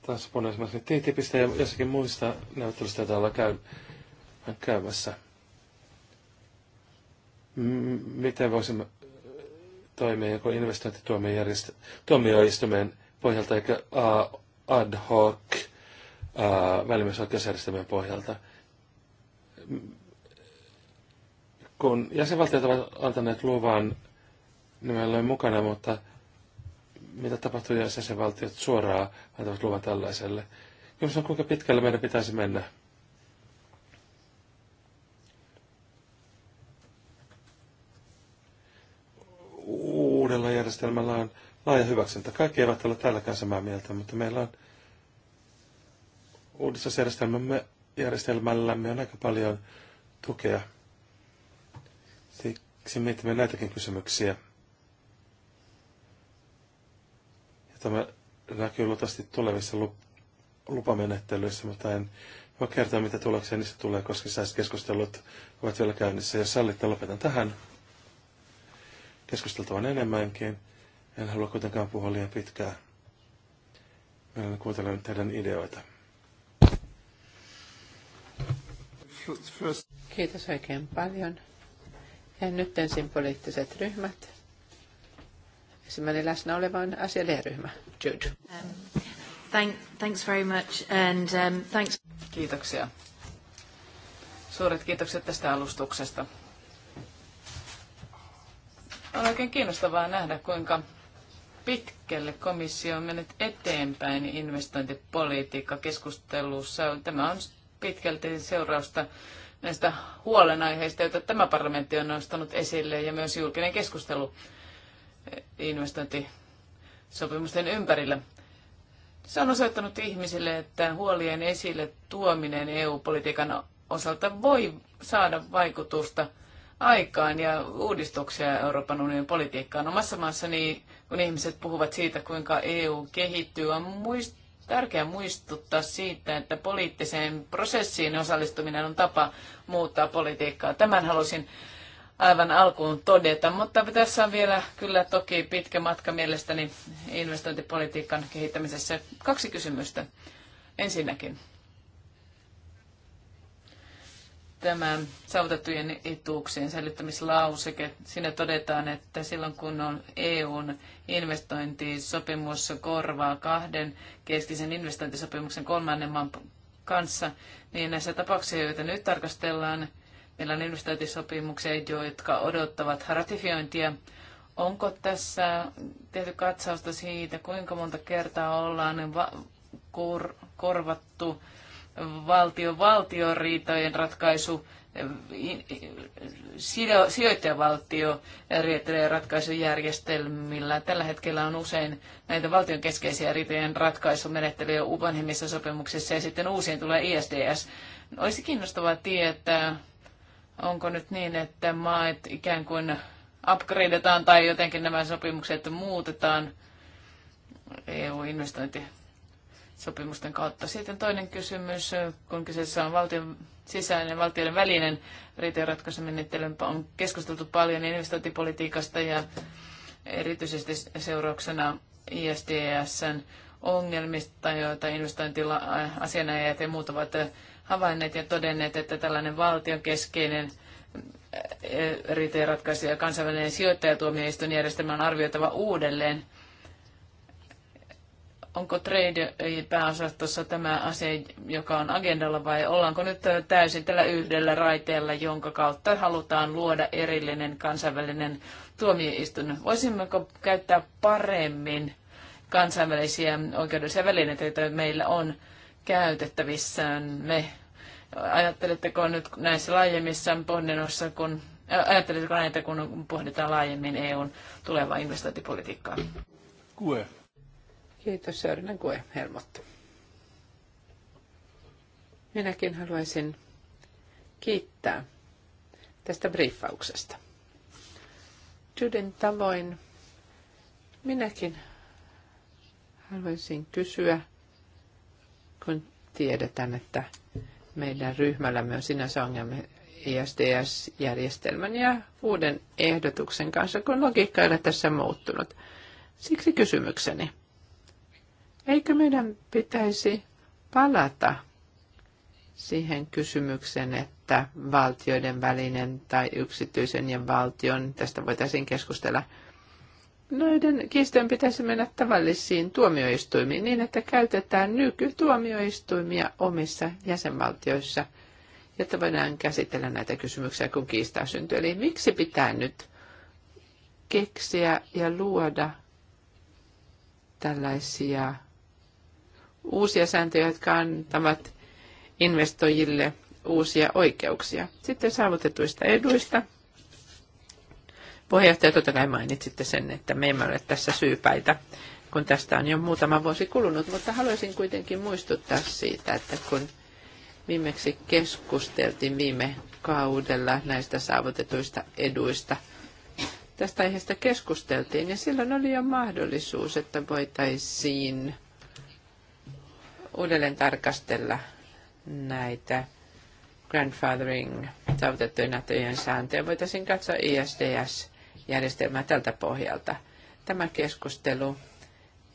Tässä on esimerkiksi TTIPistä ja jossakin muista neuvottelusta, joita ollaan käymässä. miten voisimme toimia joko investointituomioistuimen pohjalta eikä ad hoc välimiesoikeusjärjestelmän pohjalta – kun jäsenvaltiot ovat antaneet luvan, niin meillä oli mukana, mutta mitä tapahtuu, jos jäsenvaltiot suoraan antavat luvan tällaiselle? Kysymys on, kuinka pitkälle meidän pitäisi mennä. Uudella järjestelmällä on laaja hyväksyntä. Kaikki eivät ole tälläkään samaa mieltä, mutta meillä on uudessa järjestelmämme järjestelmällämme on aika paljon tukea. Siksi mietimme näitäkin kysymyksiä. Ja tämä näkyy luultavasti tulevissa lupamenettelyissä, mutta en voi kertoa, mitä tuloksia niistä tulee, koska keskustelut ovat vielä käynnissä. Jos sallitte, lopetan tähän. Keskusteltavan enemmänkin. En halua kuitenkaan puhua liian pitkään. Meillä kuuntelen teidän ideoita. Kiitos oikein paljon. Ja nyt ensin poliittiset ryhmät. esimerkiksi läsnä oleva on ryhmä Jude. Um, thank, thanks very much and um, thanks. Kiitoksia. Suuret kiitokset tästä alustuksesta. On oikein kiinnostavaa nähdä, kuinka pitkälle komissio on mennyt eteenpäin investointipolitiikka keskustelussa. Tämä on pitkälti seurausta näistä huolenaiheista, joita tämä parlamentti on nostanut esille ja myös julkinen keskustelu investointisopimusten ympärillä. Se on osoittanut ihmisille, että huolien esille tuominen EU-politiikan osalta voi saada vaikutusta aikaan ja uudistuksia Euroopan unionin politiikkaan. Omassa maassani, kun ihmiset puhuvat siitä, kuinka EU kehittyy, on muist- tärkeää muistuttaa siitä, että poliittiseen prosessiin osallistuminen on tapa muuttaa politiikkaa. Tämän halusin aivan alkuun todeta, mutta tässä on vielä kyllä toki pitkä matka mielestäni investointipolitiikan kehittämisessä. Kaksi kysymystä. Ensinnäkin, tämä saavutettujen etuuksien säilyttämislauseke. Siinä todetaan, että silloin kun on EUn investointisopimus korvaa kahden keskisen investointisopimuksen kolmannen maan kanssa, niin näissä tapauksissa, joita nyt tarkastellaan, meillä on investointisopimuksia, jotka odottavat ratifiointia. Onko tässä tehty katsausta siitä, kuinka monta kertaa ollaan kor- korvattu valtion valtion riitojen ratkaisu, sijoittajavaltio ratkaisujärjestelmillä. Tällä hetkellä on usein näitä valtion keskeisiä riitojen ratkaisumenettelyjä vanhemmissa sopimuksissa ja sitten uusiin tulee ISDS. Olisi kiinnostavaa tietää, onko nyt niin, että maat ikään kuin upgradeataan tai jotenkin nämä sopimukset muutetaan EU-investointi sopimusten kautta. Sitten toinen kysymys, kun kyseessä on valtion sisäinen, valtioiden välinen riitojenratkaisumenettely, on keskusteltu paljon investointipolitiikasta ja erityisesti seurauksena ISDSn ongelmista, joita investointiasianajajat ja muut ovat havainneet ja todenneet, että tällainen valtion keskeinen eh, riitojenratkaisu ja kansainvälinen järjestelmä on arvioitava uudelleen – onko trade pääosastossa tämä asia, joka on agendalla vai ollaanko nyt täysin tällä yhdellä raiteella, jonka kautta halutaan luoda erillinen kansainvälinen tuomioistuin? Voisimmeko käyttää paremmin kansainvälisiä oikeudellisia välineitä, joita meillä on käytettävissään me? Ajatteletteko nyt näissä laajemmissa pohdinnoissa, kun äh, Ajatteletteko näitä, kun pohditaan laajemmin EUn tulevaa investointipolitiikkaa? Kue. Kiitos Sörnän koe, Helmut. Minäkin haluaisin kiittää tästä briefauksesta. Tyden tavoin minäkin haluaisin kysyä, kun tiedetään, että meidän ryhmällä on sinänsä ongelma ISDS-järjestelmän ja uuden ehdotuksen kanssa, kun logiikka ei ole tässä muuttunut. Siksi kysymykseni. Eikö meidän pitäisi palata siihen kysymykseen, että valtioiden välinen tai yksityisen ja valtion, tästä voitaisiin keskustella, noiden kiistojen pitäisi mennä tavallisiin tuomioistuimiin niin, että käytetään nykytuomioistuimia omissa jäsenvaltioissa, jotta voidaan käsitellä näitä kysymyksiä, kun kiistaa syntyy. Eli miksi pitää nyt keksiä ja luoda tällaisia uusia sääntöjä, jotka antavat investoijille uusia oikeuksia. Sitten saavutetuista eduista. Puheenjohtaja, totta kai mainitsitte sen, että me emme ole tässä syypäitä, kun tästä on jo muutama vuosi kulunut, mutta haluaisin kuitenkin muistuttaa siitä, että kun viimeksi keskusteltiin viime kaudella näistä saavutetuista eduista, tästä aiheesta keskusteltiin ja silloin oli jo mahdollisuus, että voitaisiin uudelleen tarkastella näitä grandfathering saavutettujen näyttöjen sääntöjä. Voitaisiin katsoa ISDS-järjestelmää tältä pohjalta. Tämä keskustelu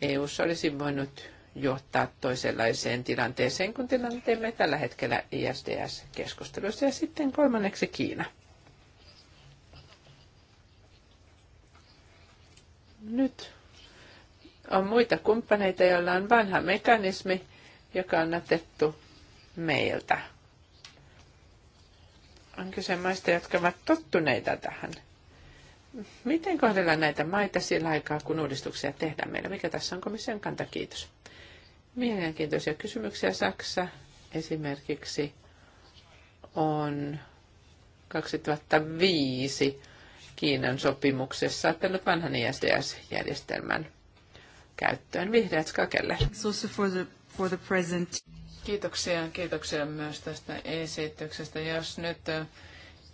eu olisi voinut johtaa toisenlaiseen tilanteeseen kuin tilanteemme tällä hetkellä ISDS-keskustelussa. Ja sitten kolmanneksi Kiina. Nyt on muita kumppaneita, joilla on vanha mekanismi, joka on meiltä. Onko semmoista maista, jotka ovat tottuneita tähän. Miten kohdellaan näitä maita sillä aikaa, kun uudistuksia tehdään meillä? Mikä tässä on komission kanta? Kiitos. Mielenkiintoisia kysymyksiä. Saksa esimerkiksi on 2005 Kiinan sopimuksessa ottanut vanhan ISDS-järjestelmän käyttöön vihreät skakelle for the present. Kiitoksia, kiitoksia myös tästä esityksestä. Jos nyt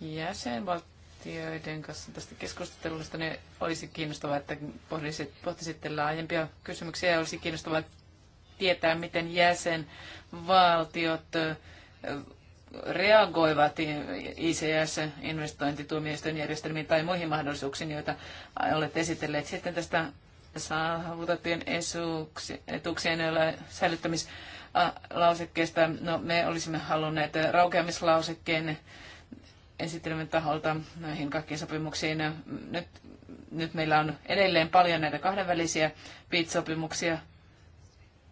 jäsenvaltioiden kanssa tästä keskustelusta, niin olisi kiinnostavaa, että pohtisit, pohtisitte laajempia kysymyksiä ja olisi kiinnostavaa tietää, miten jäsenvaltiot reagoivat ICS-investointituomioistuinjärjestelmiin tai muihin mahdollisuuksiin, joita olette esitelleet. Sitten tästä saavutettujen etuuksien säilyttämislausekkeesta. No, me olisimme halunneet raukeamislausekkeen esittelemme taholta näihin kaikkiin sopimuksiin. Nyt, nyt meillä on edelleen paljon näitä kahdenvälisiä PIT-sopimuksia.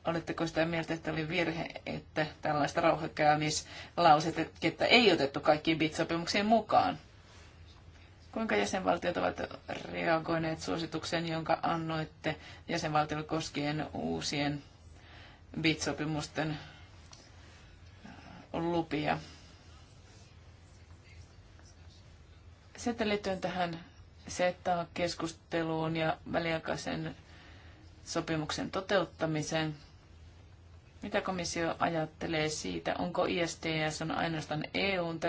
Oletteko sitä mieltä, että oli virhe, että tällaista rauhoikkäämislauseketta ei otettu kaikkiin PIT-sopimuksiin mukaan? Kuinka jäsenvaltiot ovat reagoineet suositukseen, jonka annoitte jäsenvaltiolle koskien uusien BIT-sopimusten äh, lupia? Sitten liittyen tähän SETA-keskusteluun ja väliaikaisen sopimuksen toteuttamiseen, mitä komissio ajattelee siitä, onko ISTS on ainoastaan EUn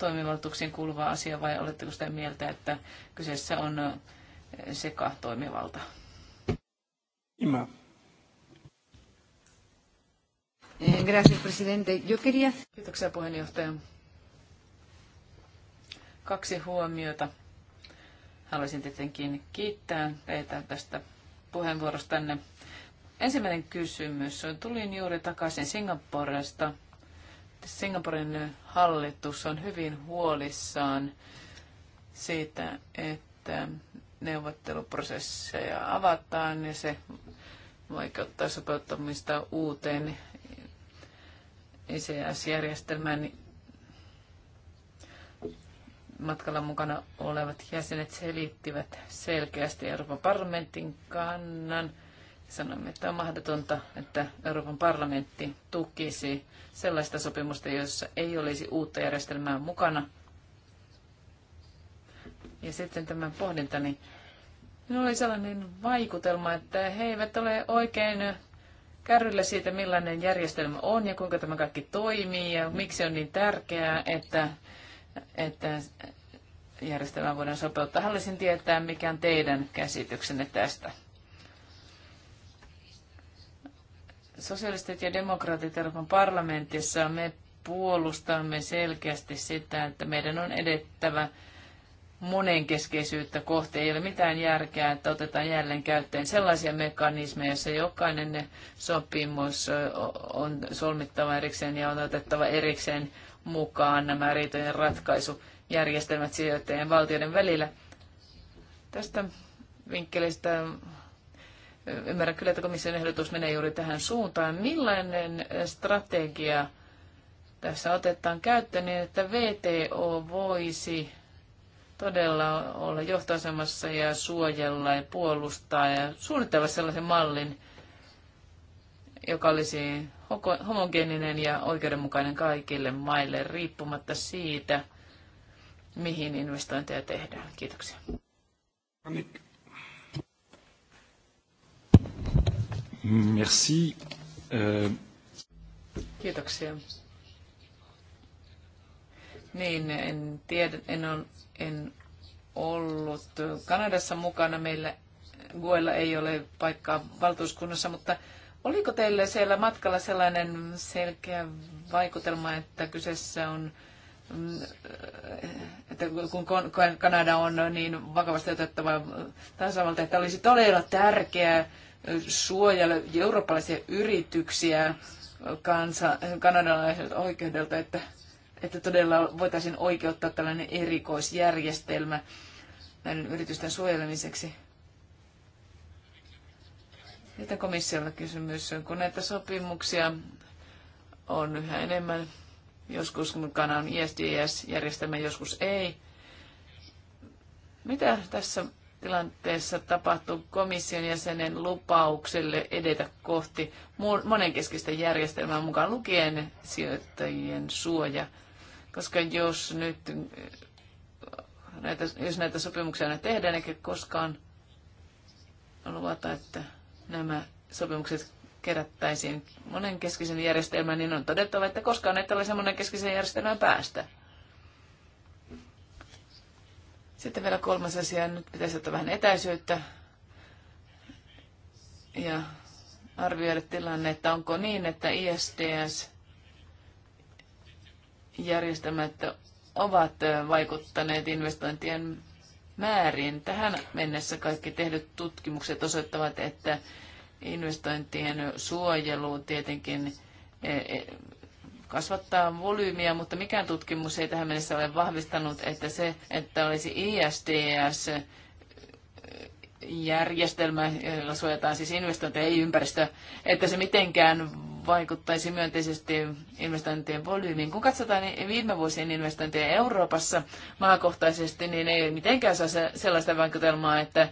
toimivaltuuksiin kuuluva asia vai oletteko sitä mieltä, että kyseessä on seka toimivalta? Ima. Eh, gracias, presidente. Yo quería... Kiitoksia puheenjohtaja. Kaksi huomiota. Haluaisin tietenkin kiittää teitä tästä puheenvuorostanne. Ensimmäinen kysymys. Tulin juuri takaisin Singaporesta Singaporen hallitus on hyvin huolissaan siitä, että neuvotteluprosesseja avataan ja se vaikeuttaa sopeuttamista uuteen ICS-järjestelmään. E Matkalla mukana olevat jäsenet selittivät selkeästi Euroopan parlamentin kannan – sanoimme, että on mahdotonta, että Euroopan parlamentti tukisi sellaista sopimusta, jossa ei olisi uutta järjestelmää mukana. Ja sitten tämän pohdintani. Niin minulla oli sellainen vaikutelma, että he eivät ole oikein kärryllä siitä, millainen järjestelmä on ja kuinka tämä kaikki toimii ja miksi on niin tärkeää, että, että järjestelmää voidaan sopeuttaa. Haluaisin tietää, mikä on teidän käsityksenne tästä. Sosialistit ja demokraatit Euroopan parlamentissa me puolustamme selkeästi sitä, että meidän on edettävä monenkeskeisyyttä kohti. Ei ole mitään järkeä, että otetaan jälleen käyttöön sellaisia mekanismeja, joissa jokainen sopimus on solmittava erikseen ja on otettava erikseen mukaan nämä riitojen ratkaisujärjestelmät sijoittajien valtioiden välillä. Tästä vinkkelistä Ymmärrän kyllä, että komission ehdotus menee juuri tähän suuntaan. Millainen strategia tässä otetaan käyttöön niin, että VTO voisi todella olla johtoasemassa ja suojella ja puolustaa ja suunnitella sellaisen mallin, joka olisi homogeeninen ja oikeudenmukainen kaikille maille riippumatta siitä, mihin investointeja tehdään. Kiitoksia. Merci. Euh, Kiitoksia. Niin, en tiedä, en, on, en ollut Kanadassa mukana. Meillä Guella ei ole paikkaa valtuuskunnassa, mutta oliko teille siellä matkalla sellainen selkeä vaikutelma, että kyseessä on mm, että kun Kanada on niin vakavasti otettava tasavalta, että olisi todella tärkeää suojella eurooppalaisia yrityksiä kansa, kanadalaiselta oikeudelta, että, että todella voitaisiin oikeuttaa tällainen erikoisjärjestelmä näiden yritysten suojelemiseksi. Sitten komissiolla kysymys, kun näitä sopimuksia on yhä enemmän, joskus mukana on ISDS-järjestelmä, joskus ei. Mitä tässä tilanteessa tapahtuu komission jäsenen lupaukselle edetä kohti monenkeskistä järjestelmää mukaan lukien sijoittajien suoja. Koska jos nyt äh, näitä, jos näitä sopimuksia aina tehdään, eikä koskaan luvata, että nämä sopimukset kerättäisiin monenkeskisen järjestelmän, niin on todettava, että koskaan ei tällaisen monenkeskisen järjestelmän päästä. Sitten vielä kolmas asia. Nyt pitäisi ottaa vähän etäisyyttä ja arvioida tilanne, että onko niin, että ISDS-järjestelmät ovat vaikuttaneet investointien määriin. Tähän mennessä kaikki tehdyt tutkimukset osoittavat, että investointien suojelu tietenkin e, e, kasvattaa volyymiä, mutta mikään tutkimus ei tähän mennessä ole vahvistanut, että se, että olisi ISDS äh, järjestelmä, jolla suojataan siis investointeja, ei ympäristö, että se mitenkään vaikuttaisi myönteisesti investointien volyymiin. Kun katsotaan niin viime vuosien investointeja Euroopassa maakohtaisesti, niin ei mitenkään saa sellaista vaikutelmaa, että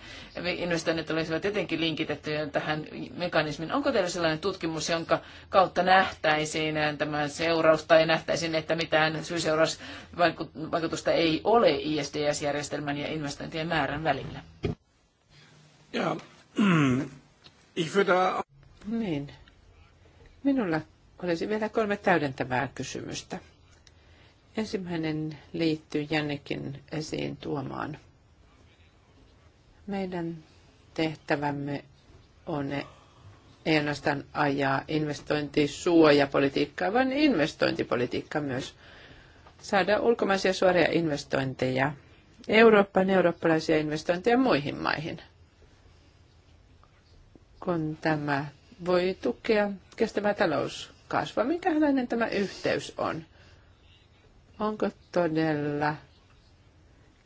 investoinnit olisivat jotenkin linkitettyjä tähän mekanismiin. Onko teillä sellainen tutkimus, jonka kautta nähtäisiin tämä seuraus tai nähtäisiin, että mitään syy-seurausvaikutusta ei ole ISDS-järjestelmän ja investointien määrän välillä? Ja, ich würde... Niin. Minulla olisi vielä kolme täydentävää kysymystä. Ensimmäinen liittyy Jännekin esiin tuomaan. Meidän tehtävämme on ei ainoastaan ajaa investointisuojapolitiikkaa, vaan investointipolitiikka myös. Saada ulkomaisia suoria investointeja Eurooppaan, eurooppalaisia investointeja muihin maihin. Kun tämä voi tukea kestävä talous kasvaa. Minkälainen tämä yhteys on? Onko todella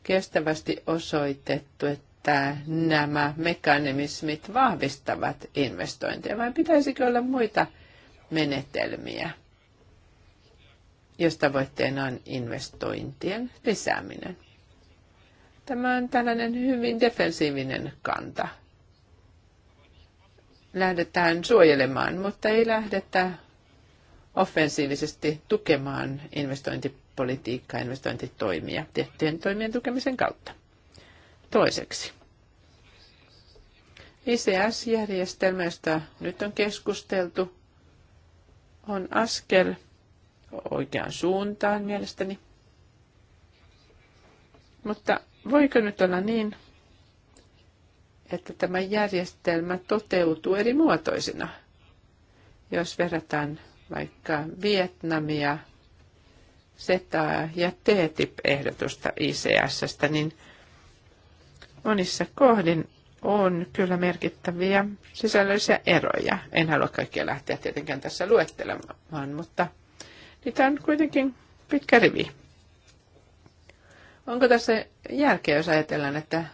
kestävästi osoitettu, että nämä mekanismit vahvistavat investointeja vai pitäisikö olla muita menetelmiä, jos tavoitteena on investointien lisääminen? Tämä on tällainen hyvin defensiivinen kanta lähdetään suojelemaan, mutta ei lähdetä offensiivisesti tukemaan investointipolitiikkaa, investointitoimia tiettyjen toimien tukemisen kautta. Toiseksi. ICS-järjestelmä, josta nyt on keskusteltu, on askel oikeaan suuntaan mielestäni. Mutta voiko nyt olla niin, että tämä järjestelmä toteutuu eri muotoisina. Jos verrataan vaikka Vietnamia, SETA ja TTIP-ehdotusta ICS, niin monissa kohdin on kyllä merkittäviä sisällöllisiä eroja. En halua kaikkia lähteä tietenkään tässä luettelemaan, mutta niitä on kuitenkin pitkä rivi. Onko tässä järkeä, jos ajatellaan, että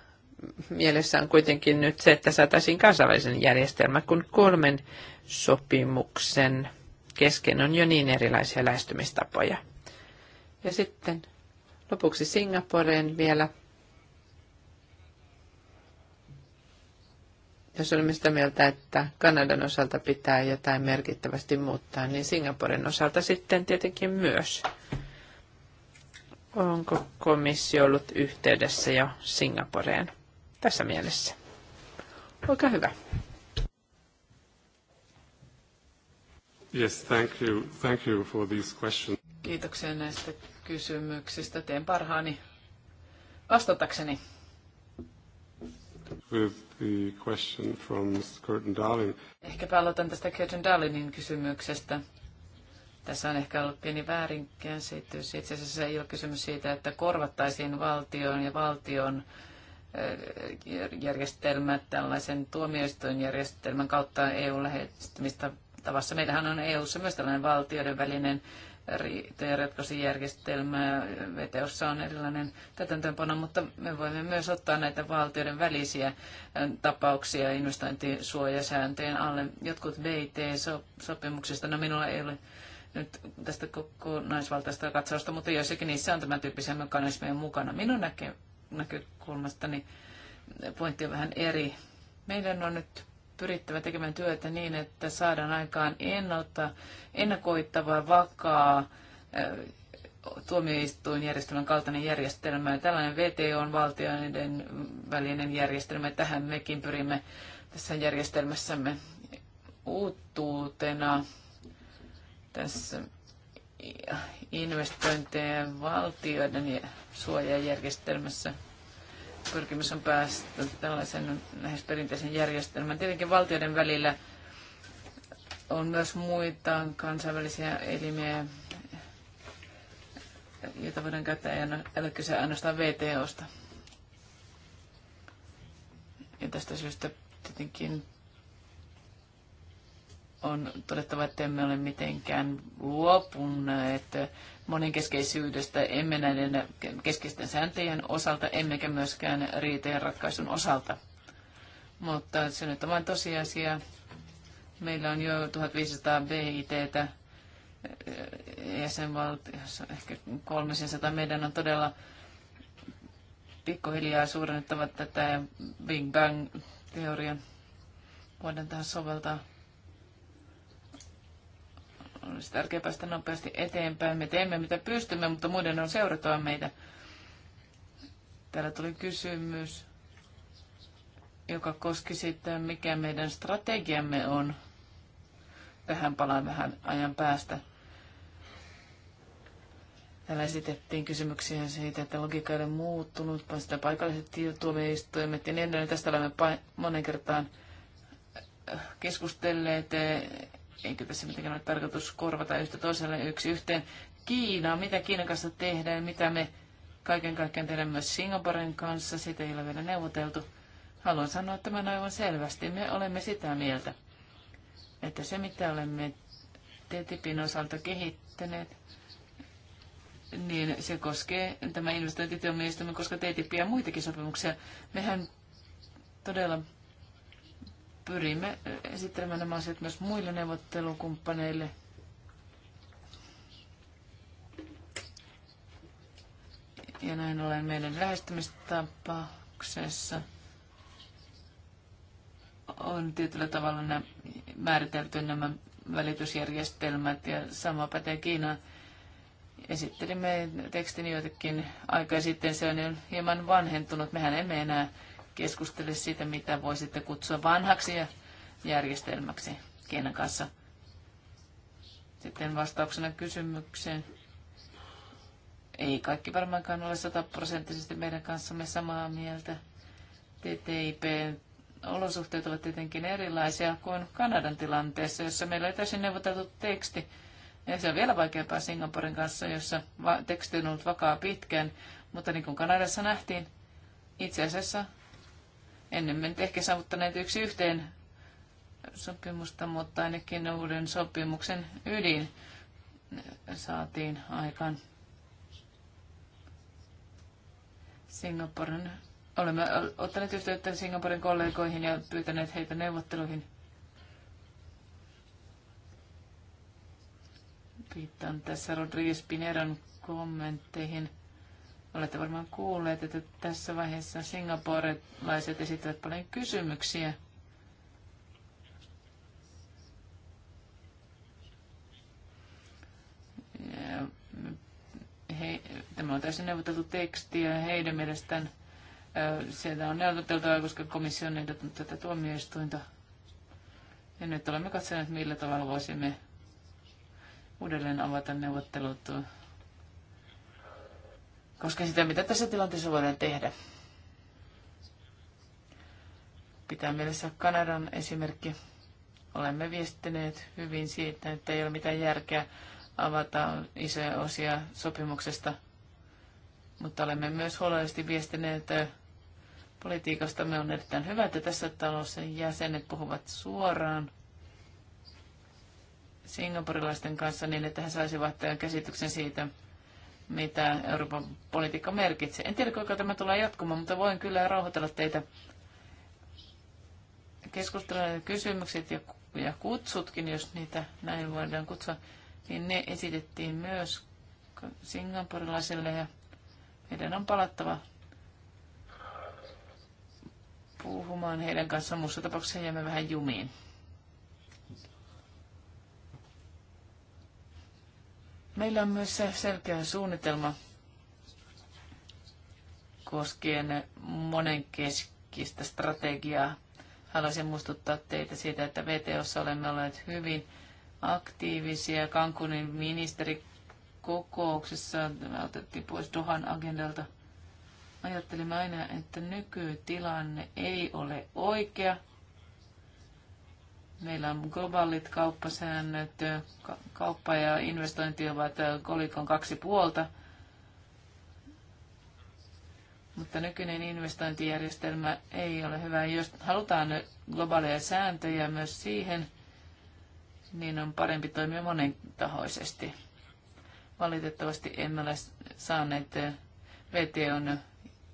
mielessä on kuitenkin nyt se, että saataisiin kansainvälisen järjestelmä, kun kolmen sopimuksen kesken on jo niin erilaisia lähestymistapoja. Ja sitten lopuksi Singaporeen vielä. Jos olemme sitä mieltä, että Kanadan osalta pitää jotain merkittävästi muuttaa, niin Singaporen osalta sitten tietenkin myös. Onko komissio ollut yhteydessä jo Singaporeen? tässä mielessä. Olkaa hyvä. Yes, thank you. Thank you for these questions. Kiitoksia näistä kysymyksistä. Teen parhaani vastatakseni. With the question from Curtin Darling. Ehkäpä aloitan tästä Curtin Darlingin kysymyksestä. Tässä on ehkä ollut pieni väärinkäsitys. Itse asiassa ei ole kysymys siitä, että korvattaisiin valtion ja valtion järjestelmät tällaisen tuomioistuinjärjestelmän kautta eu tavassa Meillähän on EU-ssa myös tällainen valtioiden välinen ja VTOssa on erilainen täytäntöönpano, mutta me voimme myös ottaa näitä valtioiden välisiä tapauksia investointisuojasääntöjen alle. Jotkut VT-sopimuksista, no minulla ei ole nyt tästä kokonaisvaltaista katsausta, mutta joissakin niissä on tämän tyyppisiä mekanismeja mukana. Minun näke, näkökulmasta, niin pointti on vähän eri. Meidän on nyt pyrittävä tekemään työtä niin, että saadaan aikaan ennalta, ennakoittavaa vakaa tuomioistuinjärjestelmän kaltainen järjestelmä. Tällainen VTO on valtioiden välinen järjestelmä. Tähän mekin pyrimme tässä järjestelmässämme uuttuutena. Tässä investointeja valtioiden suojajärjestelmässä. Pyrkimys on päästä tällaisen lähes perinteisen järjestelmän. Tietenkin valtioiden välillä on myös muita kansainvälisiä elimiä, joita voidaan käyttää ei ole kyse ainoastaan VTOsta. Ja tästä syystä tietenkin on todettava, että emme ole mitenkään luopuneet monenkeskeisyydestä, emme näiden keskeisten sääntöjen osalta, emmekä myöskään riiteen ratkaisun osalta. Mutta se nyt on vain tosiasia. Meillä on jo 1500 BIT-tä eh, jäsenvaltiossa, ehkä 300. Meidän on todella pikkuhiljaa suurennettava tätä Big Bang-teorian. Voidaan tähän soveltaa olisi siis tärkeää päästä nopeasti eteenpäin. Me teemme mitä pystymme, mutta muiden on seurattava meitä. Täällä tuli kysymys, joka koski sitä, mikä meidän strategiamme on. Tähän palaan vähän ajan päästä. Täällä esitettiin kysymyksiä siitä, että logiikka ei ole muuttunut, vaan sitä paikalliset tietotuomioistuimet ja niin edelleen. Tästä olemme monen kertaan keskustelleet Eikö tässä mitenkään ole tarkoitus korvata yhtä toiselle yksi yhteen? Kiina, mitä Kiinan kanssa tehdään, mitä me kaiken kaikkiaan tehdään myös Singaporen kanssa, sitä ei ole vielä neuvoteltu. Haluan sanoa tämän aivan selvästi. Me olemme sitä mieltä, että se mitä olemme TTIPin osalta kehittäneet, niin se koskee tämä investointituomioistuimen, koska TTIP ja muitakin sopimuksia. Mehän todella pyrimme esittelemään nämä asiat myös muille neuvottelukumppaneille. Ja näin ollen meidän lähestymistapauksessa on tietyllä tavalla nämä, määritelty nämä välitysjärjestelmät ja sama pätee Kiinaan. Esittelimme tekstin joitakin aikaa sitten, se on hieman vanhentunut. Mehän emme enää keskustele siitä, mitä voisitte kutsua vanhaksi järjestelmäksi kenen kanssa. Sitten vastauksena kysymykseen. Ei kaikki varmaankaan ole sataprosenttisesti meidän kanssamme samaa mieltä. TTIP-olosuhteet ovat tietenkin erilaisia kuin Kanadan tilanteessa, jossa meillä ei täysin neuvoteltu teksti. Ja se on vielä vaikeampaa Singaporen kanssa, jossa teksti on ollut vakaa pitkään, mutta niin kuin Kanadassa nähtiin, itse asiassa Ennen nyt ehkä saavuttaneet yksi yhteen sopimusta, mutta ainakin uuden sopimuksen ydin saatiin aikaan. Singaporen, olemme ottaneet yhteyttä Singaporen kollegoihin ja pyytäneet heitä neuvotteluihin. Viittaan tässä Rodriguez Pineron kommentteihin Olette varmaan kuulleet, että tässä vaiheessa singaporelaiset esittävät paljon kysymyksiä. Ja he, tämä on täysin neuvoteltu teksti ja heidän mielestään sieltä on neuvoteltava, koska komissio on ehdottanut tätä tuomioistuinta. Ja nyt olemme katsoneet, millä tavalla voisimme uudelleen avata neuvottelut koska sitä, mitä tässä tilanteessa voidaan tehdä. Pitää mielessä Kanadan esimerkki. Olemme viestineet hyvin siitä, että ei ole mitään järkeä avata isoja osia sopimuksesta, mutta olemme myös huolellisesti viestineet politiikasta. Me on erittäin hyvä, että tässä talossa jäsenet puhuvat suoraan singapurilaisten kanssa niin, että he saisivat käsityksen siitä, mitä Euroopan politiikka merkitsee. En tiedä, kuinka tämä tulee jatkumaan, mutta voin kyllä rauhoitella teitä keskustelun kysymykset ja, ja kutsutkin, jos niitä näin voidaan kutsua, niin ne esitettiin myös singapurilaisille ja heidän on palattava puhumaan heidän kanssaan. Muussa tapauksessa jäämme vähän jumiin. Meillä on myös selkeä suunnitelma koskien monenkeskistä strategiaa. Haluaisin muistuttaa teitä siitä, että VTOssa olemme olleet hyvin aktiivisia. Kankunin ministerikokouksessa me otettiin pois Dohan agendalta. Ajattelimme aina, että nykytilanne ei ole oikea – Meillä on globaalit kauppasäännöt, kauppa ja investointi ovat kolikon kaksi puolta. Mutta nykyinen investointijärjestelmä ei ole hyvä. Jos halutaan globaaleja sääntöjä myös siihen, niin on parempi toimia monentahoisesti. Valitettavasti emme ole saaneet VTOn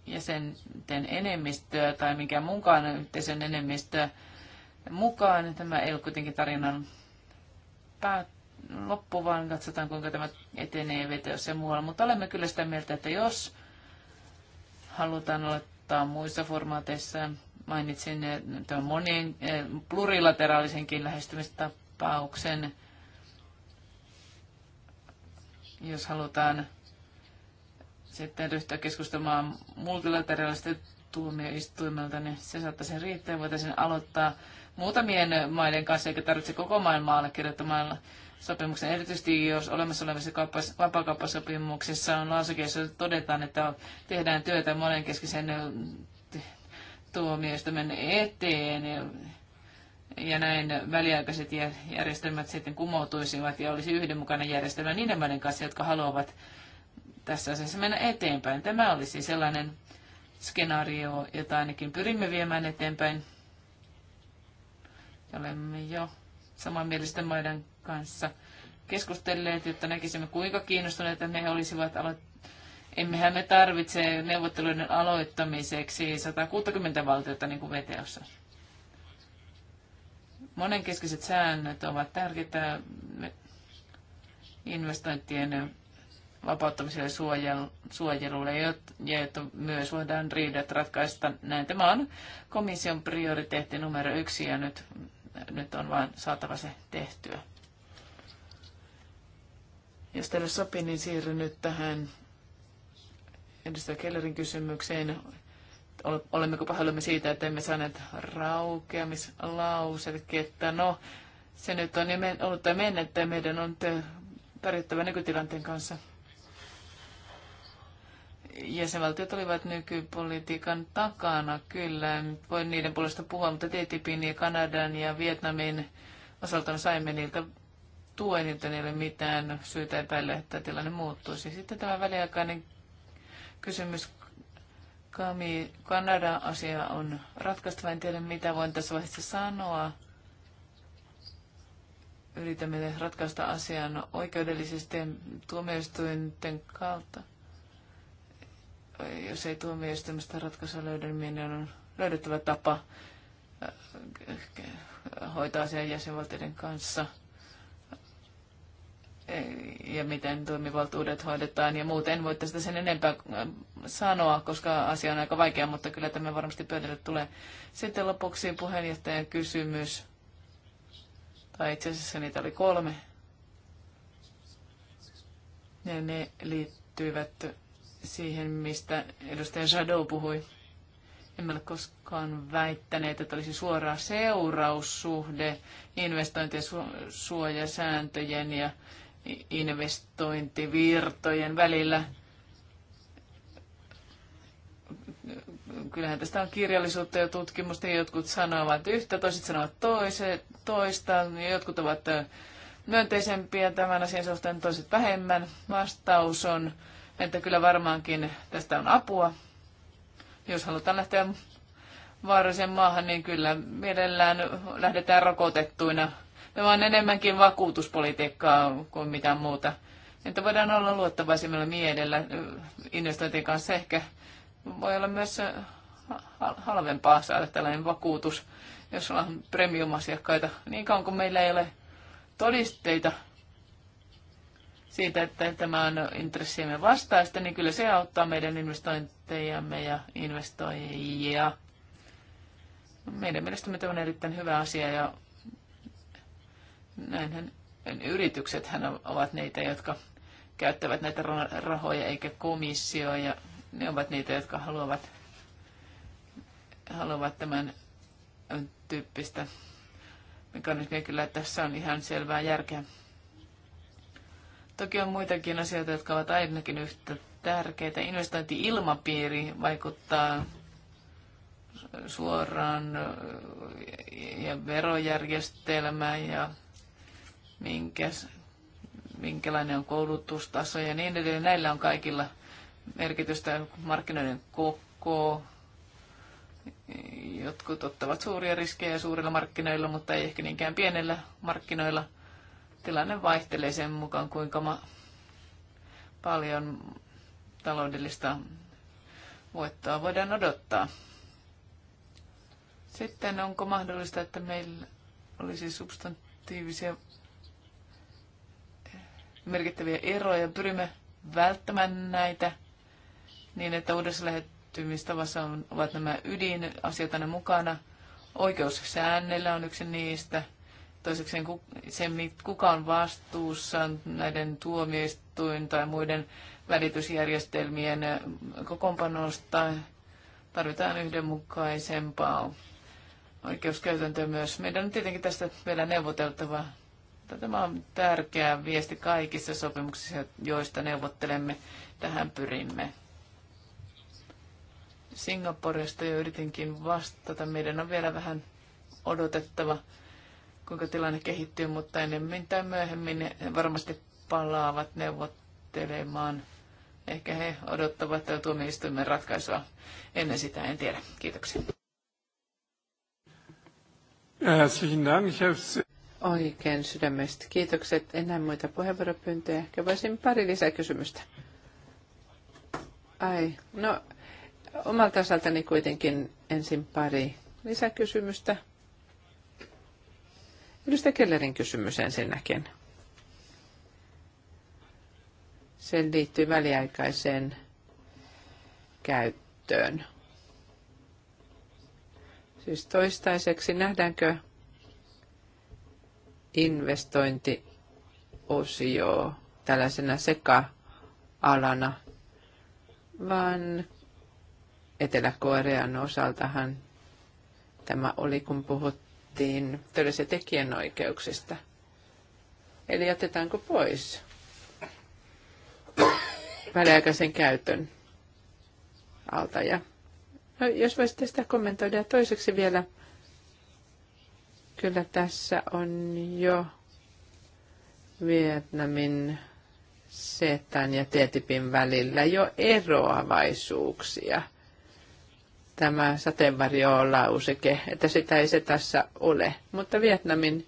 jäsenten enemmistöä tai mikä mukaan yhteisön enemmistöä mukaan. Tämä ei ole kuitenkin tarinan pää, loppu, vaan katsotaan kuinka tämä etenee VTOssa ja muualla. Mutta olemme kyllä sitä mieltä, että jos halutaan aloittaa muissa formaateissa, mainitsin eh, tämän monien eh, plurilateraalisenkin lähestymistapauksen, jos halutaan sitten ryhtyä keskustelemaan multilateraalista tuomioistuimelta, niin se saattaisi riittää. Voitaisiin aloittaa muutamien maiden kanssa, eikä tarvitse koko maailmaa allekirjoittamaan sopimuksen. Erityisesti jos olemassa olevissa kauppas, vapaakauppasopimuksissa on lauseke, jossa todetaan, että tehdään työtä monenkeskisen tuomioistuimen eteen ja, ja näin väliaikaiset järjestelmät sitten kumoutuisivat ja olisi yhdenmukainen järjestelmä niiden maiden kanssa, jotka haluavat tässä asiassa mennä eteenpäin. Tämä olisi sellainen skenaario, jota ainakin pyrimme viemään eteenpäin olemme jo samanmielisten maiden kanssa keskustelleet, jotta näkisimme kuinka kiinnostuneita ne olisivat aloittamaan Emmehän me tarvitse neuvotteluiden aloittamiseksi 160 valtiota niin kuin VTOssa. Monenkeskiset säännöt ovat tärkeitä investointien vapauttamiselle suojelulle, ja jotta myös voidaan riidat ratkaista näin. Tämä on komission prioriteetti numero yksi, ja nyt nyt on vain saatava se tehtyä. Jos teille sopii, niin siirryn nyt tähän edustaja Kellerin kysymykseen. Olemmeko pahoillamme siitä, että emme saaneet raukeamislauseketta? No, se nyt on jo ollut tai mennyt, että meidän on nyt pärjättävä nykytilanteen kanssa jäsenvaltiot olivat nykypolitiikan takana, kyllä. Voin niiden puolesta puhua, mutta TTIPin ja Kanadan ja Vietnamin osalta saimme niiltä tuen, joten ei ole mitään syytä epäillä, että tilanne muuttuisi. Sitten tämä väliaikainen kysymys Kami, Kanada-asia on ratkaistava. En tiedä, mitä voin tässä vaiheessa sanoa. Yritämme ratkaista asian oikeudellisesti tuomioistuinten kautta jos ei tuomioistuimesta ratkaisua löydä, niin on löydettävä tapa äh, hoitaa asian jäsenvaltioiden kanssa ja miten toimivaltuudet hoidetaan ja muuten. En voi tästä sen enempää äh, sanoa, koska asia on aika vaikea, mutta kyllä tämä varmasti pöydälle tulee. Sitten lopuksi puheenjohtajan kysymys, tai itse asiassa niitä oli kolme, ja ne liittyivät siihen, mistä edustaja Jadot puhui. Emme ole koskaan väittäneet, että olisi suora seuraussuhde investointien suojasääntöjen ja investointivirtojen välillä. Kyllähän tästä on kirjallisuutta ja tutkimusta. Jotkut sanovat yhtä, toiset sanovat toise, toista. Jotkut ovat myönteisempiä tämän asian suhteen, toiset vähemmän. Vastaus on että kyllä varmaankin tästä on apua. Jos halutaan lähteä vaaralliseen maahan, niin kyllä mielellään lähdetään rokotettuina. Tämä on enemmänkin vakuutuspolitiikkaa kuin mitään muuta. Että voidaan olla luottavaisimmilla mielellä investointien kanssa. Ehkä voi olla myös halvempaa saada tällainen vakuutus, jos ollaan premium-asiakkaita. Niin kauan kuin meillä ei ole todisteita siitä, että tämä on intressiemme vastaista, niin kyllä se auttaa meidän investointejamme ja investoijia. Meidän mielestämme tämä on erittäin hyvä asia ja näinhän yritykset ovat niitä, jotka käyttävät näitä rahoja eikä komissio ja ne ovat niitä, jotka haluavat, haluavat tämän tyyppistä mekanismia. Kyllä tässä on ihan selvää järkeä. Toki on muitakin asioita, jotka ovat ainakin yhtä tärkeitä. Investointi-ilmapiiri vaikuttaa suoraan ja verojärjestelmään ja minkäs, minkälainen on koulutustaso ja niin edelleen. Näillä on kaikilla merkitystä markkinoiden koko. Jotkut ottavat suuria riskejä suurilla markkinoilla, mutta ei ehkä niinkään pienellä markkinoilla tilanne vaihtelee sen mukaan, kuinka ma- paljon taloudellista voittoa voidaan odottaa. Sitten onko mahdollista, että meillä olisi substantiivisia merkittäviä eroja. Pyrimme välttämään näitä niin, että uudessa lähettymistavassa ovat nämä ydinasiat aina mukana. Oikeussäännellä on yksi niistä – Toiseksi se, kuka on vastuussa näiden tuomioistuin tai muiden välitysjärjestelmien kokoonpanosta, tarvitaan yhdenmukaisempaa oikeuskäytäntöä myös. Meidän on tietenkin tästä vielä neuvoteltava. Tämä on tärkeä viesti kaikissa sopimuksissa, joista neuvottelemme. Tähän pyrimme. Singaporesta jo yritinkin vastata. Meidän on vielä vähän odotettava kuinka tilanne kehittyy, mutta ennemmin tai myöhemmin varmasti palaavat neuvottelemaan. Ehkä he odottavat tuomioistuimen ratkaisua. Ennen sitä en tiedä. Kiitoksia. Oikein sydämestä kiitokset. Enää muita puheenvuoropyyntöjä. Ehkä voisin pari lisäkysymystä. Ai, no omalta osaltani kuitenkin ensin pari lisäkysymystä. Edustaja Kellerin kysymys ensinnäkin. sen liittyy väliaikaiseen käyttöön. Siis toistaiseksi nähdäänkö investointiosio tällaisena seka-alana, vaan Etelä-Korean osaltahan tämä oli, kun puhuttiin puhuttiin tällaisia tekijänoikeuksista. Eli jätetäänkö pois väliaikaisen käytön alta. Ja, no, jos voisitte sitä kommentoida. Ja toiseksi vielä, kyllä tässä on jo Vietnamin Setan ja Tietipin välillä jo eroavaisuuksia – tämä sateenvarjo-lauseke, että sitä ei se tässä ole, mutta Vietnamin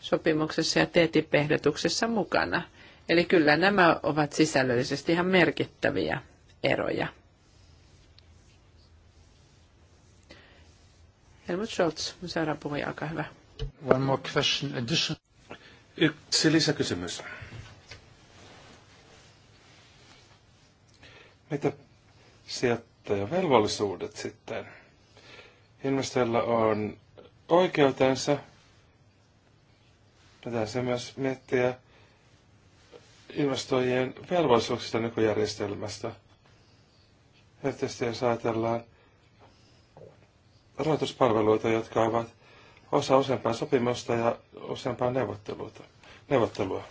sopimuksessa ja TTIP-ehdotuksessa mukana. Eli kyllä nämä ovat sisällöllisesti ihan merkittäviä eroja. Helmut Scholz, seuraava puhuja, olkaa hyvä. One more question addition. Yksi lisäkysymys. Mitä sieltä velvollisuudet sitten. Ilmestellä on oikeutensa. se myös miettiä investoijien velvollisuuksista nykyjärjestelmästä. Erityisesti jos ajatellaan rahoituspalveluita, jotka ovat osa useampaa sopimusta ja useampaa neuvotteluita, neuvottelua.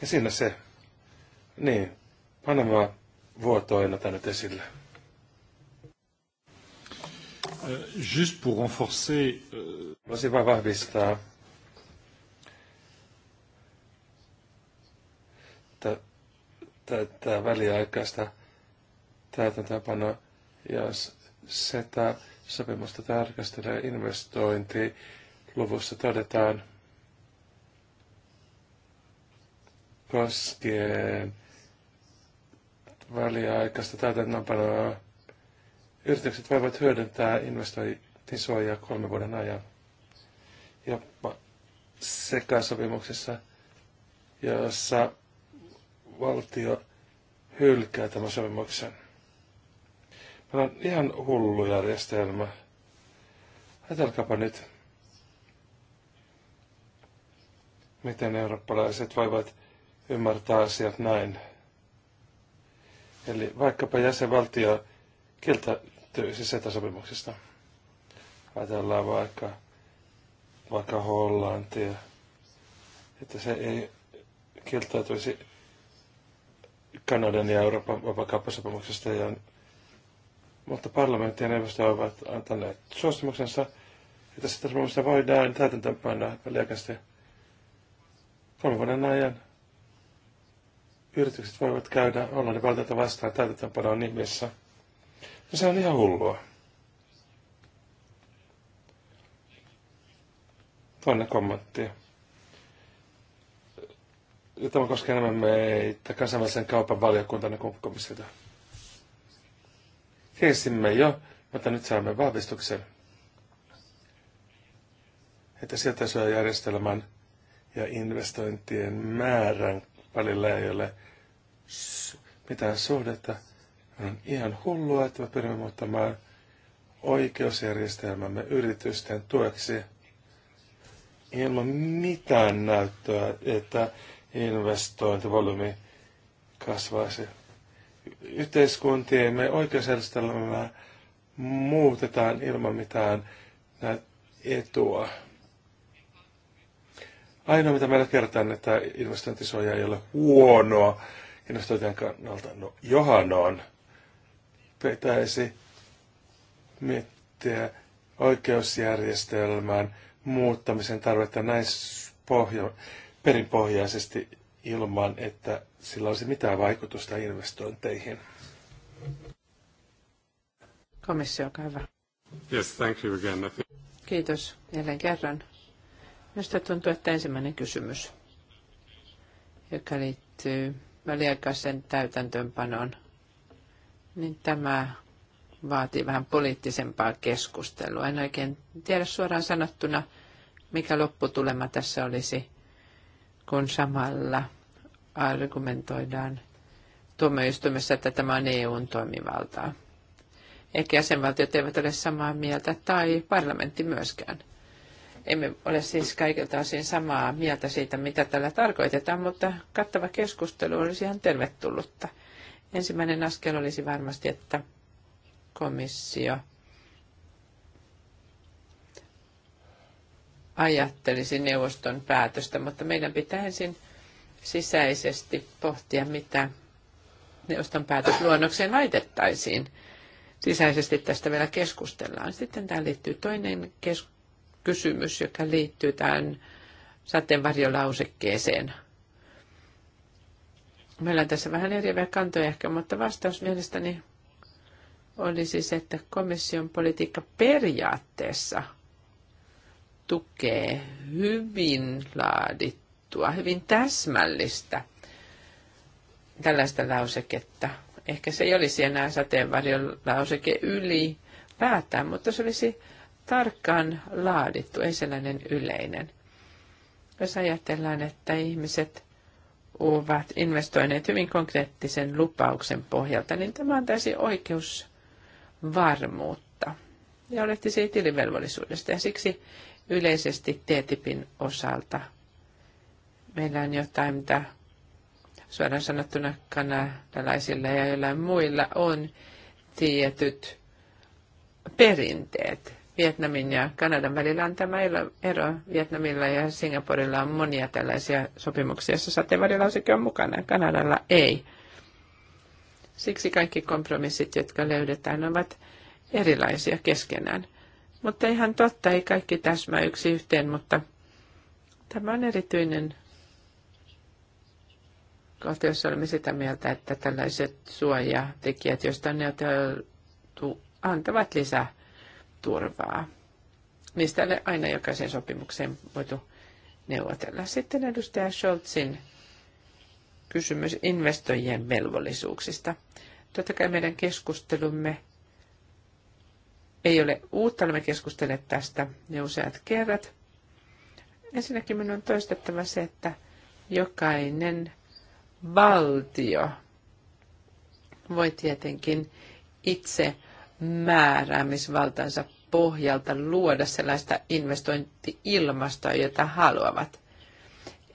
Ja siinä se, niin, Panama vuotoina tänne esille. Euh, Just pour renforcer... Voisin euh, vain vahvistaa, tätä väliaikaista täytäntöpanoa ja sitä e sopimusta tarkastelee investointi. Luvussa todetaan, koskien väliaikaista täytäntöönpanoa. Yritykset voivat hyödyntää investointisuojaa kolmen vuoden ajan. Jopa sekä sopimuksessa, jossa valtio hylkää tämän sopimuksen. Meillä on ihan hullu järjestelmä. Ajatelkaapa nyt, miten eurooppalaiset voivat ymmärtää asiat näin. Eli vaikkapa jäsenvaltio kieltäytyisi SETA-sopimuksesta. Ajatellaan vaikka, vaikka Hollantia, että se ei kieltäytyisi Kanadan ja Euroopan vapakauppasopimuksesta. Ja, mutta parlamentti ja neuvosto ovat antaneet suostumuksensa, että sitä sopimusta voidaan täytäntöönpanna väliaikaisesti kolmen vuoden ajan yritykset voivat käydä Hollannin valtiota vastaan täytäntöönpanon nimissä. Ja no, se on ihan hullua. Toinen kommentti. Ja tämä koskee enemmän meitä kansainvälisen kaupan valiokunta ja niin komissiota. Tiesimme jo, mutta nyt saamme vahvistuksen, että sieltä järjestelmän ja investointien määrän välillä ei ole mitään suhdetta. On ihan hullua, että me pyrimme muuttamaan oikeusjärjestelmämme yritysten tueksi ilman mitään näyttöä, että investointivolyymi kasvaisi. Yhteiskuntiemme oikeusjärjestelmää muutetaan ilman mitään etua. Ainoa, mitä meillä kertaan, että investointisuoja ei ole huonoa investointien kannalta. No, johan on. Pitäisi miettiä oikeusjärjestelmän muuttamisen tarvetta näin pohjo- perinpohjaisesti ilman, että sillä olisi mitään vaikutusta investointeihin. Komissio, olkaa hyvä. Yes, thank you again. Kiitos jälleen kerran. Minusta tuntuu, että ensimmäinen kysymys, joka liittyy väliaikaisen täytäntöönpanoon, niin tämä vaatii vähän poliittisempaa keskustelua. En oikein tiedä suoraan sanottuna, mikä lopputulema tässä olisi, kun samalla argumentoidaan tuomioistuimessa, että tämä on EUn toimivaltaa. Ehkä jäsenvaltiot eivät ole samaa mieltä, tai parlamentti myöskään. Emme ole siis kaikilta osin samaa mieltä siitä, mitä tällä tarkoitetaan, mutta kattava keskustelu olisi ihan tervetullutta. Ensimmäinen askel olisi varmasti, että komissio ajattelisi neuvoston päätöstä, mutta meidän pitää ensin sisäisesti pohtia, mitä neuvoston päätösluonnokseen laitettaisiin. Sisäisesti tästä vielä keskustellaan. Sitten tähän liittyy toinen kes- kysymys, joka liittyy tähän sateenvarjolausekkeeseen. Meillä on tässä vähän eriäviä kantoja ehkä, mutta vastaus mielestäni oli siis, että komission politiikka periaatteessa tukee hyvin laadittua, hyvin täsmällistä tällaista lauseketta. Ehkä se ei olisi enää sateenvarjon lauseke yli päätään, mutta se olisi tarkkaan laadittu, ei sellainen yleinen. Jos ajatellaan, että ihmiset ovat investoineet hyvin konkreettisen lupauksen pohjalta, niin tämä antaisi oikeusvarmuutta ja siitä tilivelvollisuudesta. Ja siksi yleisesti TTIPin osalta meillä on jotain, mitä suoraan sanottuna kanadalaisilla ja joillain muilla on tietyt perinteet Vietnamin ja Kanadan välillä on tämä ero. Vietnamilla ja Singaporella on monia tällaisia sopimuksia, joissa sateenvarjolauseke on mukana. Kanadalla ei. Siksi kaikki kompromissit, jotka löydetään, ovat erilaisia keskenään. Mutta ihan totta, ei kaikki täsmää yksi yhteen, mutta tämä on erityinen kohta, jossa olemme sitä mieltä, että tällaiset suojatekijät, joista on neuvoteltu, antavat lisää turvaa. Niistä ei aina jokaisen sopimukseen voitu neuvotella. Sitten edustaja Scholzin kysymys investoijien velvollisuuksista. Totta kai meidän keskustelumme ei ole uutta, olemme keskustelleet tästä ne useat kerrat. Ensinnäkin minun on toistettava se, että jokainen valtio voi tietenkin itse määräämisvaltansa pohjalta luoda sellaista investointiilmastoa, jota haluavat.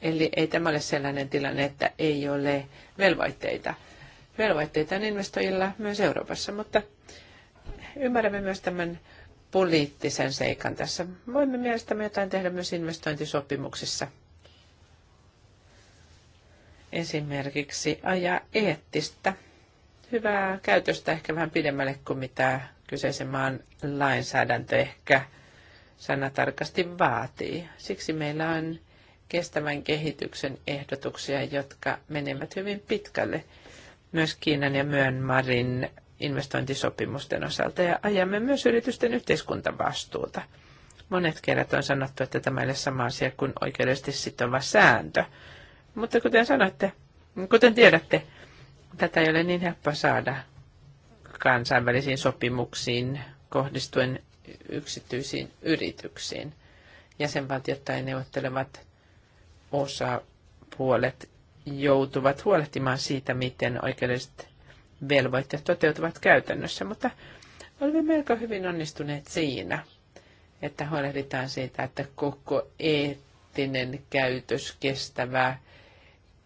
Eli ei tämä ole sellainen tilanne, että ei ole velvoitteita. Velvoitteita on investoijilla myös Euroopassa, mutta ymmärrämme myös tämän poliittisen seikan tässä. Voimme mielestämme jotain tehdä myös investointisopimuksissa. Esimerkiksi ajaa eettistä hyvää käytöstä ehkä vähän pidemmälle kuin mitä kyseisen maan lainsäädäntö ehkä sanatarkasti vaatii. Siksi meillä on kestävän kehityksen ehdotuksia, jotka menevät hyvin pitkälle myös Kiinan ja Myönmarin investointisopimusten osalta ja ajamme myös yritysten yhteiskuntavastuuta. Monet kerrat on sanottu, että tämä ei ole sama asia kuin oikeudellisesti sitova sääntö. Mutta kuten sanoitte, kuten tiedätte, tätä ei ole niin helppo saada kansainvälisiin sopimuksiin kohdistuen yksityisiin yrityksiin. Jäsenvaltiot tai neuvottelevat osapuolet joutuvat huolehtimaan siitä, miten oikeudelliset velvoitteet toteutuvat käytännössä, mutta olemme melko hyvin onnistuneet siinä, että huolehditaan siitä, että koko eettinen käytös, kestävä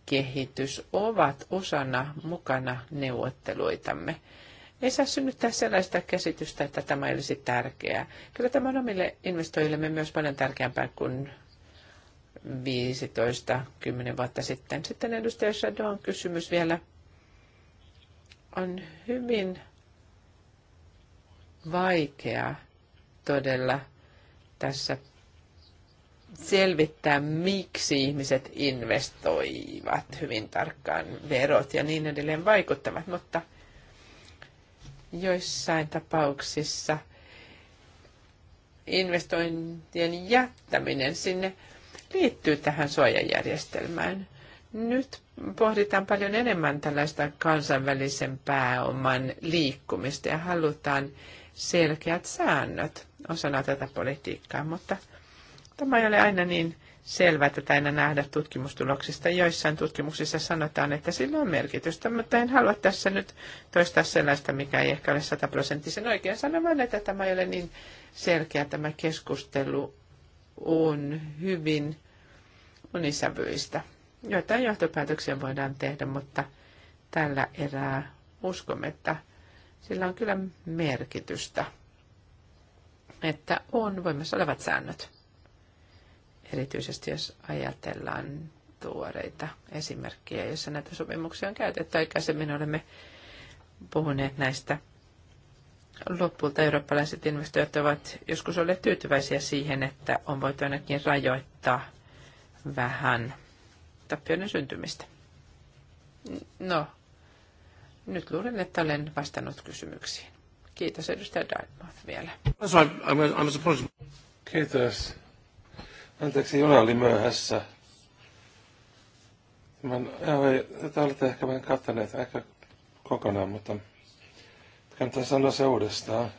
kehitys ovat osana mukana neuvotteluitamme. Ei saa synnyttää sellaista käsitystä, että tämä olisi tärkeää. Kyllä tämä on omille investoijillemme myös paljon tärkeämpää kuin 15-10 vuotta sitten. Sitten edustaja Shadon kysymys vielä on hyvin vaikea todella tässä selvittää, miksi ihmiset investoivat hyvin tarkkaan, verot ja niin edelleen vaikuttavat, mutta – joissain tapauksissa investointien jättäminen sinne liittyy tähän suojajärjestelmään. Nyt pohditaan paljon enemmän tällaista kansainvälisen pääoman liikkumista ja halutaan selkeät säännöt osana tätä politiikkaa, mutta tämä ei ole aina niin selvää tätä aina nähdä tutkimustuloksista. Joissain tutkimuksissa sanotaan, että sillä on merkitystä, mutta en halua tässä nyt toistaa sellaista, mikä ei ehkä ole sataprosenttisen oikein sanomaan, että tämä ei ole niin selkeä tämä keskustelu on hyvin monisävyistä. Joitain johtopäätöksiä voidaan tehdä, mutta tällä erää uskomme, että sillä on kyllä merkitystä, että on voimassa olevat säännöt erityisesti jos ajatellaan tuoreita esimerkkejä, joissa näitä sopimuksia on käytetty. Aikaisemmin olemme puhuneet näistä. Lopulta eurooppalaiset investoijat ovat joskus olleet tyytyväisiä siihen, että on voitu ainakin rajoittaa vähän tappioiden syntymistä. No, nyt luulen, että olen vastannut kysymyksiin. Kiitos edustaja Dartmouth vielä. Kiitos. Anteeksi, juna oli myöhässä. Tämän, tätä olette ehkä vähän kattaneet aika kokonaan, mutta kannattaa sanoa se uudestaan.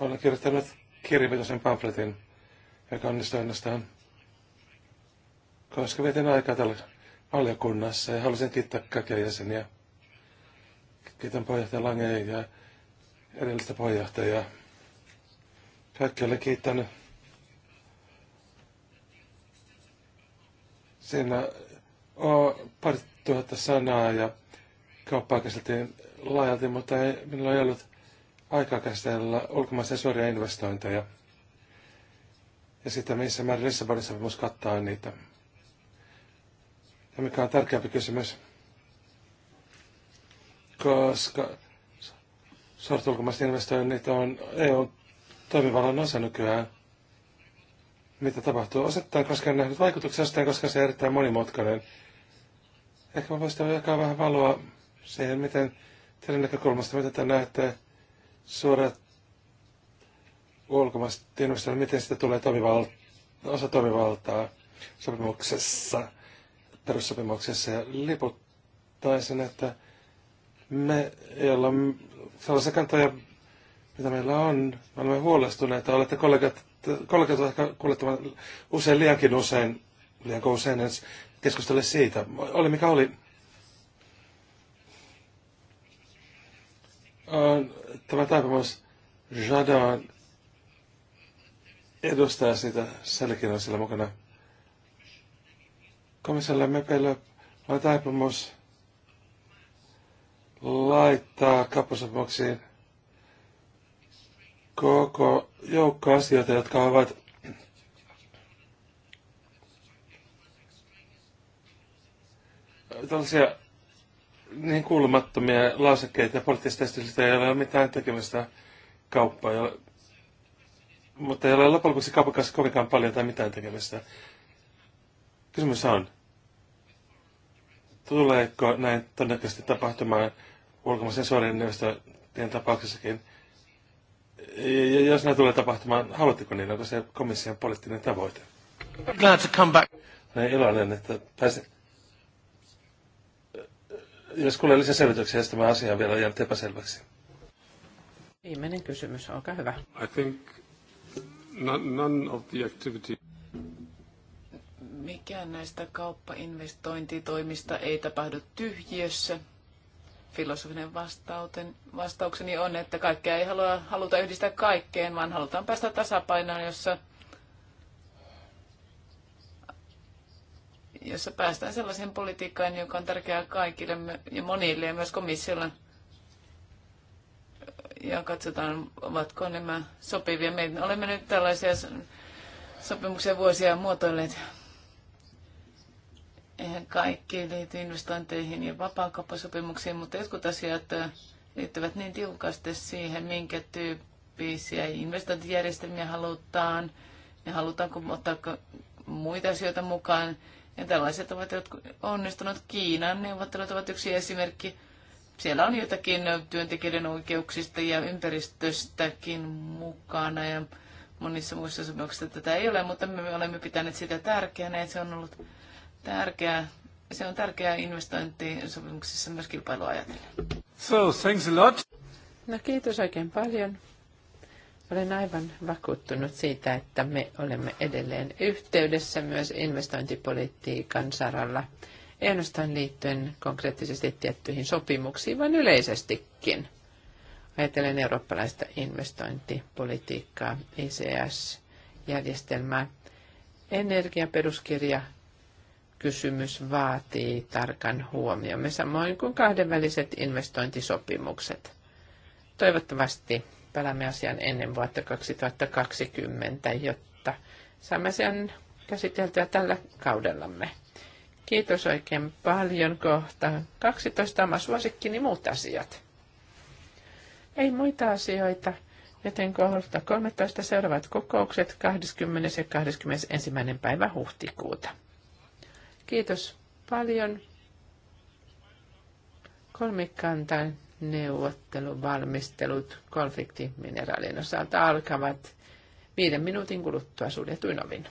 Olen kirjoittanut kirjanpitoisen pamfletin, joka onnistui ennestään, koska vietin aikaa täällä valiokunnassa ja halusin kiittää kaikkia jäseniä. Kiitän puheenjohtaja Lange ja edellistä puheenjohtajaa. Kaikki kiittänyt. Siinä on pari tuhatta sanaa ja kauppaa käsiteltiin laajalti, mutta ei, minulla ei ollut aikaa käsitellä ulkomaisen suoria investointeja ja sitä, missä määrin Lissabonin sopimus kattaa niitä. Ja mikä on tärkeämpi kysymys, koska suorat ulkomaiset investoinnit on EUn toimivallan osa nykyään. Mitä tapahtuu osittain, koska en nähnyt vaikutuksia koska se on erittäin monimutkainen. Ehkä mä voisin jakaa vähän valoa siihen, miten teidän näkökulmasta, mitä te näette suorat ulkomaista miten sitä tulee toimival- osa toimivaltaa sopimuksessa, perussopimuksessa ja liputtaisin, että me, ei on sellaisia kantoja mitä meillä on. Me olemme huolestuneita. Olette kollegat, kollegat ehkä kuulettavan usein liiankin usein, liian usein edes keskustele siitä. Oli mikä oli. Tämä taipumus Jadan edustaa sitä selkeänä siellä mukana. Komissiolle mepeillä on taipumus laittaa kappasopimuksiin koko joukko asioita, jotka ovat tällaisia niin kuulumattomia lausekkeita ja poliittista esityksistä ei ole mitään tekemistä kauppaa, ei ole, mutta ei ole loppujen lopuksi kaupan kanssa kovinkaan paljon tai mitään tekemistä. Kysymys on, tuleeko näin todennäköisesti tapahtumaan ulkomaisen suorien investointien tapauksessakin – ja jos nämä tulee tapahtumaan, haluatteko niin, onko se komission poliittinen tavoite? Glad to come back. Olen iloinen, että pääsin. Jos kuulee lisää selvityksiä, tämä asia on vielä jäänyt epäselväksi. Viimeinen kysymys, olkaa hyvä. I think none of the activity... Mikään näistä kauppainvestointitoimista ei tapahdu tyhjiössä filosofinen vastauten, vastaukseni on, että kaikkea ei halua, haluta yhdistää kaikkeen, vaan halutaan päästä tasapainoon, jossa, jossa päästään sellaiseen politiikkaan, joka on tärkeää kaikille ja monille ja myös komissiolle. Ja katsotaan, ovatko nämä sopivia. Me olemme nyt tällaisia sopimuksia vuosia muotoilleet Eihän kaikki liity investointeihin ja vapaakauppasopimuksiin, mutta jotkut asiat eh, liittyvät niin tiukasti siihen, minkä tyyppisiä investointijärjestelmiä halutaan ja halutaanko ottaa muita asioita mukaan. Ja tällaiset ovat jotkut onnistunut. Kiinan neuvottelut ovat yksi esimerkki. Siellä on jotakin työntekijöiden oikeuksista ja ympäristöstäkin mukana ja monissa muissa sopimuksissa tätä ei ole, mutta me olemme pitäneet sitä tärkeänä että se on ollut tärkeä, se on tärkeä investointi sopimuksessa myös kilpailua ajatellen. So, thanks a lot. No kiitos oikein paljon. Olen aivan vakuuttunut siitä, että me olemme edelleen yhteydessä myös investointipolitiikan saralla. Ei ainoastaan liittyen konkreettisesti tiettyihin sopimuksiin, vaan yleisestikin. Ajatellen eurooppalaista investointipolitiikkaa, ICS-järjestelmää, e energiaperuskirja kysymys vaatii tarkan huomiomme, samoin kuin kahdenväliset investointisopimukset. Toivottavasti palaamme asian ennen vuotta 2020, jotta saamme sen käsiteltyä tällä kaudellamme. Kiitos oikein paljon kohta. 12 oma suosikkini muut asiat. Ei muita asioita, joten kohta 13 seuraavat kokoukset 20. ja 21. päivä huhtikuuta. Kiitos paljon. Kolmikantan neuvotteluvalmistelut konfliktimineraalien osalta alkavat viiden minuutin kuluttua suljetuin ovin.